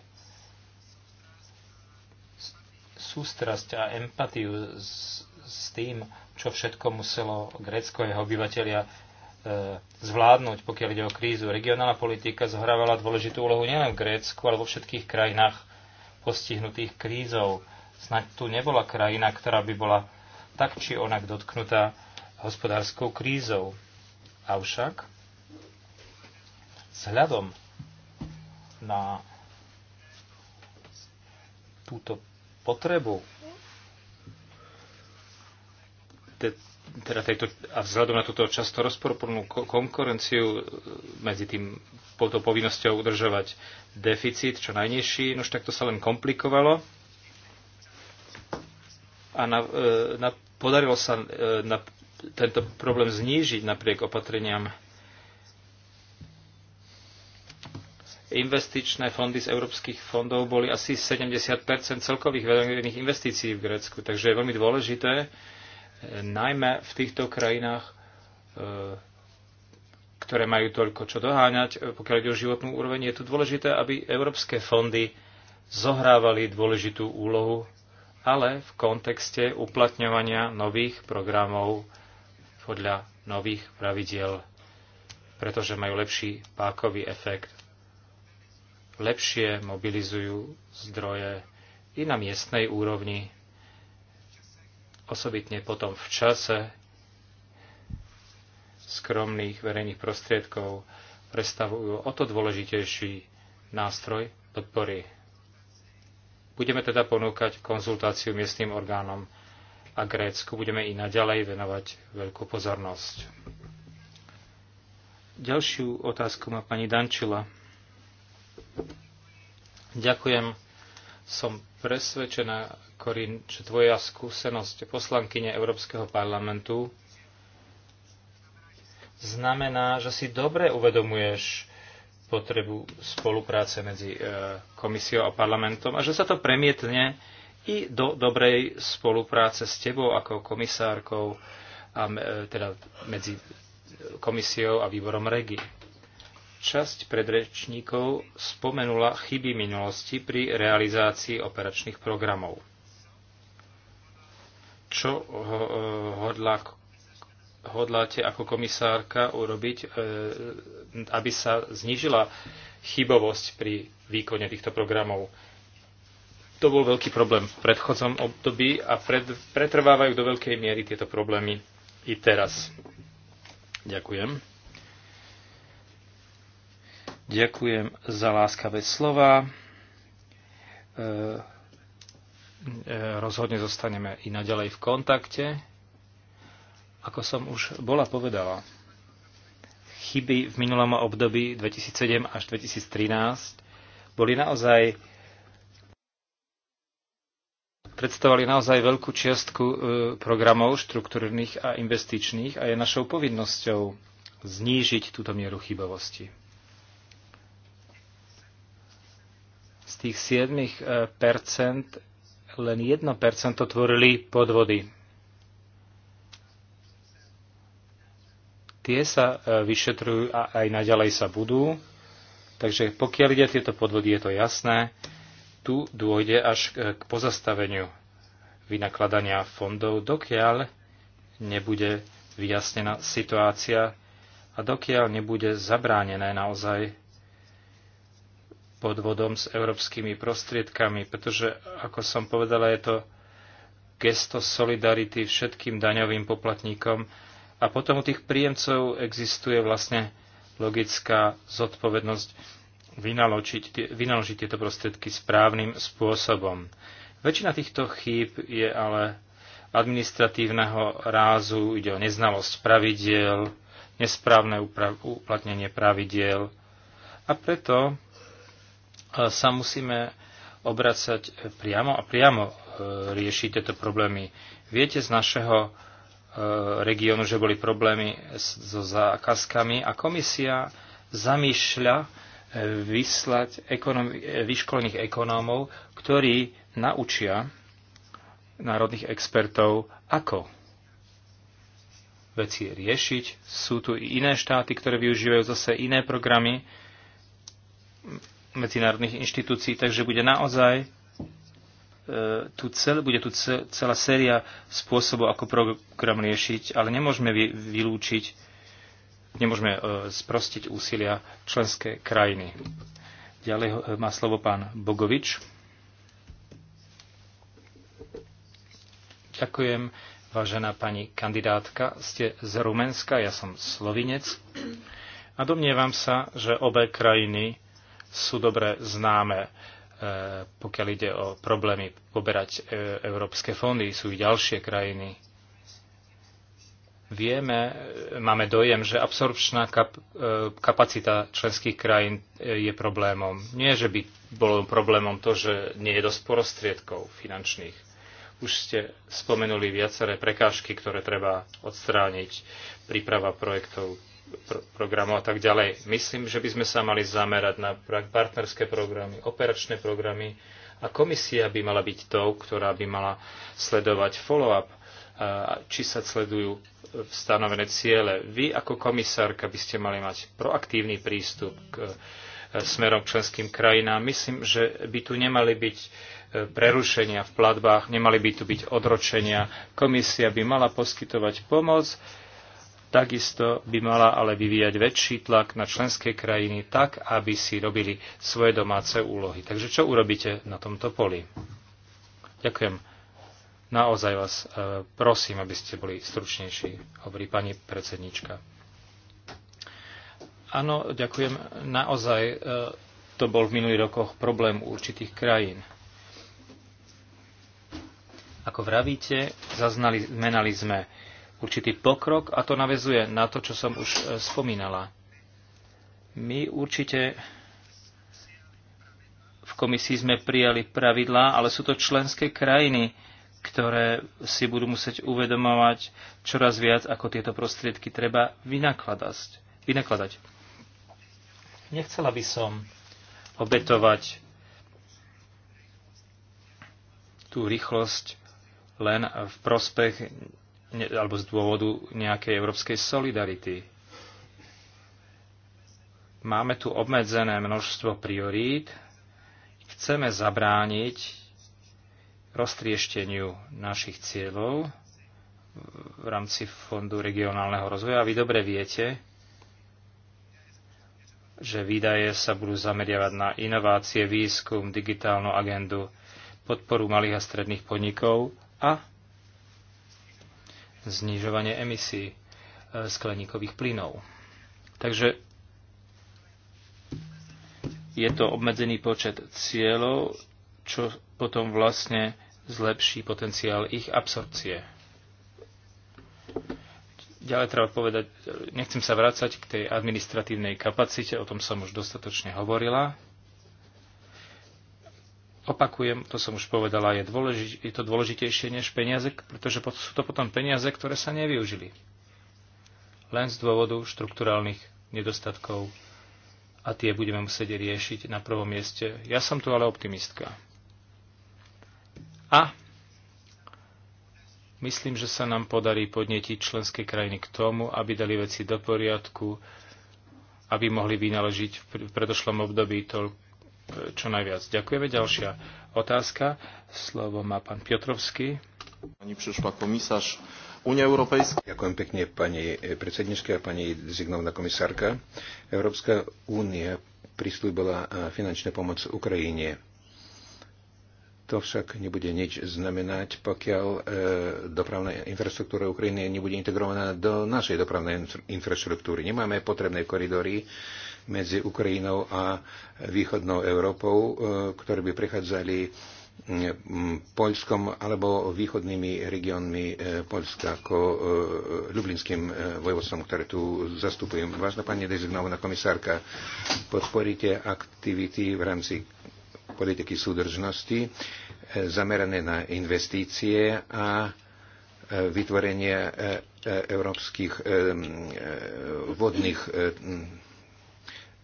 sústrasť a empatiu s, s tým, čo všetko muselo grécko jeho obyvateľia E, zvládnuť, pokiaľ ide o krízu. Regionálna politika zohrávala dôležitú úlohu nielen v Grécku, ale vo všetkých krajinách postihnutých krízou. Snaď tu nebola krajina, ktorá by bola tak či onak dotknutá hospodárskou krízou. Avšak hľadom na túto potrebu teda tejto, a vzhľadom na túto často rozporúplnú konkurenciu e, medzi tým to povinnosťou udržovať deficit čo najnižší, nož tak to sa len komplikovalo a na, e, na, podarilo sa e, na, tento problém znížiť napriek opatreniam investičné fondy z európskych fondov boli asi 70 celkových verejných investícií v Grécku. Takže je veľmi dôležité, najmä v týchto krajinách, e, ktoré majú toľko čo doháňať, e, pokiaľ ide o životnú úroveň, je tu dôležité, aby európske fondy zohrávali dôležitú úlohu, ale v kontexte uplatňovania nových programov podľa nových pravidiel, pretože majú lepší pákový efekt, lepšie mobilizujú zdroje i na miestnej úrovni osobitne potom v čase skromných verejných prostriedkov predstavujú o to dôležitejší nástroj podpory. Budeme teda ponúkať konzultáciu miestnym orgánom a Grécku budeme i naďalej venovať veľkú pozornosť. Ďalšiu otázku má pani Dančila. Ďakujem som presvedčená, Korin, že tvoja skúsenosť poslankyne Európskeho parlamentu znamená, že si dobre uvedomuješ potrebu spolupráce medzi e, komisiou a parlamentom a že sa to premietne i do dobrej spolupráce s tebou ako komisárkou, a, e, teda medzi komisiou a výborom REGI Časť predrečníkov spomenula chyby minulosti pri realizácii operačných programov. Čo hodlá, hodláte ako komisárka urobiť, e, aby sa znížila chybovosť pri výkone týchto programov? To bol veľký problém v predchodzom období a pred, pretrvávajú do veľkej miery tieto problémy i teraz. Ďakujem. Ďakujem za láskavé slova. E, e, rozhodne zostaneme i naďalej v kontakte. Ako som už bola povedala, chyby v minulom období 2007 až 2013 boli naozaj predstavovali naozaj veľkú čiastku e, programov štruktúrnych a investičných a je našou povinnosťou znížiť túto mieru chybovosti. Z tých 7% e, len 1% tvorili podvody. Tie sa e, vyšetrujú a aj naďalej sa budú. Takže pokiaľ ide tieto podvody, je to jasné. Tu dôjde až k pozastaveniu vynakladania fondov, dokiaľ nebude vyjasnená situácia a dokiaľ nebude zabránené naozaj podvodom s európskymi prostriedkami, pretože, ako som povedala, je to gesto solidarity všetkým daňovým poplatníkom a potom u tých príjemcov existuje vlastne logická zodpovednosť vynaložiť, vynaložiť tieto prostriedky správnym spôsobom. Väčšina týchto chýb je ale administratívneho rázu, ide o neznalosť pravidiel, nesprávne uplatnenie pravidiel a preto sa musíme obracať priamo a priamo e, riešiť tieto problémy. Viete z našeho e, regiónu, že boli problémy so zákazkami a komisia zamýšľa e, vyslať ekonom, vyškolených ekonómov, ktorí naučia národných expertov, ako veci riešiť. Sú tu i iné štáty, ktoré využívajú zase iné programy medzinárodných inštitúcií, takže bude naozaj e, tu cel, bude tu celá séria spôsobov, ako program riešiť, ale nemôžeme vylúčiť, nemôžeme e, sprostiť úsilia členské krajiny. Ďalej e, má slovo pán Bogovič. Ďakujem, vážená pani kandidátka. Ste z Rumenska, ja som slovinec. A domnievam sa, že obe krajiny sú dobre známe, e, pokiaľ ide o problémy poberať e, európske fondy, sú i ďalšie krajiny. Vieme, e, máme dojem, že absorpčná kapacita členských krajín je problémom. Nie, že by bolo problémom to, že nie je dosť prostriedkov finančných. Už ste spomenuli viaceré prekážky, ktoré treba odstrániť, príprava projektov, programov a tak ďalej. Myslím, že by sme sa mali zamerať na partnerské programy, operačné programy a komisia by mala byť tou, ktorá by mala sledovať follow-up, či sa sledujú e, stanovené ciele. Vy ako komisárka by ste mali mať proaktívny prístup k e, smerom k členským krajinám. Myslím, že by tu nemali byť e, prerušenia v platbách, nemali by tu byť odročenia. Komisia by mala poskytovať pomoc, Takisto by mala ale vyvíjať väčší tlak na členské krajiny tak, aby si robili svoje domáce úlohy. Takže čo urobíte na tomto poli? Ďakujem. Naozaj vás e, prosím, aby ste boli stručnejší, hovorí pani predsednička. Áno, ďakujem. Naozaj e, to bol v minulých rokoch problém určitých krajín. Ako vravíte, zaznali, zmenali sme určitý pokrok a to navezuje na to, čo som už e, spomínala. My určite v komisii sme prijali pravidlá, ale sú to členské krajiny, ktoré si budú musieť uvedomovať čoraz viac, ako tieto prostriedky treba vynakladať. vynakladať. Nechcela by som obetovať tú rýchlosť len v prospech ne, alebo z dôvodu nejakej európskej solidarity. Máme tu obmedzené množstvo priorít. Chceme zabrániť roztriešteniu našich cieľov v rámci Fondu regionálneho rozvoja. A vy dobre viete, že výdaje sa budú zameriavať na inovácie, výskum, digitálnu agendu, podporu malých a stredných podnikov a znižovanie emisí e, skleníkových plynov. Takže je to obmedzený počet cieľov, čo potom vlastne zlepší potenciál ich absorpcie. Ďalej treba povedať, e, nechcem sa vrácať k tej administratívnej kapacite, o tom som už dostatočne hovorila opakujem, to som už povedala, je, dôleži- je to dôležitejšie než peniaze, pretože sú to potom peniaze, ktoré sa nevyužili. Len z dôvodu štrukturálnych nedostatkov a tie budeme musieť riešiť na prvom mieste. Ja som tu ale optimistka. A myslím, že sa nám podarí podnetiť členské krajiny k tomu, aby dali veci do poriadku, aby mohli vynaložiť v predošlom období toľko čo najviac. Ďakujeme. Ďalšia otázka. Slovo má pán Piotrovský. Pani prišla komisáž Unia Európejská. Ďakujem pekne pani predsedničke a pani zignovná komisárka. Európska únia prislúbila e, finančnú pomoc Ukrajine. To však nebude nič znamenať, pokiaľ e, dopravná infraštruktúra Ukrajiny nebude integrovaná do našej dopravnej infraštruktúry. Nemáme potrebné koridory, medzi Ukrajinou a východnou Európou, e, ktoré by prechádzali Polskom alebo východnými regiónmi e, Polska ako e, ľublinským vojvodstvom, ktoré tu zastupujem. Vážna pani dezignovaná komisárka, podporíte aktivity v rámci politiky súdržnosti zamerané na investície a vytvorenie európskych vodných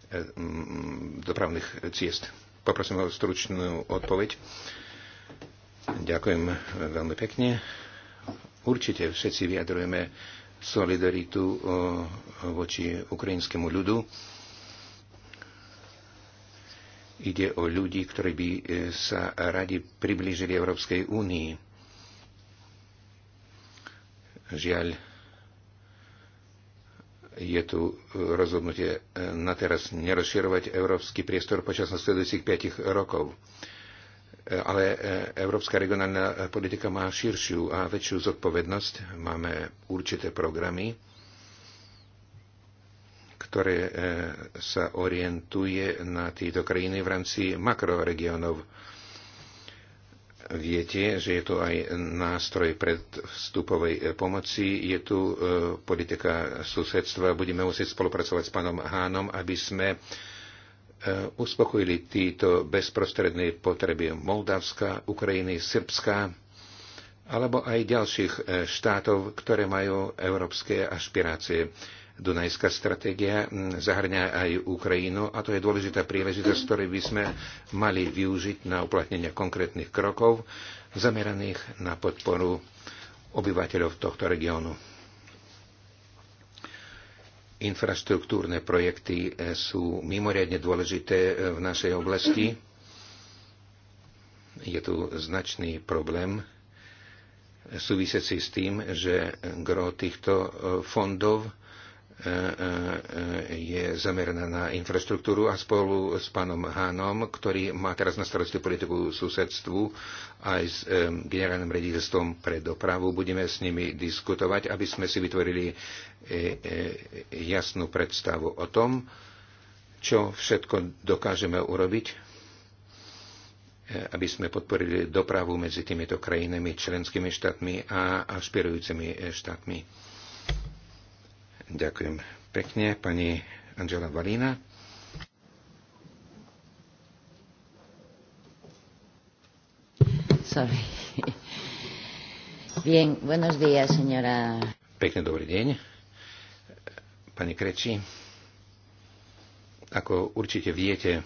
Eh, mm, dopravných ciest. Poprosím o stručnú odpoveď. Ďakujem eh, veľmi pekne. Určite všetci vyjadrujeme solidaritu eh, voči ukrajinskému ľudu. Ide o ľudí, ktorí by sa radi priblížili Európskej únii. Žiaľ, je tu e, rozhodnutie e, na teraz nerozširovať európsky priestor počas nasledujúcich 5 rokov. E, ale európska regionálna politika má širšiu a väčšiu zodpovednosť. Máme určité programy, ktoré sa orientuje na tieto krajiny v rámci makroregiónov Viete, že je tu aj nástroj predvstupovej eh, pomoci, je tu eh, politika susedstva, budeme musieť spolupracovať s pánom Hánom, aby sme eh, uspokojili títo bezprostredné potreby Moldavska, Ukrajiny, Srbska alebo aj ďalších štátov, ktoré majú európske ašpirácie. Dunajská stratégia zahrňa aj Ukrajinu a to je dôležitá príležitosť, ktorú by sme mali využiť na uplatnenie konkrétnych krokov zameraných na podporu obyvateľov tohto regiónu. Infraštruktúrne projekty e, sú mimoriadne dôležité e, v našej oblasti. Je tu značný problém e, súvisiaci s tým, že gro týchto fondov E, e, e, je zameraná na infraštruktúru a spolu s pánom Hánom, ktorý má teraz na starosti politiku susedstvu aj s generálnym rediteľstvom pre dopravu. Budeme s nimi diskutovať, aby sme si vytvorili jasnú predstavu o tom, čo všetko dokážeme urobiť aby sme podporili dopravu medzi týmito krajinami, členskými štátmi a ašpirujúcimi štátmi. Ďakujem pekne, pani Angela Valína. Sorry. Bien, buenos días, señora. dobrý deň. Pani Kreči, ako určite viete,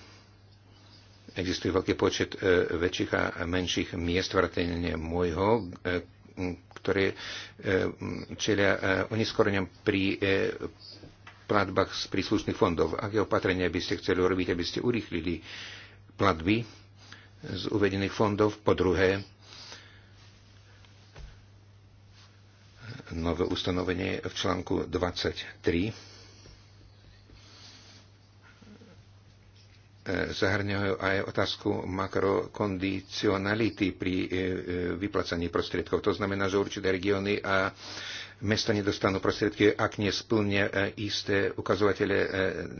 existuje veľký počet e, väčších a menších miest vrátane môjho, e, ktoré e, čelia e, oneskoreniam pri e, platbách z príslušných fondov. Aké opatrenia by ste chceli urobiť, aby ste urýchlili platby z uvedených fondov? Po druhé, nové ustanovenie v článku 23 E, zahrňajú aj otázku makrokondicionality pri e, e, vyplacaní prostriedkov. To znamená, že určité regióny a mesta nedostanú prostriedky, ak nesplnia isté ukazovatele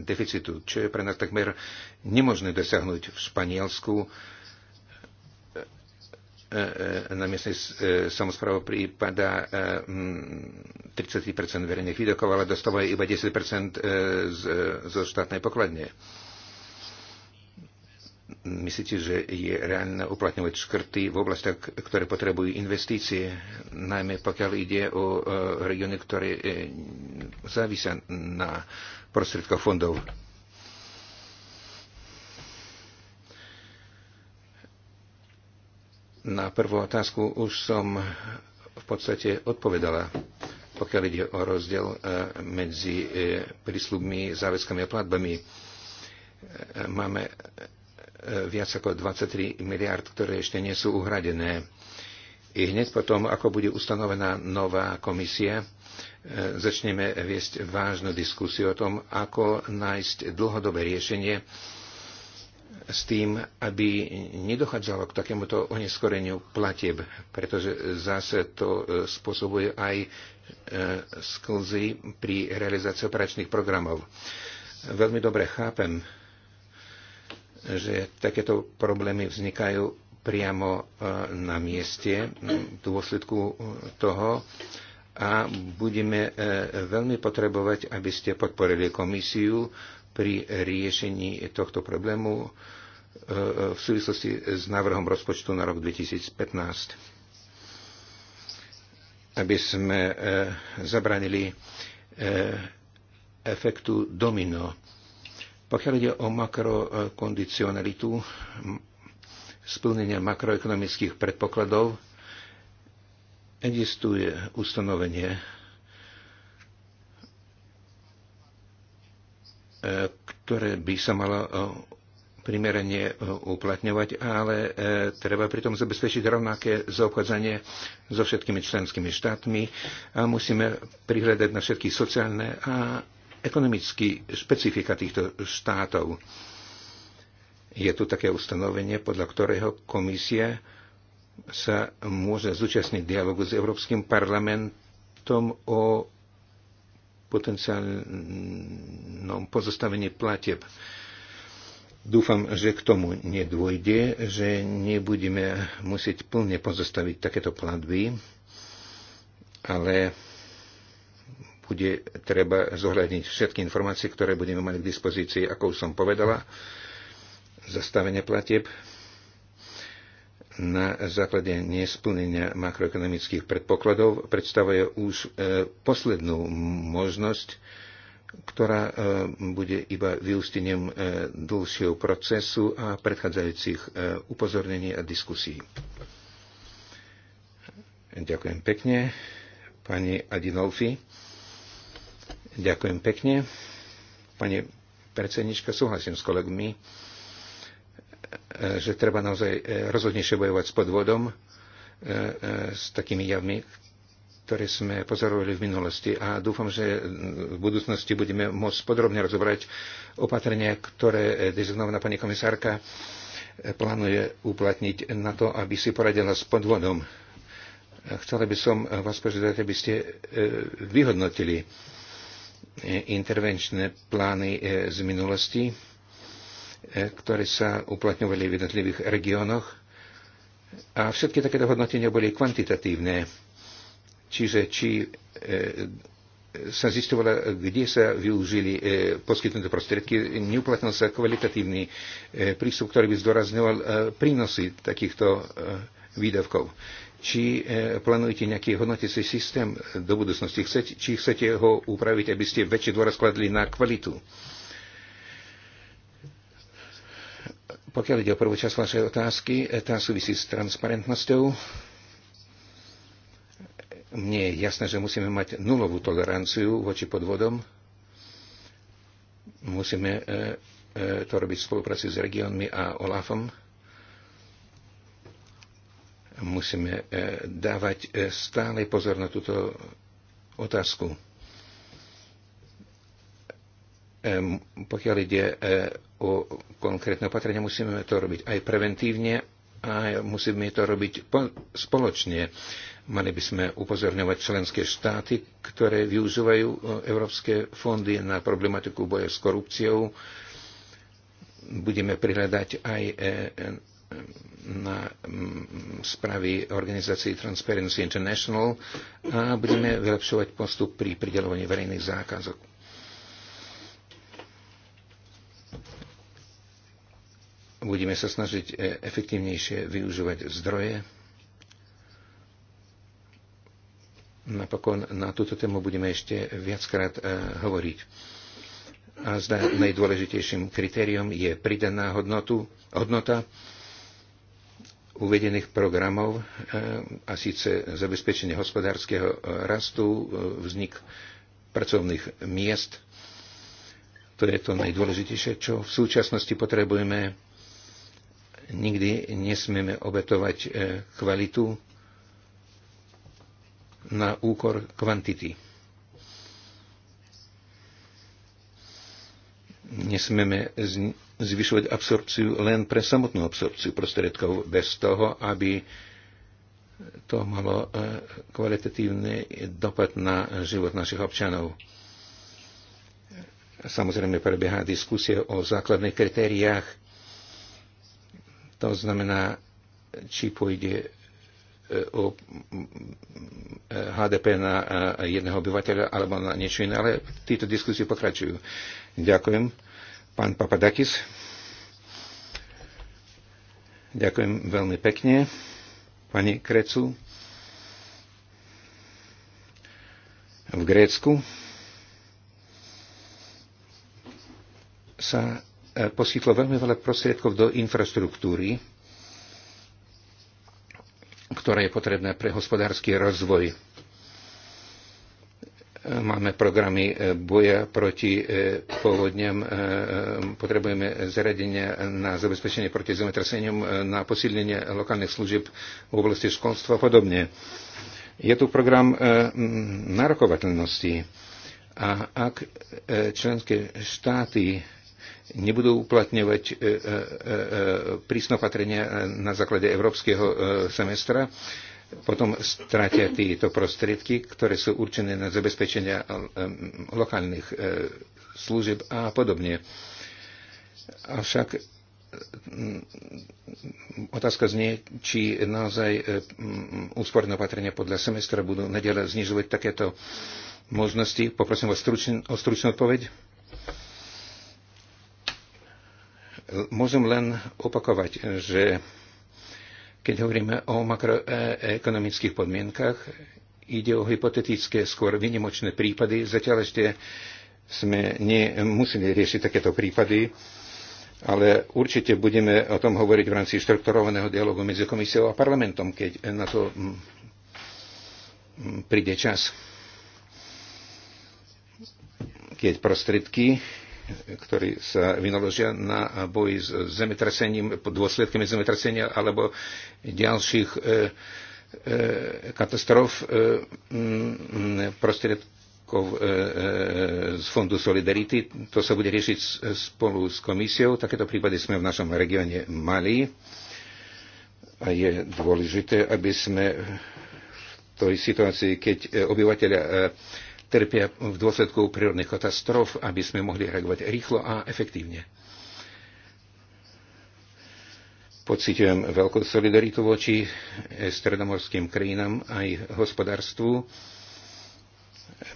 deficitu, čo je pre nás takmer nemožné dosiahnuť v Španielsku na miestnej samozpráve prípada 30 verejných výdokov, ale dostávajú iba 10 zo štátnej pokladne. Myslíte, že je reálne uplatňovať škrty v oblastiach, ktoré potrebujú investície, najmä pokiaľ ide o e, regióny, ktoré e, závisia na prostriedkoch fondov? Na prvú otázku už som v podstate odpovedala, pokiaľ ide o rozdiel e, medzi prísľubmi, záväzkami a platbami. Máme viac ako 23 miliard, ktoré ešte nie sú uhradené. I hneď potom, ako bude ustanovená nová komisia, e, začneme viesť vážnu diskusiu o tom, ako nájsť dlhodobé riešenie s tým, aby nedochádzalo k takémuto oneskoreniu platieb, pretože zase to e, spôsobuje aj e, sklzy pri realizácii operačných programov. Veľmi dobre chápem že takéto problémy vznikajú priamo e, na mieste v dôsledku e, toho a budeme e, veľmi potrebovať, aby ste podporili komisiu pri riešení tohto problému v súvislosti s návrhom rozpočtu na rok 2015, aby sme zabranili efektu domino pokiaľ ide o makrokondicionalitu, splnenia makroekonomických predpokladov, existuje ustanovenie, e, ktoré by sa malo e, primerane e, uplatňovať, ale treba pritom zabezpečiť rovnaké zaobchádzanie so všetkými členskými štátmi a musíme prihľadať na všetky sociálne a ekonomický špecifika týchto štátov. Je tu také ustanovenie, podľa ktorého komisia sa môže zúčastniť dialogu s Európskym parlamentom o potenciálnom pozostavení platieb. Dúfam, že k tomu nedôjde, že nebudeme musieť plne pozostaviť takéto platby, ale bude treba zohľadniť všetky informácie, ktoré budeme mať k dispozícii, ako už som povedala, zastavenie platieb na základe nesplnenia makroekonomických predpokladov predstavuje už e, poslednú možnosť, ktorá e, bude iba vyústením e, dlhšieho procesu a predchádzajúcich upozornení a diskusí. Ďakujem pekne. Pani Adinolfi. Ďakujem pekne. Pani predsednička, súhlasím s kolegmi, e, že treba naozaj e, rozhodnejšie bojovať s podvodom, e, s takými javmi, ktoré sme pozorovali v minulosti a dúfam, že v budúcnosti budeme môcť podrobne rozobrať opatrenia, ktoré dezignovaná pani komisárka plánuje uplatniť na to, aby si poradila s podvodom. Chcela by som vás požiadať, aby ste vyhodnotili E, intervenčné plány e, z minulosti, e, ktoré sa uplatňovali v jednotlivých regiónoch. A všetky takéto hodnotenia boli kvantitatívne. Čiže či sa zistovalo, kde sa využili poskytnuté prostriedky. Neuplatnil sa kvalitatívny prístup, ktorý by zdôrazňoval prínosy takýchto výdavkov. Či e, plánujete nejaký hodnoticí systém e, do budúcnosti? Chcete, či chcete ho upraviť, aby ste väčší dôraz kladli na kvalitu? Pokiaľ ide o prvú časť vašej otázky, e, tá súvisí s transparentnosťou. Mne je jasné, že musíme mať nulovú toleranciu voči podvodom. Musíme to robiť v spolupráci s regiónmi a OLAFom. Musíme e, dávať e, stále pozor na túto otázku. E, pokiaľ ide o konkrétne opatrenia, musíme to robiť aj preventívne, a musíme to robiť spoločne. Mali by sme upozorňovať členské štáty, ktoré využívajú európske fondy na problematiku boja s korupciou. Budeme prihľadať aj na mm, správy organizácií Transparency International a budeme vylepšovať postup pri pridelovaní verejných zákazok. Budeme sa snažiť e, efektívnejšie využívať zdroje. Napokon na túto tému budeme ešte viackrát e, hovoriť. A zda najdôležitejším kritériom je pridaná hodnotu, hodnota, hodnota uvedených programov, eh, a síce zabezpečenie hospodárskeho eh, rastu, eh, vznik pracovných miest. To je to najdôležitejšie, čo v súčasnosti potrebujeme. Nikdy nesmieme obetovať kvalitu na úkor kvantity. nesmieme zvyšovať absorpciu len pre samotnú absorpciu prostriedkov bez toho, aby to malo e, kvalitatívny dopad na život našich občanov. Samozrejme prebieha diskusia o základných kritériách. To znamená, či pôjde o HDP na e, jedného obyvateľa alebo na niečo iné, ale títo diskusie pokračujú. Ďakujem. Pán Papadakis. Ďakujem veľmi pekne. Pani Krecu. V Grécku sa e, poskytlo veľmi veľa prostriedkov do infraštruktúry ktoré je potrebné pre hospodársky rozvoj. Máme programy e, boja proti e, povodňam, e, potrebujeme zariadenia na zabezpečenie proti zemetraseniam, na posilnenie lokálnych služieb v oblasti školstva a podobne. Je tu program narokovateľnosti. A ak členské štáty nebudú uplatňovať e, e, e, prísne opatrenia na základe európskeho semestra, potom stratia tieto prostriedky, ktoré sú určené na zabezpečenia lokálnych služieb a podobne. Avšak otázka znie, či naozaj úsporné opatrenia podľa semestra budú nadiaľa znižovať takéto možnosti. Poprosím vás o stručnú odpoveď. Môžem len opakovať, že keď hovoríme o makroekonomických podmienkach, ide o hypotetické, skôr vynimočné prípady. Zatiaľ ešte sme nemuseli riešiť takéto prípady, ale určite budeme o tom hovoriť v rámci štrukturovaného dialogu medzi komisiou a parlamentom, keď na to mm, mm, príde čas. Keď prostriedky ktorí sa vynaložia na boji s zemetrasením, dôsledkami zemetrasenia alebo ďalších e, e, katastrof e, prostriedkov e, e, z Fondu Solidarity. To sa bude riešiť spolu s komisiou. Takéto prípady sme v našom regióne mali. A je dôležité, aby sme v tej situácii, keď e, obyvateľia e, trpia v dôsledku prírodných katastrof, aby sme mohli reagovať rýchlo a efektívne. Pocitujem veľkú solidaritu voči stredomorským krajinám aj hospodárstvu.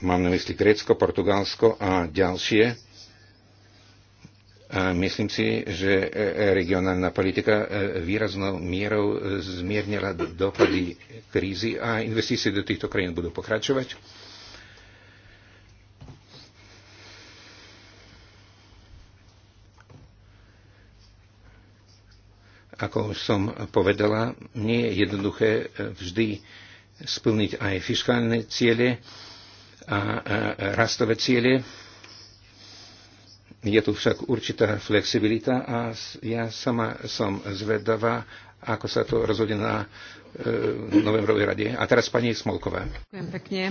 Mám na mysli Grécko, Portugalsko a ďalšie. A myslím si, že regionálna politika e, výraznou mierou zmiernila dopady krízy a investície do týchto krajín budú pokračovať. Ako už som povedala, nie je jednoduché e, vždy splniť aj fiskálne ciele a rastové ciele. Je tu však určitá flexibilita a ja sama som zvedavá, ako sa to rozhodne na e, novembrovej rade. A teraz pani Smolková. Ďakujem pekne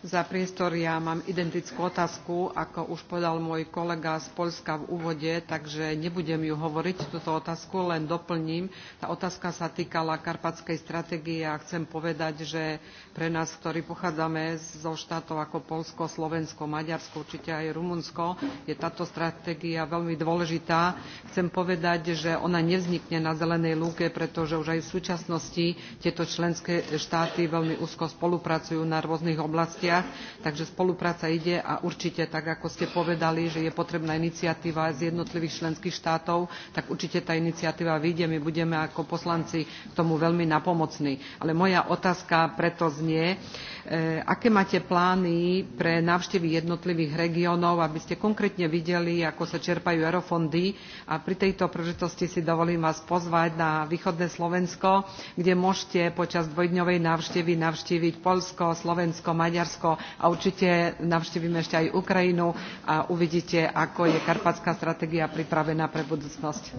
za priestor. Ja mám identickú otázku, ako už povedal môj kolega z Polska v úvode, takže nebudem ju hovoriť, túto otázku, len doplním. Tá otázka sa týkala karpatskej stratégie a chcem povedať, že pre nás, ktorí pochádzame zo štátov ako Polsko, Slovensko, Maďarsko, určite aj Rumunsko, je táto stratégia veľmi dôležitá. Chcem povedať, že ona nevznikne na zelenej lúke, pretože už aj v súčasnosti tieto členské štáty veľmi úzko spolupracujú na rôznych oblastiach hraniciach, takže spolupráca ide a určite, tak ako ste povedali, že je potrebná iniciatíva z jednotlivých členských štátov, tak určite tá iniciatíva vyjde, my budeme ako poslanci k tomu veľmi napomocní. Ale moja otázka preto znie, e, aké máte plány pre návštevy jednotlivých regiónov, aby ste konkrétne videli, ako sa čerpajú eurofondy a pri tejto príležitosti si dovolím vás pozvať na východné Slovensko, kde môžete počas dvojdňovej návštevy navštíviť Poľsko, Slovensko, Maďarsko, Maďarsko a určite navštívime ešte aj Ukrajinu a uvidíte, ako je karpatská stratégia pripravená pre budúcnosť.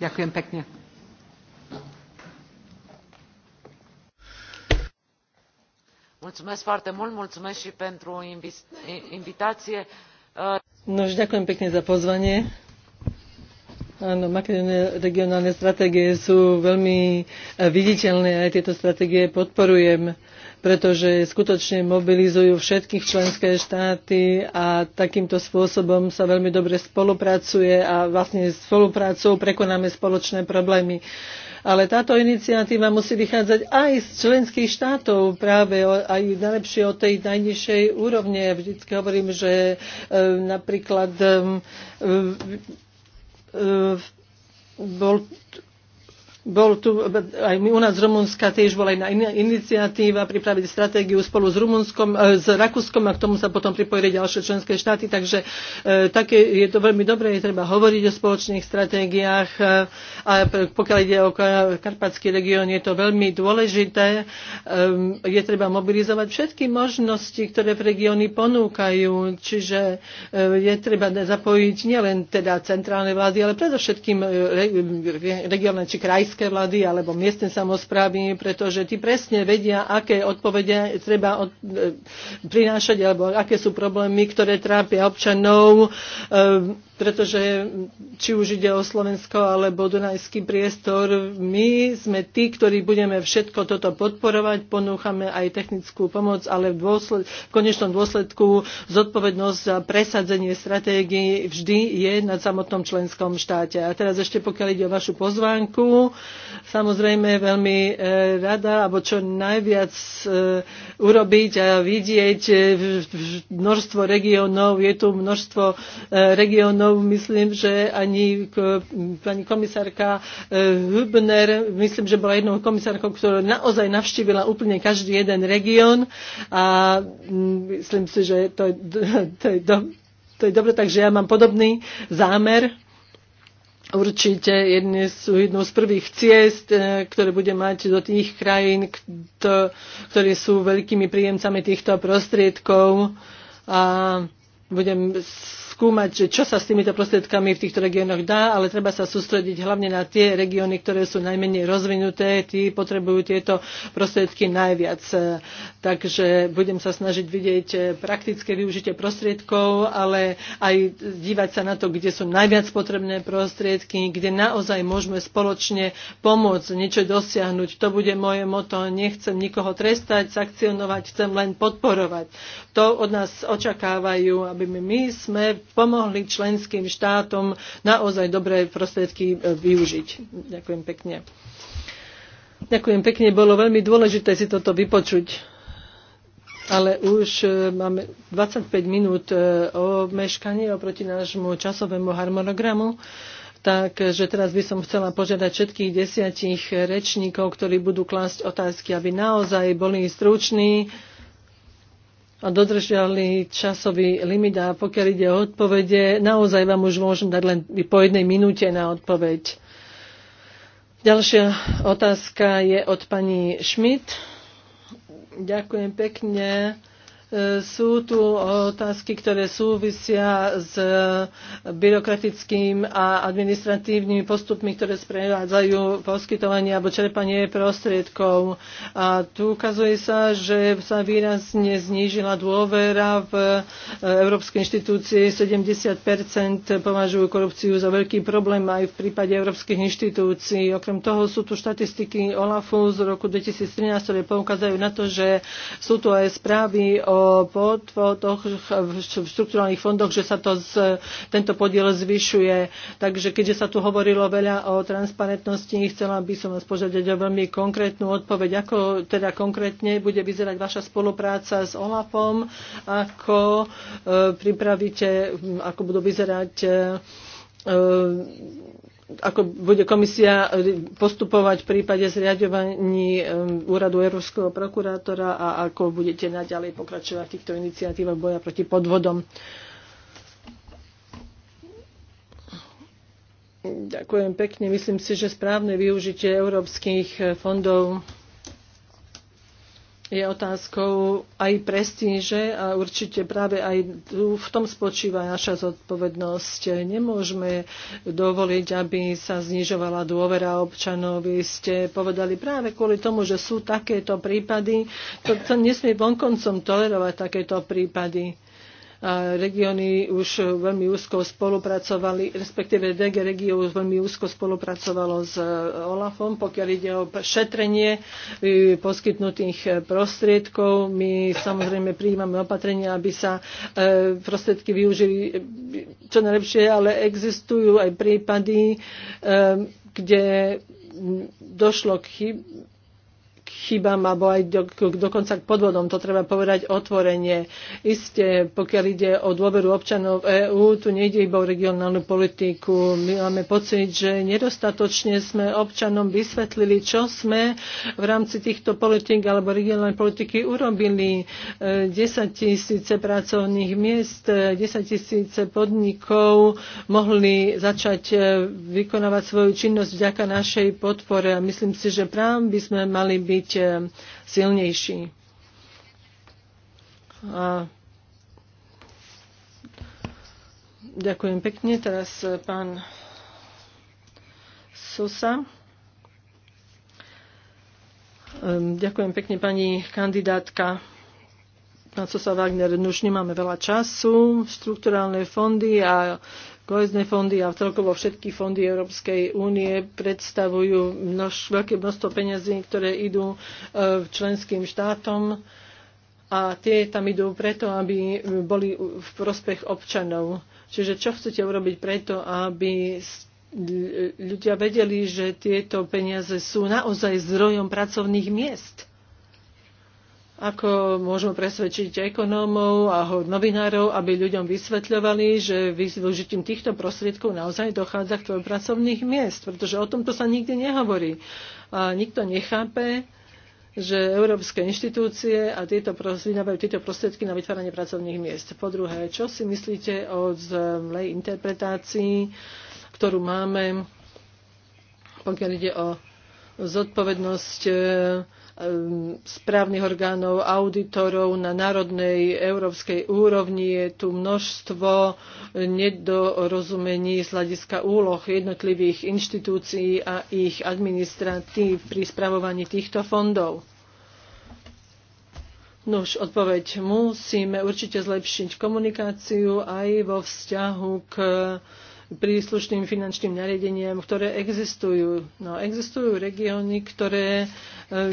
Ďakujem pekne. Mulțumesc foarte mult, mulțumesc și pentru invitație. No, ďakujem pekne za pozvanie. Áno, makedonské regionálne stratégie sú veľmi eh, viditeľné a aj tieto stratégie podporujem pretože skutočne mobilizujú všetkých členské štáty a takýmto spôsobom sa veľmi dobre spolupracuje a vlastne spoluprácou prekonáme spoločné problémy. Ale táto iniciatíva musí vychádzať aj z členských štátov, práve aj najlepšie od tej najnižšej úrovne. Vždycky hovorím, že e, napríklad e, e, bol bol tu, aj my u nás z Rumunska tiež bola iná iniciatíva pripraviť stratégiu spolu s, Rumunskom, eh, s Rakúskom a k tomu sa potom pripojili ďalšie členské štáty. Takže eh, také je to veľmi dobré, je treba hovoriť o spoločných stratégiách eh, a pokiaľ ide o Karpatský región, je to veľmi dôležité. Ehm, je treba mobilizovať všetky možnosti, ktoré v regióny ponúkajú, čiže je treba zapojiť nielen teda centrálne vlády, ale predovšetkým regionálne či krajské mestské vlády alebo miestne samozprávy, pretože tí presne vedia, aké odpovede treba od, e, prinášať alebo aké sú problémy, ktoré trápia občanov. E, pretože či už ide o Slovensko alebo Dunajský priestor, my sme tí, ktorí budeme všetko toto podporovať, ponúchame aj technickú pomoc, ale v, dôsled, v konečnom dôsledku zodpovednosť za presadzenie stratégií vždy je na samotnom členskom štáte. A teraz ešte pokiaľ ide o vašu pozvánku, samozrejme veľmi e, rada, alebo čo najviac e, urobiť a vidieť e, množstvo regiónov, je tu množstvo e, regiónov, občanov. Myslím, že ani pani komisárka e, Hübner, myslím, že bola jednou komisárkou, ktorá naozaj navštívila úplne každý jeden región a myslím si, že to je, to je, do, to je dobre, takže ja mám podobný zámer určite jedne sú jednou z prvých ciest, e, ktoré bude mať do tých krajín, ktoré sú veľkými príjemcami týchto prostriedkov. A budem skúmať, že čo sa s týmito prostriedkami v týchto regiónoch dá, ale treba sa sústrediť hlavne na tie regióny, ktoré sú najmenej rozvinuté, tí potrebujú tieto prostriedky najviac. Takže budem sa snažiť vidieť praktické využitie prostriedkov, ale aj dívať sa na to, kde sú najviac potrebné prostriedky, kde naozaj môžeme spoločne pomôcť, niečo dosiahnuť. To bude moje moto. Nechcem nikoho trestať, sankcionovať, chcem len podporovať. To od nás očakávajú, aby my sme pomohli členským štátom naozaj dobré prostriedky e, využiť. Ďakujem pekne. Ďakujem pekne, bolo veľmi dôležité si toto vypočuť. Ale už e, máme 25 minút e, o meškanie oproti nášmu časovému harmonogramu. Takže teraz by som chcela požiadať všetkých desiatich rečníkov, ktorí budú klásť otázky, aby naozaj boli struční a dodržali časový limit a pokiaľ ide o odpovede, naozaj vám už môžem dať len po jednej minúte na odpoveď. Ďalšia otázka je od pani Schmidt. Ďakujem pekne. E, sú tu otázky, ktoré súvisia s e, byrokratickým a administratívnymi postupmi, ktoré sprevádzajú poskytovanie alebo čerpanie prostriedkov. A tu ukazuje sa, že sa výrazne znížila dôvera v e, európske inštitúcie. 70 považujú korupciu za veľký problém aj v prípade európskych inštitúcií. Okrem toho sú tu štatistiky OLAFu z roku 2013, ktoré poukazajú na to, že sú tu aj správy o po toch, v štruktúrnych fondoch, že sa to z, tento podiel zvyšuje. Takže keďže sa tu hovorilo veľa o transparentnosti, chcela by som vás požiadať o veľmi konkrétnu odpoveď. Ako teda konkrétne bude vyzerať vaša spolupráca s OLAFom? Ako e, pripravíte, ako budú vyzerať e, ako bude komisia e, postupovať v prípade zriadovaní e, úradu Európskeho prokurátora a ako budete naďalej pokračovať v týchto iniciatívach boja proti podvodom. Ďakujem pekne. Myslím si, že správne využitie európskych fondov je otázkou aj prestíže a určite práve aj tu v tom spočíva naša zodpovednosť. Nemôžeme dovoliť, aby sa znižovala dôvera občanov. Vy ste povedali práve kvôli tomu, že sú takéto prípady. To, to nesmie vonkoncom tolerovať takéto prípady regióny už veľmi úzko spolupracovali, respektíve DG regió už veľmi úzko spolupracovalo s e, OLAFom, pokiaľ ide o šetrenie e, poskytnutých e, prostriedkov. My samozrejme prijímame opatrenia, aby sa prostriedky využili čo najlepšie, ale existujú aj prípady, kde došlo k chyb, chybám alebo aj do, dokonca k podvodom. To treba povedať otvorenie Isté, pokiaľ ide o dôveru občanov EÚ, tu nejde iba o regionálnu politiku. My máme pocit, že nedostatočne sme občanom vysvetlili, čo sme v rámci týchto politik alebo regionálnej politiky urobili. 10 e, tisíce pracovných miest, 10 e, tisíce podnikov mohli začať e, vykonávať svoju činnosť vďaka našej podpore. A myslím si, že práve by sme mali byť byť eh, silnejší. A Ďakujem pekne. Teraz eh, pán Sosa. Ehm, ďakujem pekne pani kandidátka. Pán Sosa Wagner, no už nemáme veľa času. Štrukturálne fondy a Kohezné fondy a celkovo všetky fondy Európskej únie predstavujú množ, veľké množstvo peňazí, ktoré idú e, členským štátom a tie tam idú preto, aby boli v prospech občanov. Čiže čo chcete urobiť preto, aby ľudia vedeli, že tieto peniaze sú naozaj zdrojom pracovných miest? ako môžeme presvedčiť ekonómov a novinárov, aby ľuďom vysvetľovali, že využitím týchto prostriedkov naozaj dochádza k tvojom pracovných miest, pretože o tomto sa nikdy nehovorí. A nikto nechápe, že európske inštitúcie a tieto, prostriedky, tieto prostriedky na vytváranie pracovných miest. Po druhé, čo si myslíte o zlej interpretácii, ktorú máme, pokiaľ ide o zodpovednosť správnych orgánov, auditorov na národnej európskej úrovni. Je tu množstvo nedorozumení z hľadiska úloh jednotlivých inštitúcií a ich administratív pri spravovaní týchto fondov. Nuž, odpoveď. Musíme určite zlepšiť komunikáciu aj vo vzťahu k príslušným finančným nariadeniam, ktoré existujú. No, existujú regióny, ktoré e,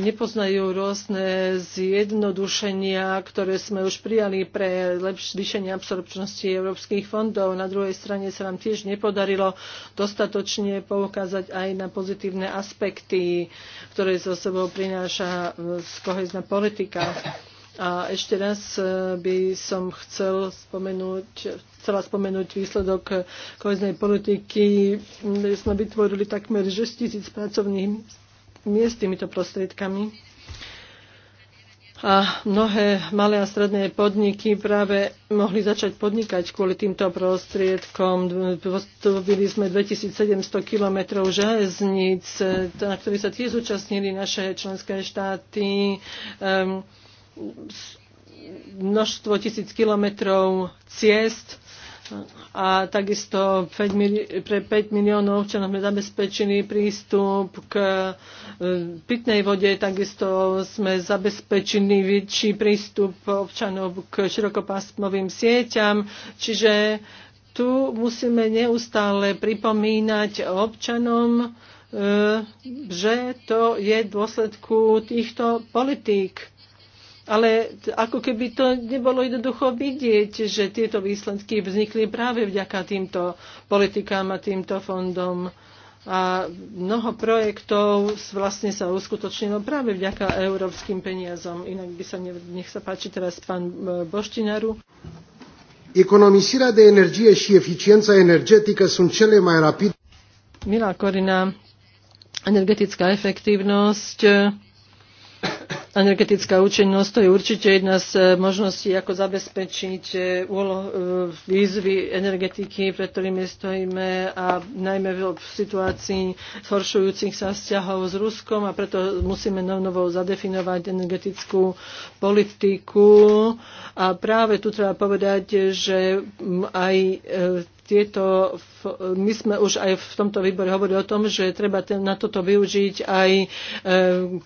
nepoznajú rôzne zjednodušenia, ktoré sme už prijali pre lepšie zvýšenie absorpčnosti európskych fondov. Na druhej strane sa nám tiež nepodarilo dostatočne poukázať aj na pozitívne aspekty, ktoré za sebou prináša e, kohezná politika. A ešte raz e, by som chcel spomenúť chcela spomenúť výsledok koheznej politiky, kde sme vytvorili takmer 6 tisíc pracovných miest týmito prostriedkami a mnohé malé a stredné podniky práve mohli začať podnikať kvôli týmto prostriedkom. Postavili sme 2700 kilometrov železníc, na ktorých sa tiež zúčastnili naše členské štáty. Ehm, množstvo tisíc kilometrov ciest a takisto 5 pre 5 miliónov občanov sme zabezpečili prístup k e, pitnej vode, takisto sme zabezpečili väčší prístup občanov k širokopásmovým sieťam, čiže tu musíme neustále pripomínať občanom, e, že to je dôsledku týchto politík ale ako keby to nebolo jednoducho vidieť, že tieto výsledky vznikli práve vďaka týmto politikám a týmto fondom. A mnoho projektov vlastne sa uskutočnilo práve vďaka európskym peniazom. Inak by sa ne, nech sa páči teraz pán e, Boštinaru. Economisirea de energie și eficiența energetică sunt cele mai rapide. Milá Korina, energetická efektívnosť energetická účinnosť to je určite jedna z eh, možností, ako zabezpečiť eh, úlohu eh, výzvy energetiky, pred ktorými stojíme a najmä v situácii zhoršujúcich sa vzťahov s Ruskom a preto musíme novnovo zadefinovať energetickú politiku. A práve tu treba povedať, že mm, aj tieto, my sme už aj v tomto výbore hovorili o tom, že treba ten, na toto využiť aj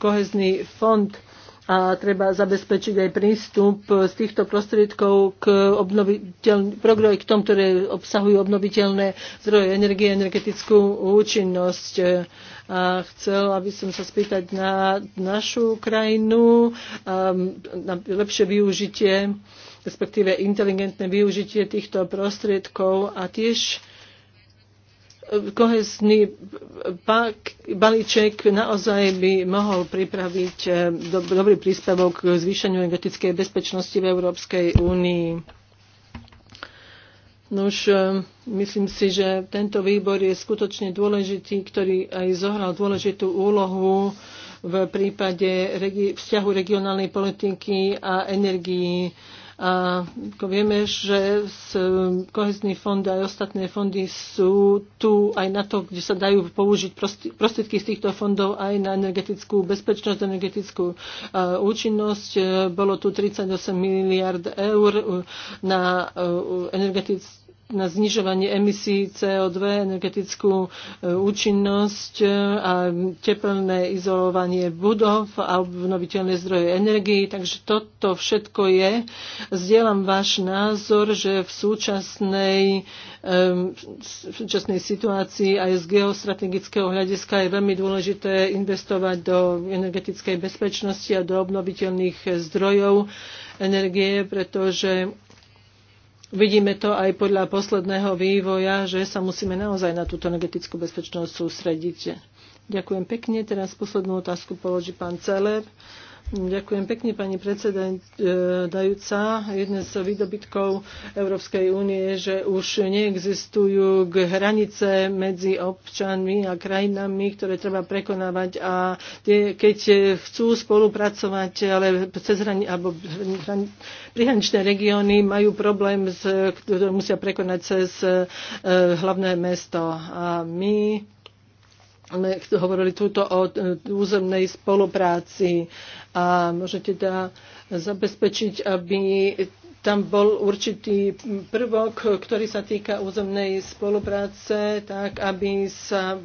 kohezný fond a treba zabezpečiť aj prístup z týchto prostriedkov k, k tom, ktoré obsahujú obnoviteľné zdroje energie, energetickú účinnosť. A chcel, aby som sa spýtať na našu krajinu, um, na lepšie využitie respektíve inteligentné využitie týchto prostriedkov a tiež kohezný balíček naozaj by mohol pripraviť eh, dobrý príspevok k zvýšeniu energetickej bezpečnosti v Európskej únii. Nož, eh, myslím si, že tento výbor je skutočne dôležitý, ktorý aj zohral dôležitú úlohu v prípade vzťahu regionálnej politiky a energii a ako vieme, že kohezný fond a aj ostatné fondy sú tu aj na to, kde sa dajú použiť prostriedky z týchto fondov aj na energetickú bezpečnosť, energetickú účinnosť. Bolo tu 38 miliard eur na energetickú na znižovanie emisí CO2, energetickú e, účinnosť e, a tepelné izolovanie budov a obnoviteľné zdroje energii. Takže toto všetko je. Zdieľam váš názor, že v súčasnej, e, v súčasnej situácii aj z geostrategického hľadiska je veľmi dôležité investovať do energetickej bezpečnosti a do obnoviteľných zdrojov energie, pretože Vidíme to aj podľa posledného vývoja, že sa musíme naozaj na túto energetickú bezpečnosť sústrediť. Ďakujem pekne. Teraz poslednú otázku položí pán Celeb. Ďakujem pekne, pani predsedajúca. Jedné z výdobytkov Európskej únie je, že už neexistujú hranice medzi občanmi a krajinami, ktoré treba prekonávať a tie, keď chcú spolupracovať, ale cez hrani, alebo hrani, prihraničné regióny majú problém, s, ktoré musia prekonať cez eh, hlavné mesto. A my hovorili túto o e, územnej spolupráci a môžete teda zabezpečiť, aby tam bol určitý prvok, ktorý sa týka územnej spolupráce, tak aby sa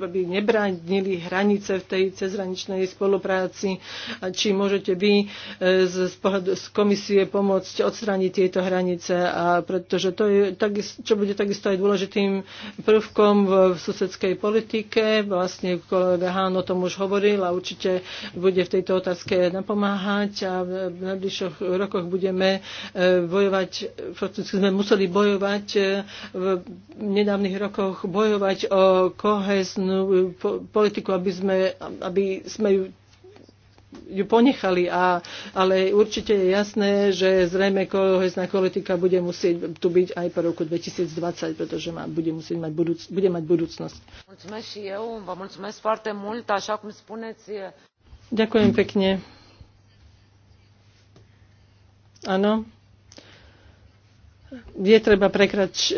aby nebránili hranice v tej cezhraničnej spolupráci. A či môžete vy e, z, pohľadu, z komisie pomôcť odstrániť tieto hranice, a pretože to je tak, čo bude takisto aj dôležitým prvkom v, v susedskej politike. Vlastne kolega Hán o tom už hovoril a určite bude v tejto otázke napomáhať a v najbližších rokoch budeme E, bojovať, prakticky sme museli bojovať e, v nedávnych rokoch, bojovať o koheznú e, politiku, aby sme, aby sme ju ju ponechali, a, ale určite je jasné, že zrejme kohezná politika bude musieť tu byť aj po roku 2020, pretože má, bude, musieť mať budúc, bude mať budúcnosť. Mulțumesc și eu, vă mulțumesc foarte mult, așa cum spuneți. Ďakujem pekne. Áno je treba prekrač...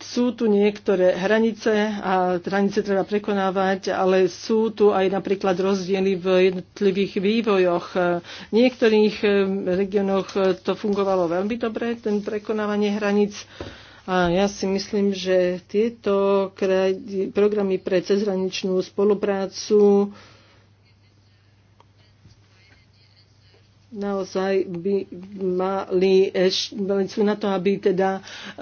sú tu niektoré hranice a hranice treba prekonávať, ale sú tu aj napríklad rozdiely v jednotlivých vývojoch. V niektorých eh, regiónoch eh, to fungovalo veľmi dobre, ten prekonávanie hranic A ja si myslím, že tieto kraj... programy pre cezhraničnú spoluprácu naozaj by mali, mali sú na to, aby teda eh,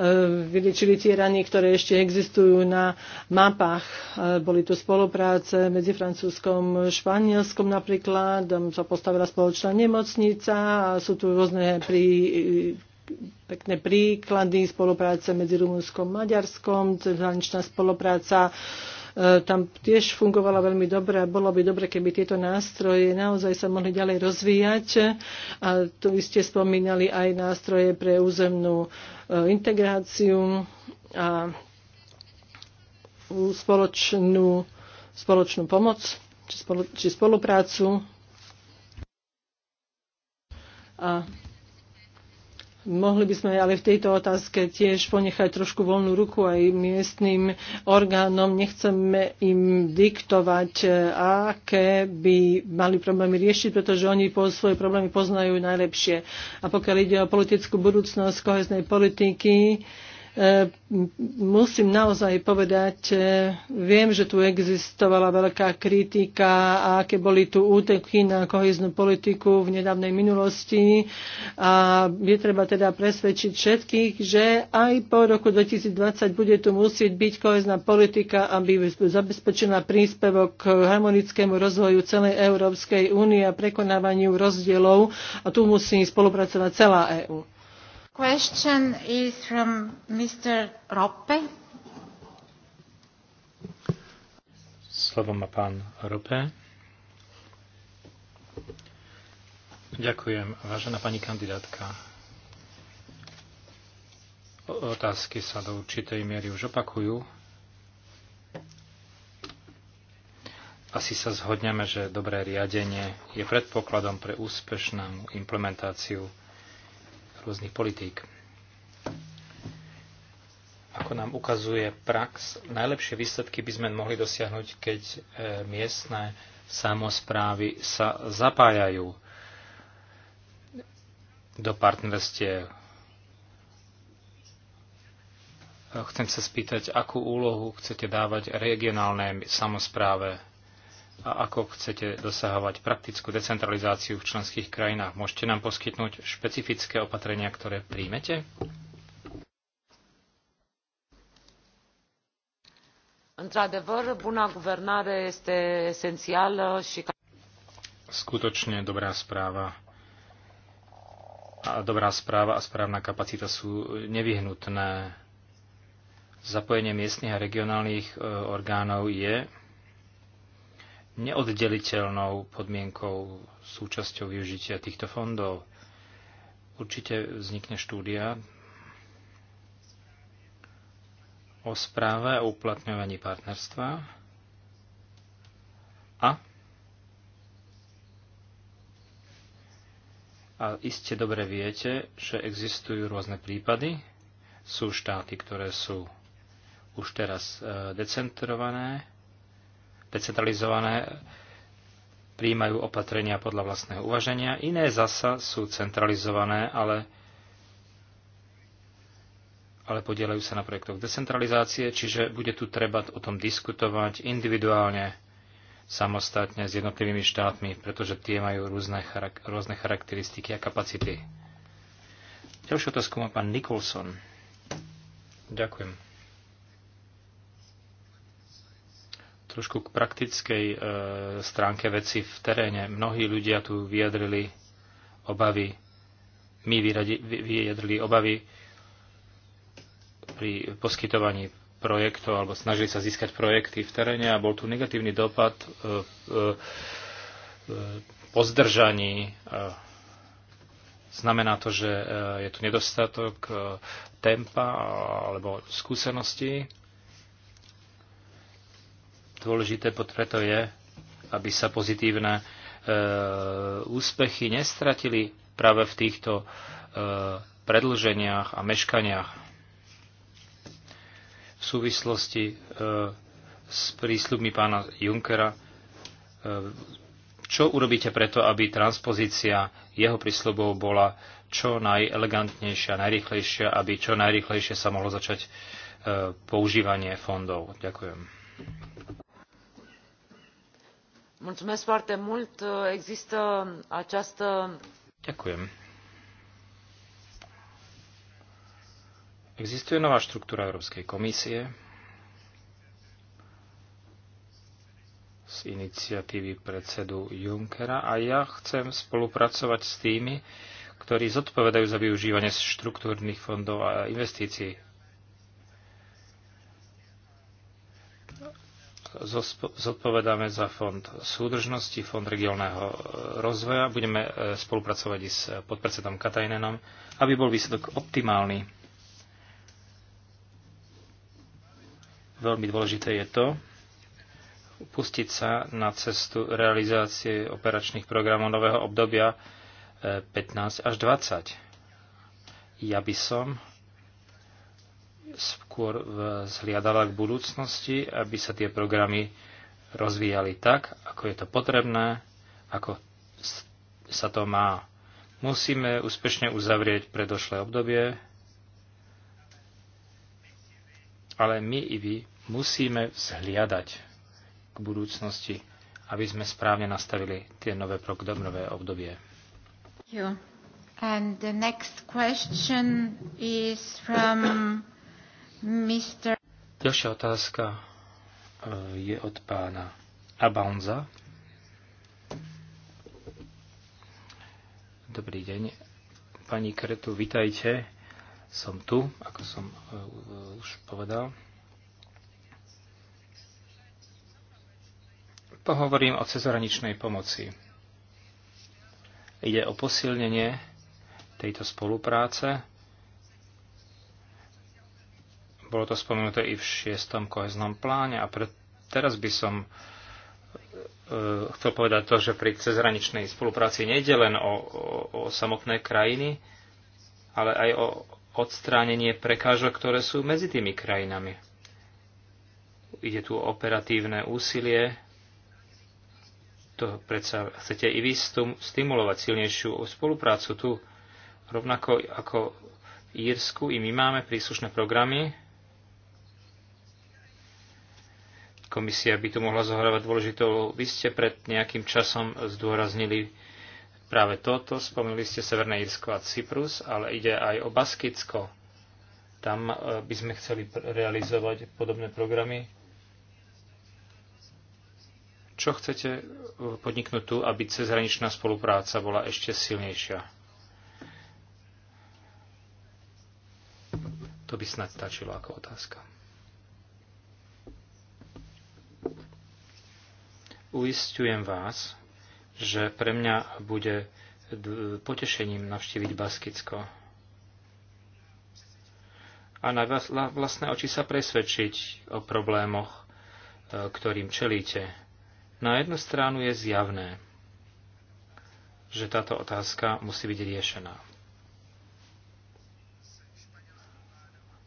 vyliečili tie rany, ktoré ešte existujú na mapách. Eh, boli tu spolupráce medzi Francúzskom a Španielskom napríklad, tam sa postavila spoločná nemocnica a sú tu rôzne pri, pekné príklady spolupráce medzi Rumunskom a Maďarskom, zahraničná spolupráca E, tam tiež fungovala veľmi dobre a bolo by dobre, keby tieto nástroje naozaj sa mohli ďalej rozvíjať. A tu vy ste spomínali aj nástroje pre územnú e, integráciu a spoločnú, spoločnú pomoc či, spolu, či spoluprácu. A Mohli by sme ale v tejto otázke tiež ponechať trošku voľnú ruku aj miestnym orgánom. Nechceme im diktovať, e, aké by mali problémy riešiť, pretože oni po svoje problémy poznajú najlepšie. A pokiaľ ide o politickú budúcnosť koheznej politiky, E, musím naozaj povedať, e, viem, že tu existovala veľká kritika a aké boli tu úteky na koheznú politiku v nedávnej minulosti a je treba teda presvedčiť všetkých, že aj po roku 2020 bude tu musieť byť kohezná politika, aby zabezpečila príspevok k harmonickému rozvoju celej Európskej únie a prekonávaniu rozdielov a tu musí spolupracovať celá EÚ question is from Mr. Roppe. Slovo má pán Rope. Ďakujem, vážená pani kandidátka. Otázky sa do určitej miery už opakujú. Asi sa zhodneme, že dobré riadenie je predpokladom pre úspešnú implementáciu rôznych politík. Ako nám ukazuje prax, najlepšie výsledky by sme mohli dosiahnuť, keď e, miestne samozprávy sa zapájajú do partnerstiev. Chcem sa spýtať, akú úlohu chcete dávať regionálnej samozpráve a ako chcete dosahovať praktickú decentralizáciu v členských krajinách. Môžete nám poskytnúť špecifické opatrenia, ktoré príjmete? Într-adevăr, buna guvernare este esențială și Skutočne dobrá správa a dobrá správa a správna kapacita sú nevyhnutné. Zapojenie miestnych a regionálnych e, orgánov je neoddeliteľnou podmienkou súčasťou využitia týchto fondov. Určite vznikne štúdia o správe o uplatňovaní partnerstva a A iste dobre viete, že existujú rôzne prípady. Sú štáty, ktoré sú už teraz e, decentrované, decentralizované príjmajú opatrenia podľa vlastného uvaženia, iné zasa sú centralizované, ale, ale podielajú sa na projektoch decentralizácie, čiže bude tu treba o tom diskutovať individuálne, samostatne s jednotlivými štátmi, pretože tie majú rôzne, charak- rôzne charakteristiky a kapacity. Ďalšiu otázku má pán Nicholson. Ďakujem. trošku k praktickej e, stránke veci v teréne. Mnohí ľudia tu vyjadrili obavy, my vyradi, vyjadrili obavy pri poskytovaní projektov alebo snažili sa získať projekty v teréne a bol tu negatívny dopad e, e, e po zdržaní. E, Znamená to, že e, je tu nedostatok e, tempa alebo skúseností Dôležité preto je, aby sa pozitívne e, úspechy nestratili práve v týchto e, predlženiach a meškaniach. V súvislosti e, s prísľubmi pána Junkera, e, čo urobíte preto, aby transpozícia jeho prísľubov bola čo najelegantnejšia, najrychlejšia, aby čo najrychlejšie sa mohlo začať e, používanie fondov. Ďakujem. Existuje nová štruktúra Európskej komisie z iniciatívy predsedu Junckera a ja chcem spolupracovať s tými, ktorí zodpovedajú za využívanie štruktúrnych fondov a investícií zodpovedáme za Fond súdržnosti, Fond regionálneho e, rozvoja. Budeme e, spolupracovať i s e, podpredsedom Katajnenom, aby bol výsledok optimálny. Veľmi dôležité je to, pustiť sa na cestu realizácie operačných programov nového obdobia 15 až 20. Ja by som skôr e, zhliadala k budúcnosti, aby sa tie programy rozvíjali tak, ako je to potrebné, ako sa to má. Musíme úspešne uzavrieť predošlé obdobie, ale my i vy musíme vzhliadať k budúcnosti, aby sme správne nastavili tie nové programové obdobie. And the next question is from Ďalšia otázka e, je od pána Abanza. Dobrý deň. Pani Kretu, vitajte. Som tu, ako som e, už povedal. Pohovorím o cezhraničnej pomoci. Ide o posilnenie tejto spolupráce bolo to spomenuté i v šiestom koheznom pláne a pre, teraz by som e, chcel povedať to, že pri cezhraničnej spolupráci nejde len o, o, o samotné krajiny, ale aj o odstránenie prekážok, ktoré sú medzi tými krajinami. Ide tu o operatívne úsilie, to predsa chcete i vy stimulovať silnejšiu spoluprácu tu, rovnako ako v Írsku, i my máme príslušné programy, Komisia by tu mohla zohrávať dôležitú. Vy ste pred nejakým časom zdôraznili práve toto. Spomínali ste Severné Irsko a Cyprus, ale ide aj o Baskicko. Tam e, by sme chceli realizovať podobné programy. Čo chcete e, podniknúť tu, aby cezhraničná spolupráca bola ešte silnejšia? To by snad stačilo ako otázka. Uistujem vás, že pre mňa bude potešením navštíviť Baskicko. A na vlastné oči sa presvedčiť o problémoch, e, ktorým čelíte. Na jednu stranu je zjavné, že táto otázka musí byť riešená.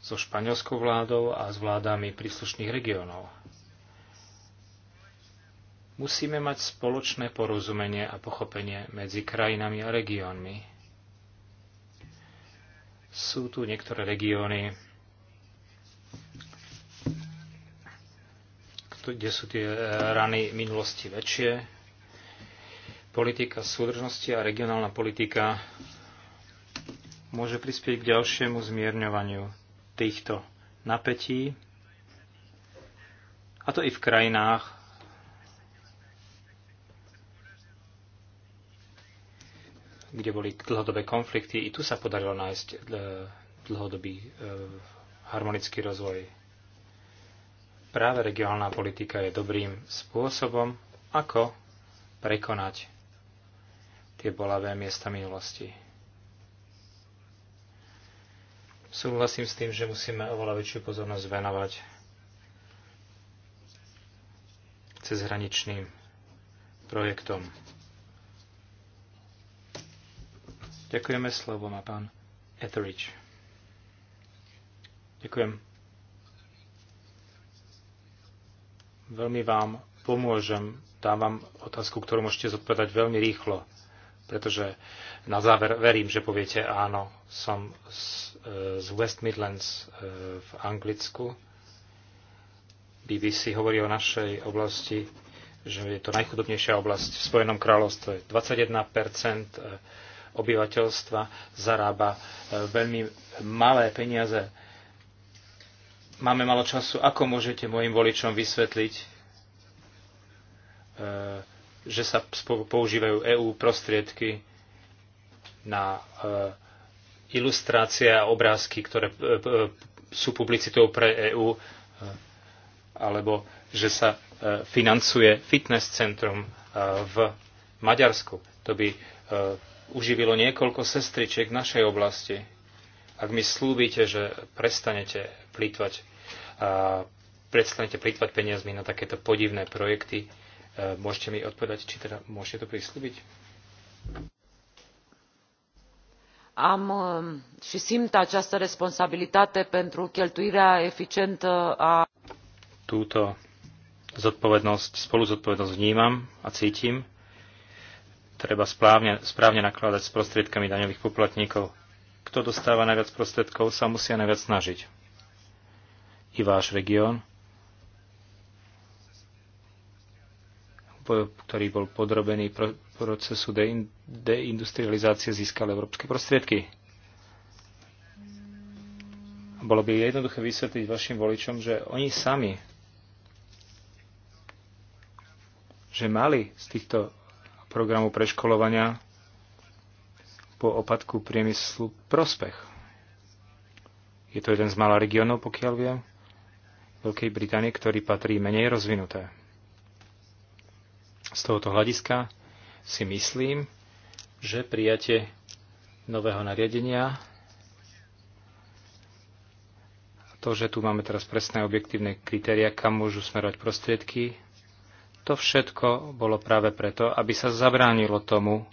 So španielskou vládou a s vládami príslušných regiónov. Musíme mať spoločné porozumenie a pochopenie medzi krajinami a regiónmi. Sú tu niektoré regióny, kde sú tie e, rany minulosti väčšie. Politika súdržnosti a regionálna politika môže prispieť k ďalšiemu zmierňovaniu týchto napätí, a to i v krajinách, kde boli dlhodobé konflikty. I tu sa podarilo nájsť e, dlhodobý e, harmonický rozvoj. Práve regionálna politika je dobrým spôsobom, ako prekonať tie bolavé miesta minulosti. Súhlasím s tým, že musíme oveľa väčšiu pozornosť venovať cezhraničným projektom. Ďakujeme, slovo má pán Etheridge. Ďakujem. Veľmi vám pomôžem. Dám vám otázku, ktorú môžete zodpovedať veľmi rýchlo, pretože na záver verím, že poviete áno, som z, e, z West Midlands e, v Anglicku. BBC hovorí o našej oblasti, že je to najchudobnejšia oblasť v Spojenom kráľovstve. 21 obyvateľstva zarába e, veľmi malé peniaze. Máme malo času. Ako môžete mojim voličom vysvetliť, e, že sa používajú EÚ prostriedky na e, ilustrácie a obrázky, ktoré sú publicitou pre EÚ, alebo že sa financuje fitness centrum v Maďarsku. To by uživilo niekoľko sestričiek v našej oblasti. Ak mi slúbite, že prestanete plýtvať, a prestanete plýtvať peniazmi na takéto podivné projekty, e, môžete mi odpovedať, či teda môžete to prislúbiť? am e, și simt această responsabilitate pentru cheltuirea eficientă a túto zodpovednosť, spolu zodpovednosť vnímam a cítim treba správne, správne nakladať s prostriedkami daňových poplatníkov. Kto dostáva najviac prostriedkov, sa musia najviac snažiť. I váš región, ktorý bol podrobený procesu deindustrializácie, získal európske prostriedky. Bolo by jednoduché vysvetliť vašim voličom, že oni sami že mali z týchto programu preškolovania po opadku priemyslu prospech. Je to jeden z mála regionov, pokiaľ viem, Veľkej Británie, ktorý patrí menej rozvinuté. Z tohoto hľadiska si myslím, že prijatie nového nariadenia to, že tu máme teraz presné objektívne kritéria, kam môžu smerovať prostriedky, to všetko bolo práve preto, aby sa zabránilo tomu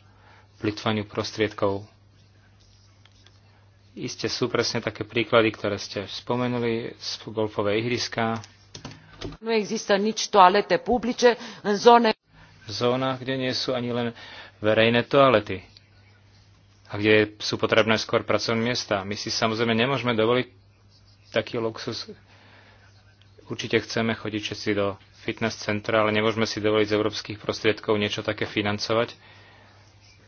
plitvaniu prostriedkov. Isté sú presne také príklady, ktoré ste spomenuli z golfové ihriska. Nu există nici toalete publice în zone... V zónach, kde nie sú ani len verejné toalety a kde sú potrebné skôr pracovné miesta. My si samozrejme nemôžeme dovoliť taký luxus. Určite chceme chodiť všetci do fitness centra, ale nemôžeme si dovoliť z európskych prostriedkov niečo také financovať,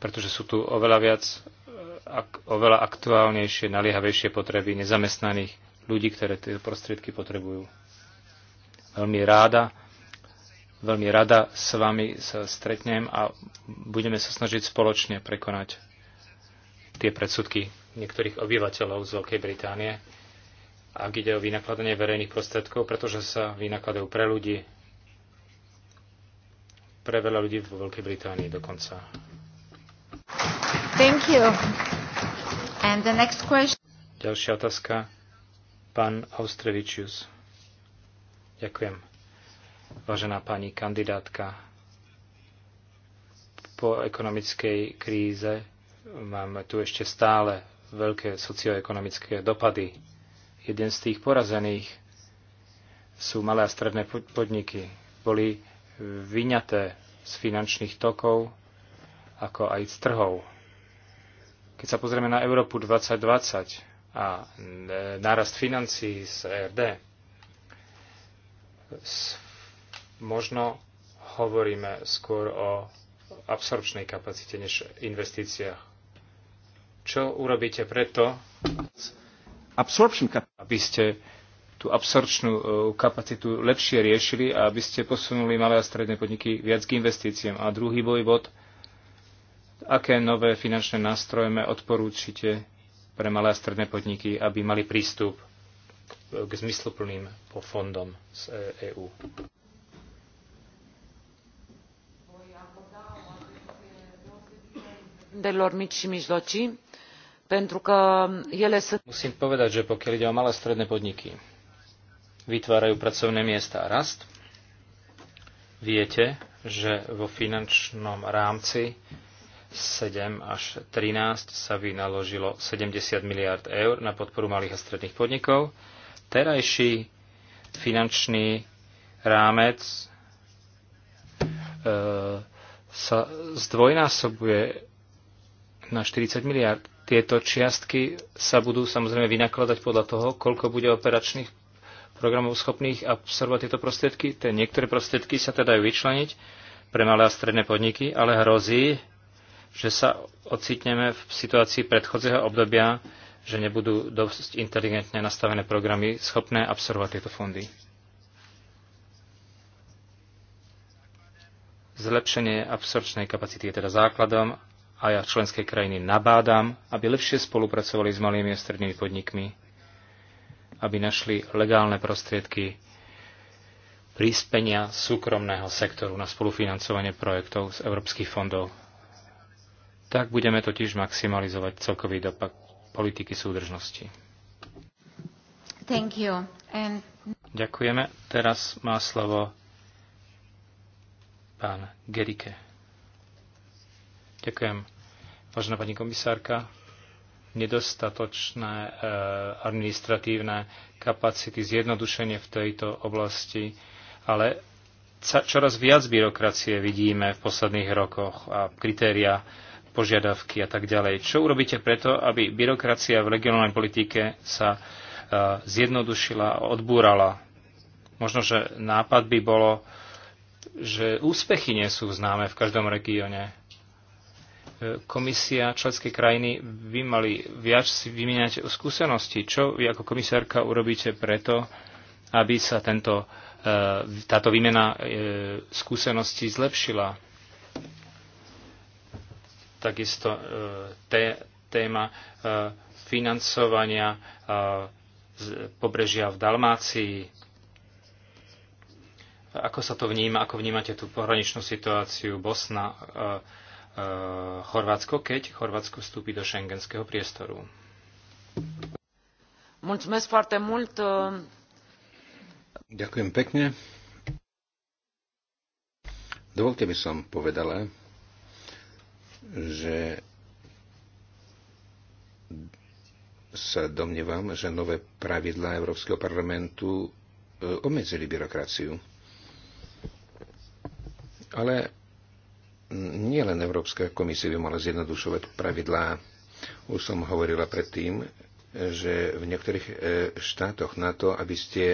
pretože sú tu oveľa viac, eh, oveľa aktuálnejšie, naliehavejšie potreby nezamestnaných ľudí, ktoré tie prostriedky potrebujú. Veľmi ráda, veľmi rada s vami sa stretnem a budeme sa snažiť spoločne prekonať tie predsudky niektorých obyvateľov z Veľkej Británie, ak ide o vynakladanie verejných prostriedkov, pretože sa vynakladajú pre ľudí, pre veľa ľudí vo Veľkej Británii dokonca. Thank you. And the next question. Ďalšia otázka. Pán Austrevičius. Ďakujem. Vážená pani kandidátka, po ekonomickej kríze máme tu ešte stále veľké socioekonomické dopady. Jeden z tých porazených sú malé a stredné podniky. Boli vyňaté z finančných tokov, ako aj z trhov. Keď sa pozrieme na Európu 2020 a nárast financí z ERD, možno hovoríme skôr o absorpčnej kapacite než investíciách. Čo urobíte preto, aby ste tú absorčnú e, kapacitu lepšie riešili a aby ste posunuli malé a stredné podniky viac k investíciám. A druhý boj bod, aké nové finančné nástroje odporúčite pre malé a stredné podniky, aby mali prístup k zmysluplným fondom z EÚ. E Musím povedať, že pokiaľ ide o malé a stredné podniky, vytvárajú pracovné miesta a rast. Viete, že vo finančnom rámci 7 až 13 sa vynaložilo 70 miliard eur na podporu malých a stredných podnikov. Terajší finančný rámec e, sa zdvojnásobuje na 40 miliard. Tieto čiastky sa budú samozrejme vynakladať podľa toho, koľko bude operačných programov schopných absorbovať tieto prostriedky. Tie niektoré prostriedky sa teda dajú vyčleniť pre malé a stredné podniky, ale hrozí, že sa ocitneme v situácii predchodzieho obdobia, že nebudú dosť inteligentne nastavené programy schopné absorbovať tieto fondy. Zlepšenie absorčnej kapacity je teda základom a ja členské krajiny nabádam, aby lepšie spolupracovali s malými a strednými podnikmi aby našli legálne prostriedky príspenia súkromného sektoru na spolufinancovanie projektov z európskych fondov. Tak budeme totiž maximalizovať celkový dopad politiky súdržnosti. Thank you. And... Ďakujeme. Teraz má slovo pán Gerike. Ďakujem. Vážená pani komisárka, nedostatočné eh, administratívne kapacity, zjednodušenie v tejto oblasti, ale čoraz viac byrokracie vidíme v posledných rokoch a kritéria, požiadavky a tak ďalej. Čo urobíte preto, aby byrokracia v regionálnej politike sa eh, zjednodušila a odbúrala? Možno, že nápad by bolo, že úspechy nie sú známe v každom regióne komisia, členské krajiny, vy mali viac si vymieňať skúsenosti. Čo vy ako komisárka urobíte preto, aby sa tento, eh, táto výmena eh, skúseností zlepšila? Takisto eh, té, téma financovania pobrežia v Dalmácii. Ako sa to vníma, ako vnímate tú pohraničnú situáciu Bosna, Eh, Chorvátsko, keď Chorvátsko vstúpi do šengenského priestoru. Eh. Ďakujem pekne. Dovolte by som povedala, že sa domnievam, že nové pravidlá Európskeho parlamentu eh, obmedzili byrokraciu. Ale nielen Európska komisia by mala zjednodušovať pravidlá. Už som hovorila predtým, že v niektorých e, štátoch na to, aby ste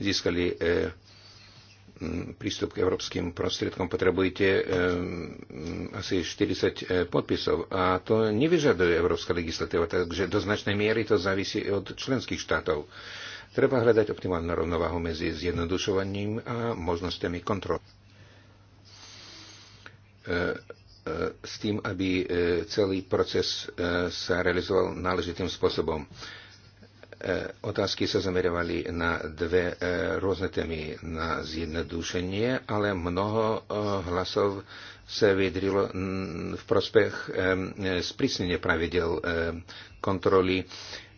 získali e, prístup k európskym prostriedkom, potrebujete e, asi 40 podpisov. A to nevyžaduje európska legislatíva, takže do značnej miery to závisí od členských štátov. Treba hľadať optimálnu rovnováhu medzi zjednodušovaním a možnosťami kontroly. E, e, s tým, aby e, celý proces sa realizoval náležitým spôsobom. Otázky sa zameriavali na dve rôzne témy, na zjednodušenie, ale mnoho hlasov sa vyjadrilo v prospech sprísnenie pravidel kontroly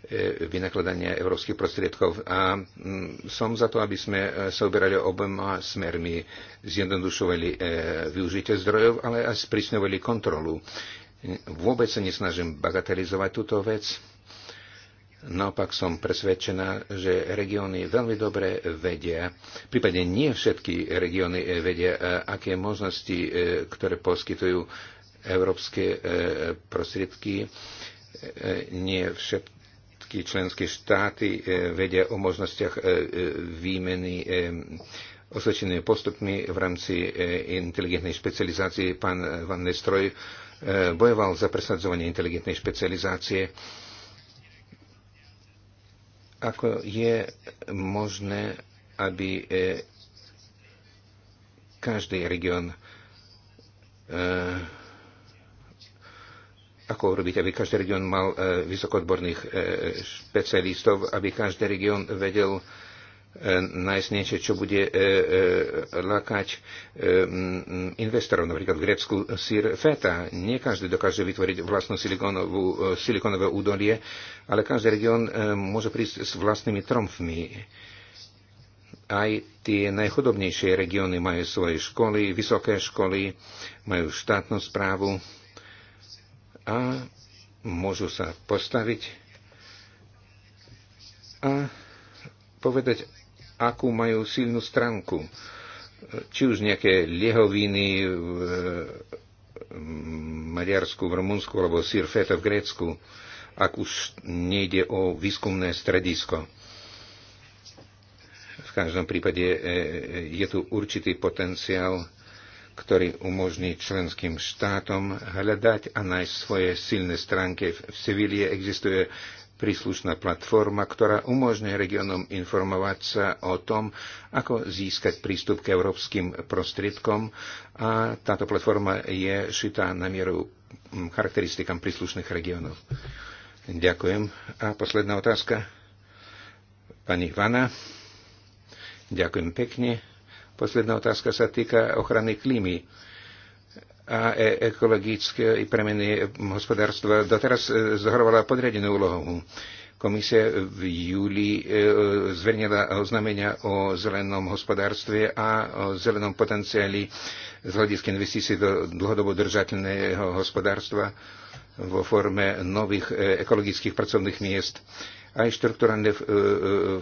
E, vynakladania európskych prostriedkov. A mm, som za to, aby sme e, sa uberali oboma smermi, zjednodušovali e, využitie zdrojov, ale aj sprísňovali kontrolu. Vôbec sa nesnažím bagatelizovať túto vec. Naopak som presvedčená, že regióny veľmi dobre vedia, prípadne nie všetky regióny vedia, aké možnosti, ktoré poskytujú európske prostriedky, nie všetky všetky členské štáty e, vedia o možnostiach e, e, výmeny osvedčenými postupmi v rámci inteligentnej špecializácie. Pán Van Nestroj bojoval za presadzovanie inteligentnej špecializácie. Ako je možné, aby každý region ako urobiť, aby každý región mal e, vysokoodborných e, špecialistov, aby každý región vedel e, nájsť niečo, čo bude lákať investorov. Napríklad v Grécku sír feta. Nie každý dokáže vytvoriť vlastnú silikonovú, silikonové údolie, ale každý región môže prísť s vlastnými tromfmi. Aj tie najchudobnejšie regióny majú svoje školy, vysoké školy, majú štátnu správu a môžu sa postaviť a povedať, akú majú silnú stránku. Či už nejaké liehoviny v mm, Maďarsku, v Rumunsku alebo Sirfeta v Grécku, ak už nejde o výskumné stredisko každom prípade e, e, je tu určitý potenciál ktorý umožní členským štátom hľadať a nájsť svoje silné stránky. V Sevilie existuje príslušná platforma, ktorá umožňuje regionom informovať sa o tom, ako získať prístup k európskym prostriedkom a táto platforma je šitá na mieru charakteristikám príslušných regionov. Ďakujem. A posledná otázka. Pani Ivana. Ďakujem pekne. Posledná otázka sa týka ochrany klímy a e ekologické premeny hospodárstva doteraz e, zohrovala podriadenú úlohu. Komisia v júli e, zverejnila oznámenia o zelenom hospodárstve a o zelenom potenciáli z hľadiska investícií do dlhodobo držateľného hospodárstva vo forme nových e, ekologických pracovných miest. Aj štruktúrne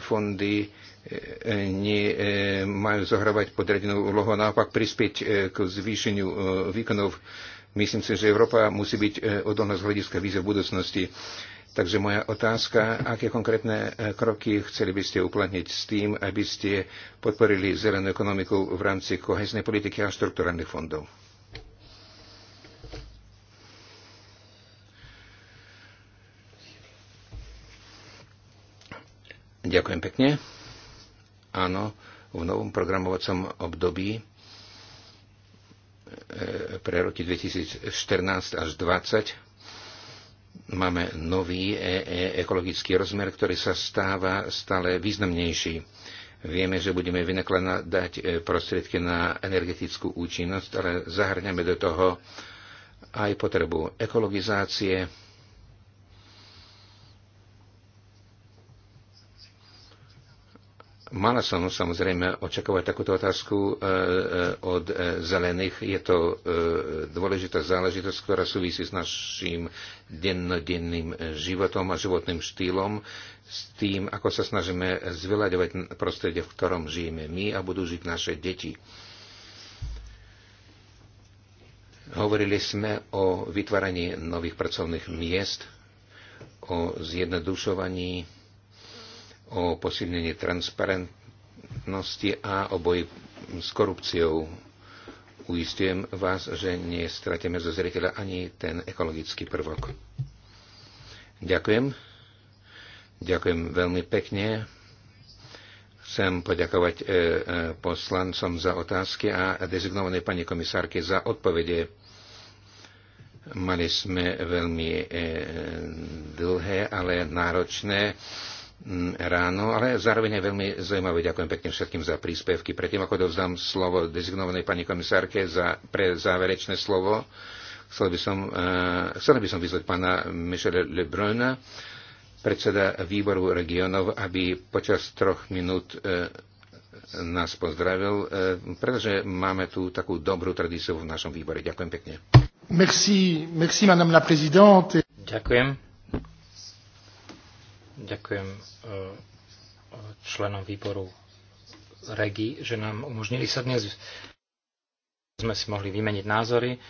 fondy E, nie e, majú zohrávať podriadenú úlohu a naopak prispieť e, k zvýšeniu výkonov. Myslím si, že Európa musí byť odolná z hľadiska víze v budúcnosti. Takže moja otázka, aké konkrétne kroky chceli by ste uplatniť s tým, aby ste podporili zelenú ekonomiku v rámci koheznej politiky a štruktúrnych fondov? Ďakujem pekne. Áno, v novom programovacom období e, pre roky 2014 až 2020 máme nový e, e, ekologický rozmer, ktorý sa stáva stále významnejší. Vieme, že budeme vynakladať prostriedky na energetickú účinnosť, ale zahrňame do toho aj potrebu ekologizácie, Mala som samozrejme očakávať takúto otázku e, e, od e, zelených. Je to dôležitá záležitosť, ktorá súvisí s našim dennodenným životom a životným štýlom, s tým, ako sa snažíme zvyľadovať prostredie, v ktorom žijeme my a budú žiť naše deti. Hovorili sme o vytváraní nových pracovných miest, o zjednodušovaní o posilnení transparentnosti a o boji s korupciou. Uistujem vás, že nestratíme zo zreteľa ani ten ekologický prvok. Ďakujem. Ďakujem veľmi pekne. Chcem poďakovať e, e, poslancom za otázky a dezignovanej pani komisárke za odpovede. Mali sme veľmi e, dlhé, ale náročné Mm, ráno, ale zároveň je veľmi zaujímavé. Ďakujem pekne všetkým za príspevky. Predtým, ako dovzdám slovo dezignovanej pani komisárke za, pre záverečné slovo, chcel by som, uh, chcel by som vyzvať pána Michele Lebruna, predseda výboru regionov, aby počas troch minút uh, nás pozdravil, uh, pretože máme tu takú dobrú tradíciu v našom výbore. Ďakujem pekne. Merci, merci, madame la présidente. Ďakujem Ďakujem e, členom výboru REGI, že nám umožnili sa dnes sme si mohli vymeniť názory.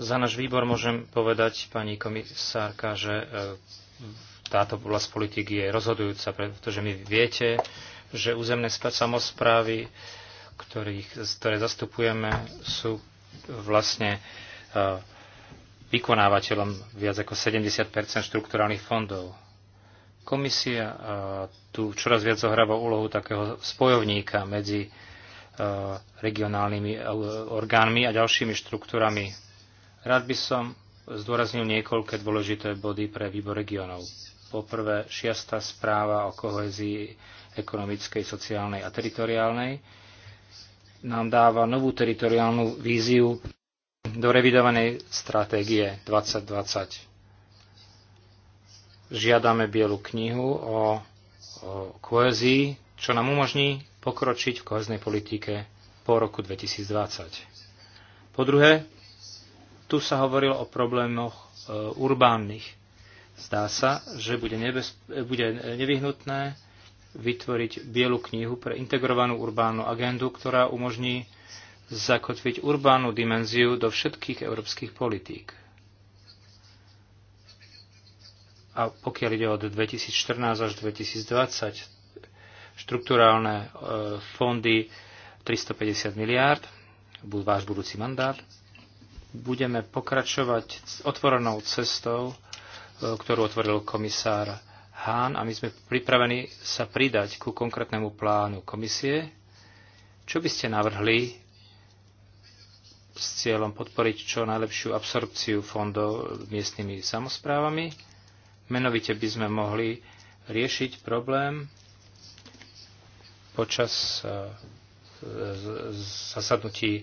Za náš výbor môžem povedať, pani komisárka, že e, táto oblasť politiky je rozhodujúca, pretože my viete, že územné samozprávy, ktorých, ktoré zastupujeme, sú vlastne e, vykonávateľom viac ako 70 štrukturálnych fondov Komisia tu čoraz viac zohráva úlohu takého spojovníka medzi regionálnymi e, orgánmi a ďalšími štruktúrami. Rád by som zdôraznil niekoľké dôležité body pre výbor regionov. Poprvé, šiesta správa o kohezii ekonomickej, sociálnej a teritoriálnej nám dáva novú teritoriálnu víziu do revidovanej stratégie 2020 Žiadame bielu knihu o, o koezii, čo nám umožní pokročiť v koheznej politike po roku 2020. Po druhé, tu sa hovorilo o problémoch e, urbánnych. Zdá sa, že bude, nebez, bude nevyhnutné vytvoriť bielu knihu pre integrovanú urbánnu agendu, ktorá umožní zakotviť urbánnu dimenziu do všetkých európskych politík. a pokiaľ ide od 2014 až 2020, štruktúrálne e, fondy 350 miliárd, váš budúci mandát. Budeme pokračovať s otvorenou cestou, e, ktorú otvoril komisár Hahn a my sme pripravení sa pridať ku konkrétnemu plánu komisie. Čo by ste navrhli s cieľom podporiť čo najlepšiu absorpciu fondov miestnymi samozprávami? Menovite by sme mohli riešiť problém počas e, zasadnutí e,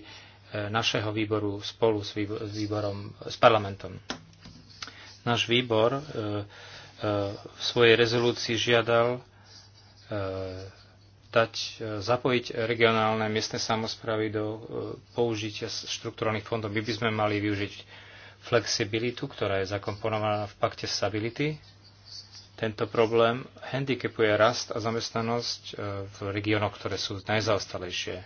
našeho výboru spolu s, výborom, s parlamentom. Náš výbor e, v svojej rezolúcii žiadal dať, zapojiť regionálne miestne samozpravy do použitia štrukturálnych fondov. My by sme mali využiť flexibilitu, ktorá je zakomponovaná v pakte stability. Tento problém handicapuje rast a zamestnanosť e, v regiónoch, ktoré sú najzaostalejšie.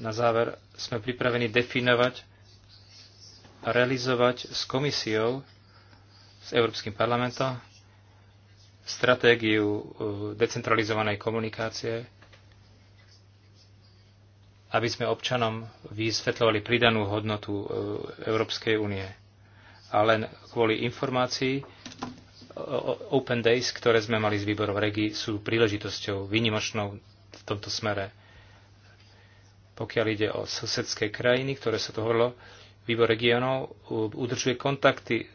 Na záver sme pripravení definovať a realizovať s komisiou, s Európskym parlamentom, stratégiu e, decentralizovanej komunikácie, aby sme občanom vysvetľovali pridanú hodnotu e, Európskej únie. A len kvôli informácii, e, Open Days, ktoré sme mali z výborov REGI, sú príležitosťou výnimočnou v tomto smere. Pokiaľ ide o susedské krajiny, ktoré sa to hovorilo, výbor regionov udržuje kontakty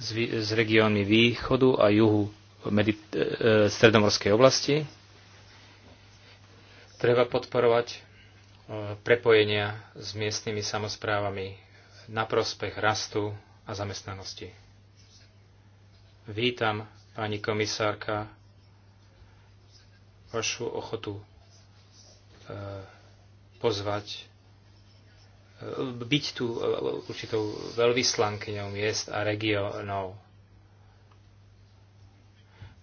s, regiónmi východu a juhu Medit- e, stredomorskej oblasti. Treba podporovať E, prepojenia s miestnymi samozprávami na prospech rastu a zamestnanosti. Vítam, pani komisárka, vašu ochotu e, pozvať, e, byť tu určitou veľvyslankyňou miest a regionov.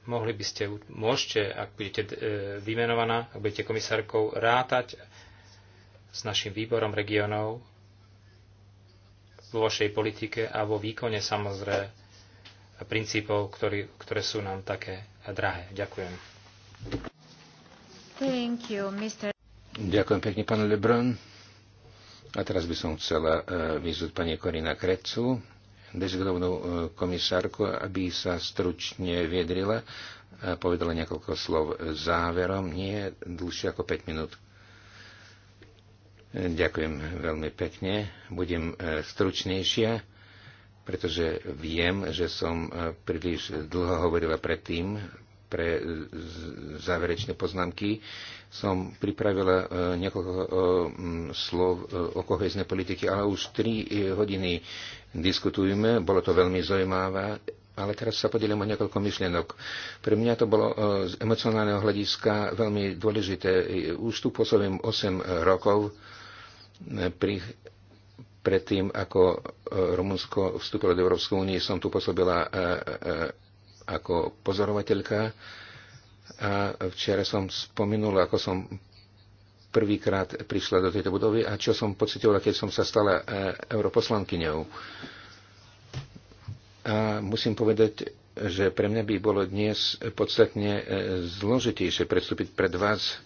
Mohli by ste, môžete, ak budete vymenovaná, ak budete komisárkou, rátať s našim výborom regionov vo vašej politike a vo výkone samozrejme princípov, ktorý, ktoré sú nám také drahé. Ďakujem. Thank you, Mr. Ďakujem pekne, pán Lebrun. A teraz by som chcela eh, vyzvať pani Korina Krecu, dezignovnú eh, komisárku, aby sa stručne viedrila a povedala niekoľko slov záverom, nie dlhšie ako 5 minút. Ďakujem veľmi pekne. Budem e, stručnejšia, pretože viem, že som e, príliš dlho hovorila predtým pre záverečné poznámky. Som pripravila e, niekoľko slov o kohezné politiky, ale už 3 hodiny diskutujeme. Bolo to veľmi zaujímavé, ale teraz sa podelím o niekoľko myšlienok. Pre mňa to bolo z emocionálneho hľadiska veľmi dôležité. Už tu pôsobím 8 rokov pri, predtým, ako e, Rumunsko vstúpilo do Európskej únie, som tu pôsobila e, e, ako pozorovateľka a včera som spomenul, ako som prvýkrát prišla do tejto budovy a čo som pocitovala, keď som sa stala europoslankyňou. A musím povedať, že pre mňa by bolo dnes podstatne zložitejšie predstúpiť pred vás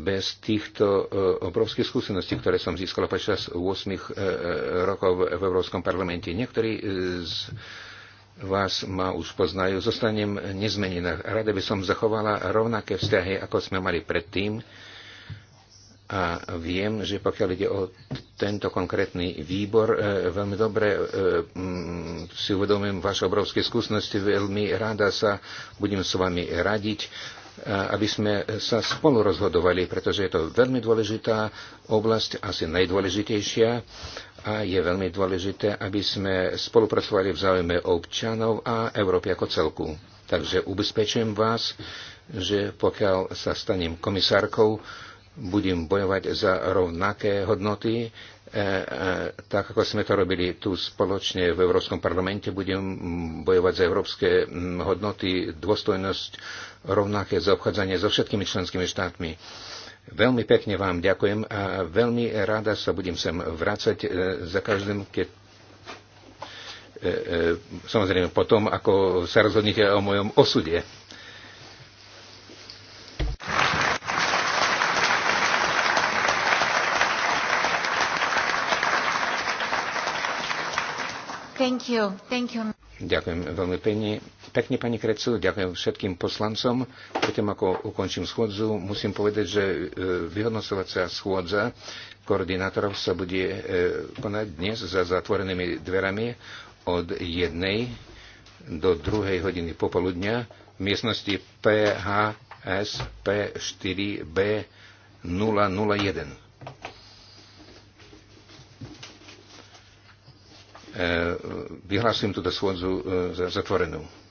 bez týchto eh, obrovských skúseností, ktoré som získala počas 8 eh, eh, rokov v Európskom parlamente. Niektorí z vás ma už poznajú, zostanem nezmenená. Rada by som zachovala rovnaké vzťahy, ako sme mali predtým. A viem, že pokiaľ ide o tento konkrétny výbor, veľmi dobre mm, si uvedomím vaše obrovské skúsenosti, veľmi rada sa budem s vami radiť aby sme sa spolu rozhodovali, pretože je to veľmi dôležitá oblasť, asi najdôležitejšia a je veľmi dôležité, aby sme spolupracovali v záujme občanov a Európy ako celku. Takže ubezpečujem vás, že pokiaľ sa stanem komisárkou, budem bojovať za rovnaké hodnoty, E, e, tak ako sme to robili tu spoločne v Európskom parlamente, budem bojovať za európske hodnoty, dôstojnosť, rovnaké zaobchádzanie so všetkými členskými štátmi. Veľmi pekne vám ďakujem a veľmi rada sa budem sem vrácať e, za každým, keď samozrejme potom, ako sa rozhodnete o mojom osude. Thank you. Thank you. Ďakujem veľmi pekne. Pekne, pani Krecu, ďakujem všetkým poslancom. Potom, ako ukončím schôdzu, musím povedať, že e, vyhodnocovacia schôdza koordinátorov sa bude e, konať dnes za zatvorenými dverami od jednej do druhej hodiny popoludňa v miestnosti PHSP 4B 001. Eh, Vyhlásim túto schôdzu eh, za zatvorenú.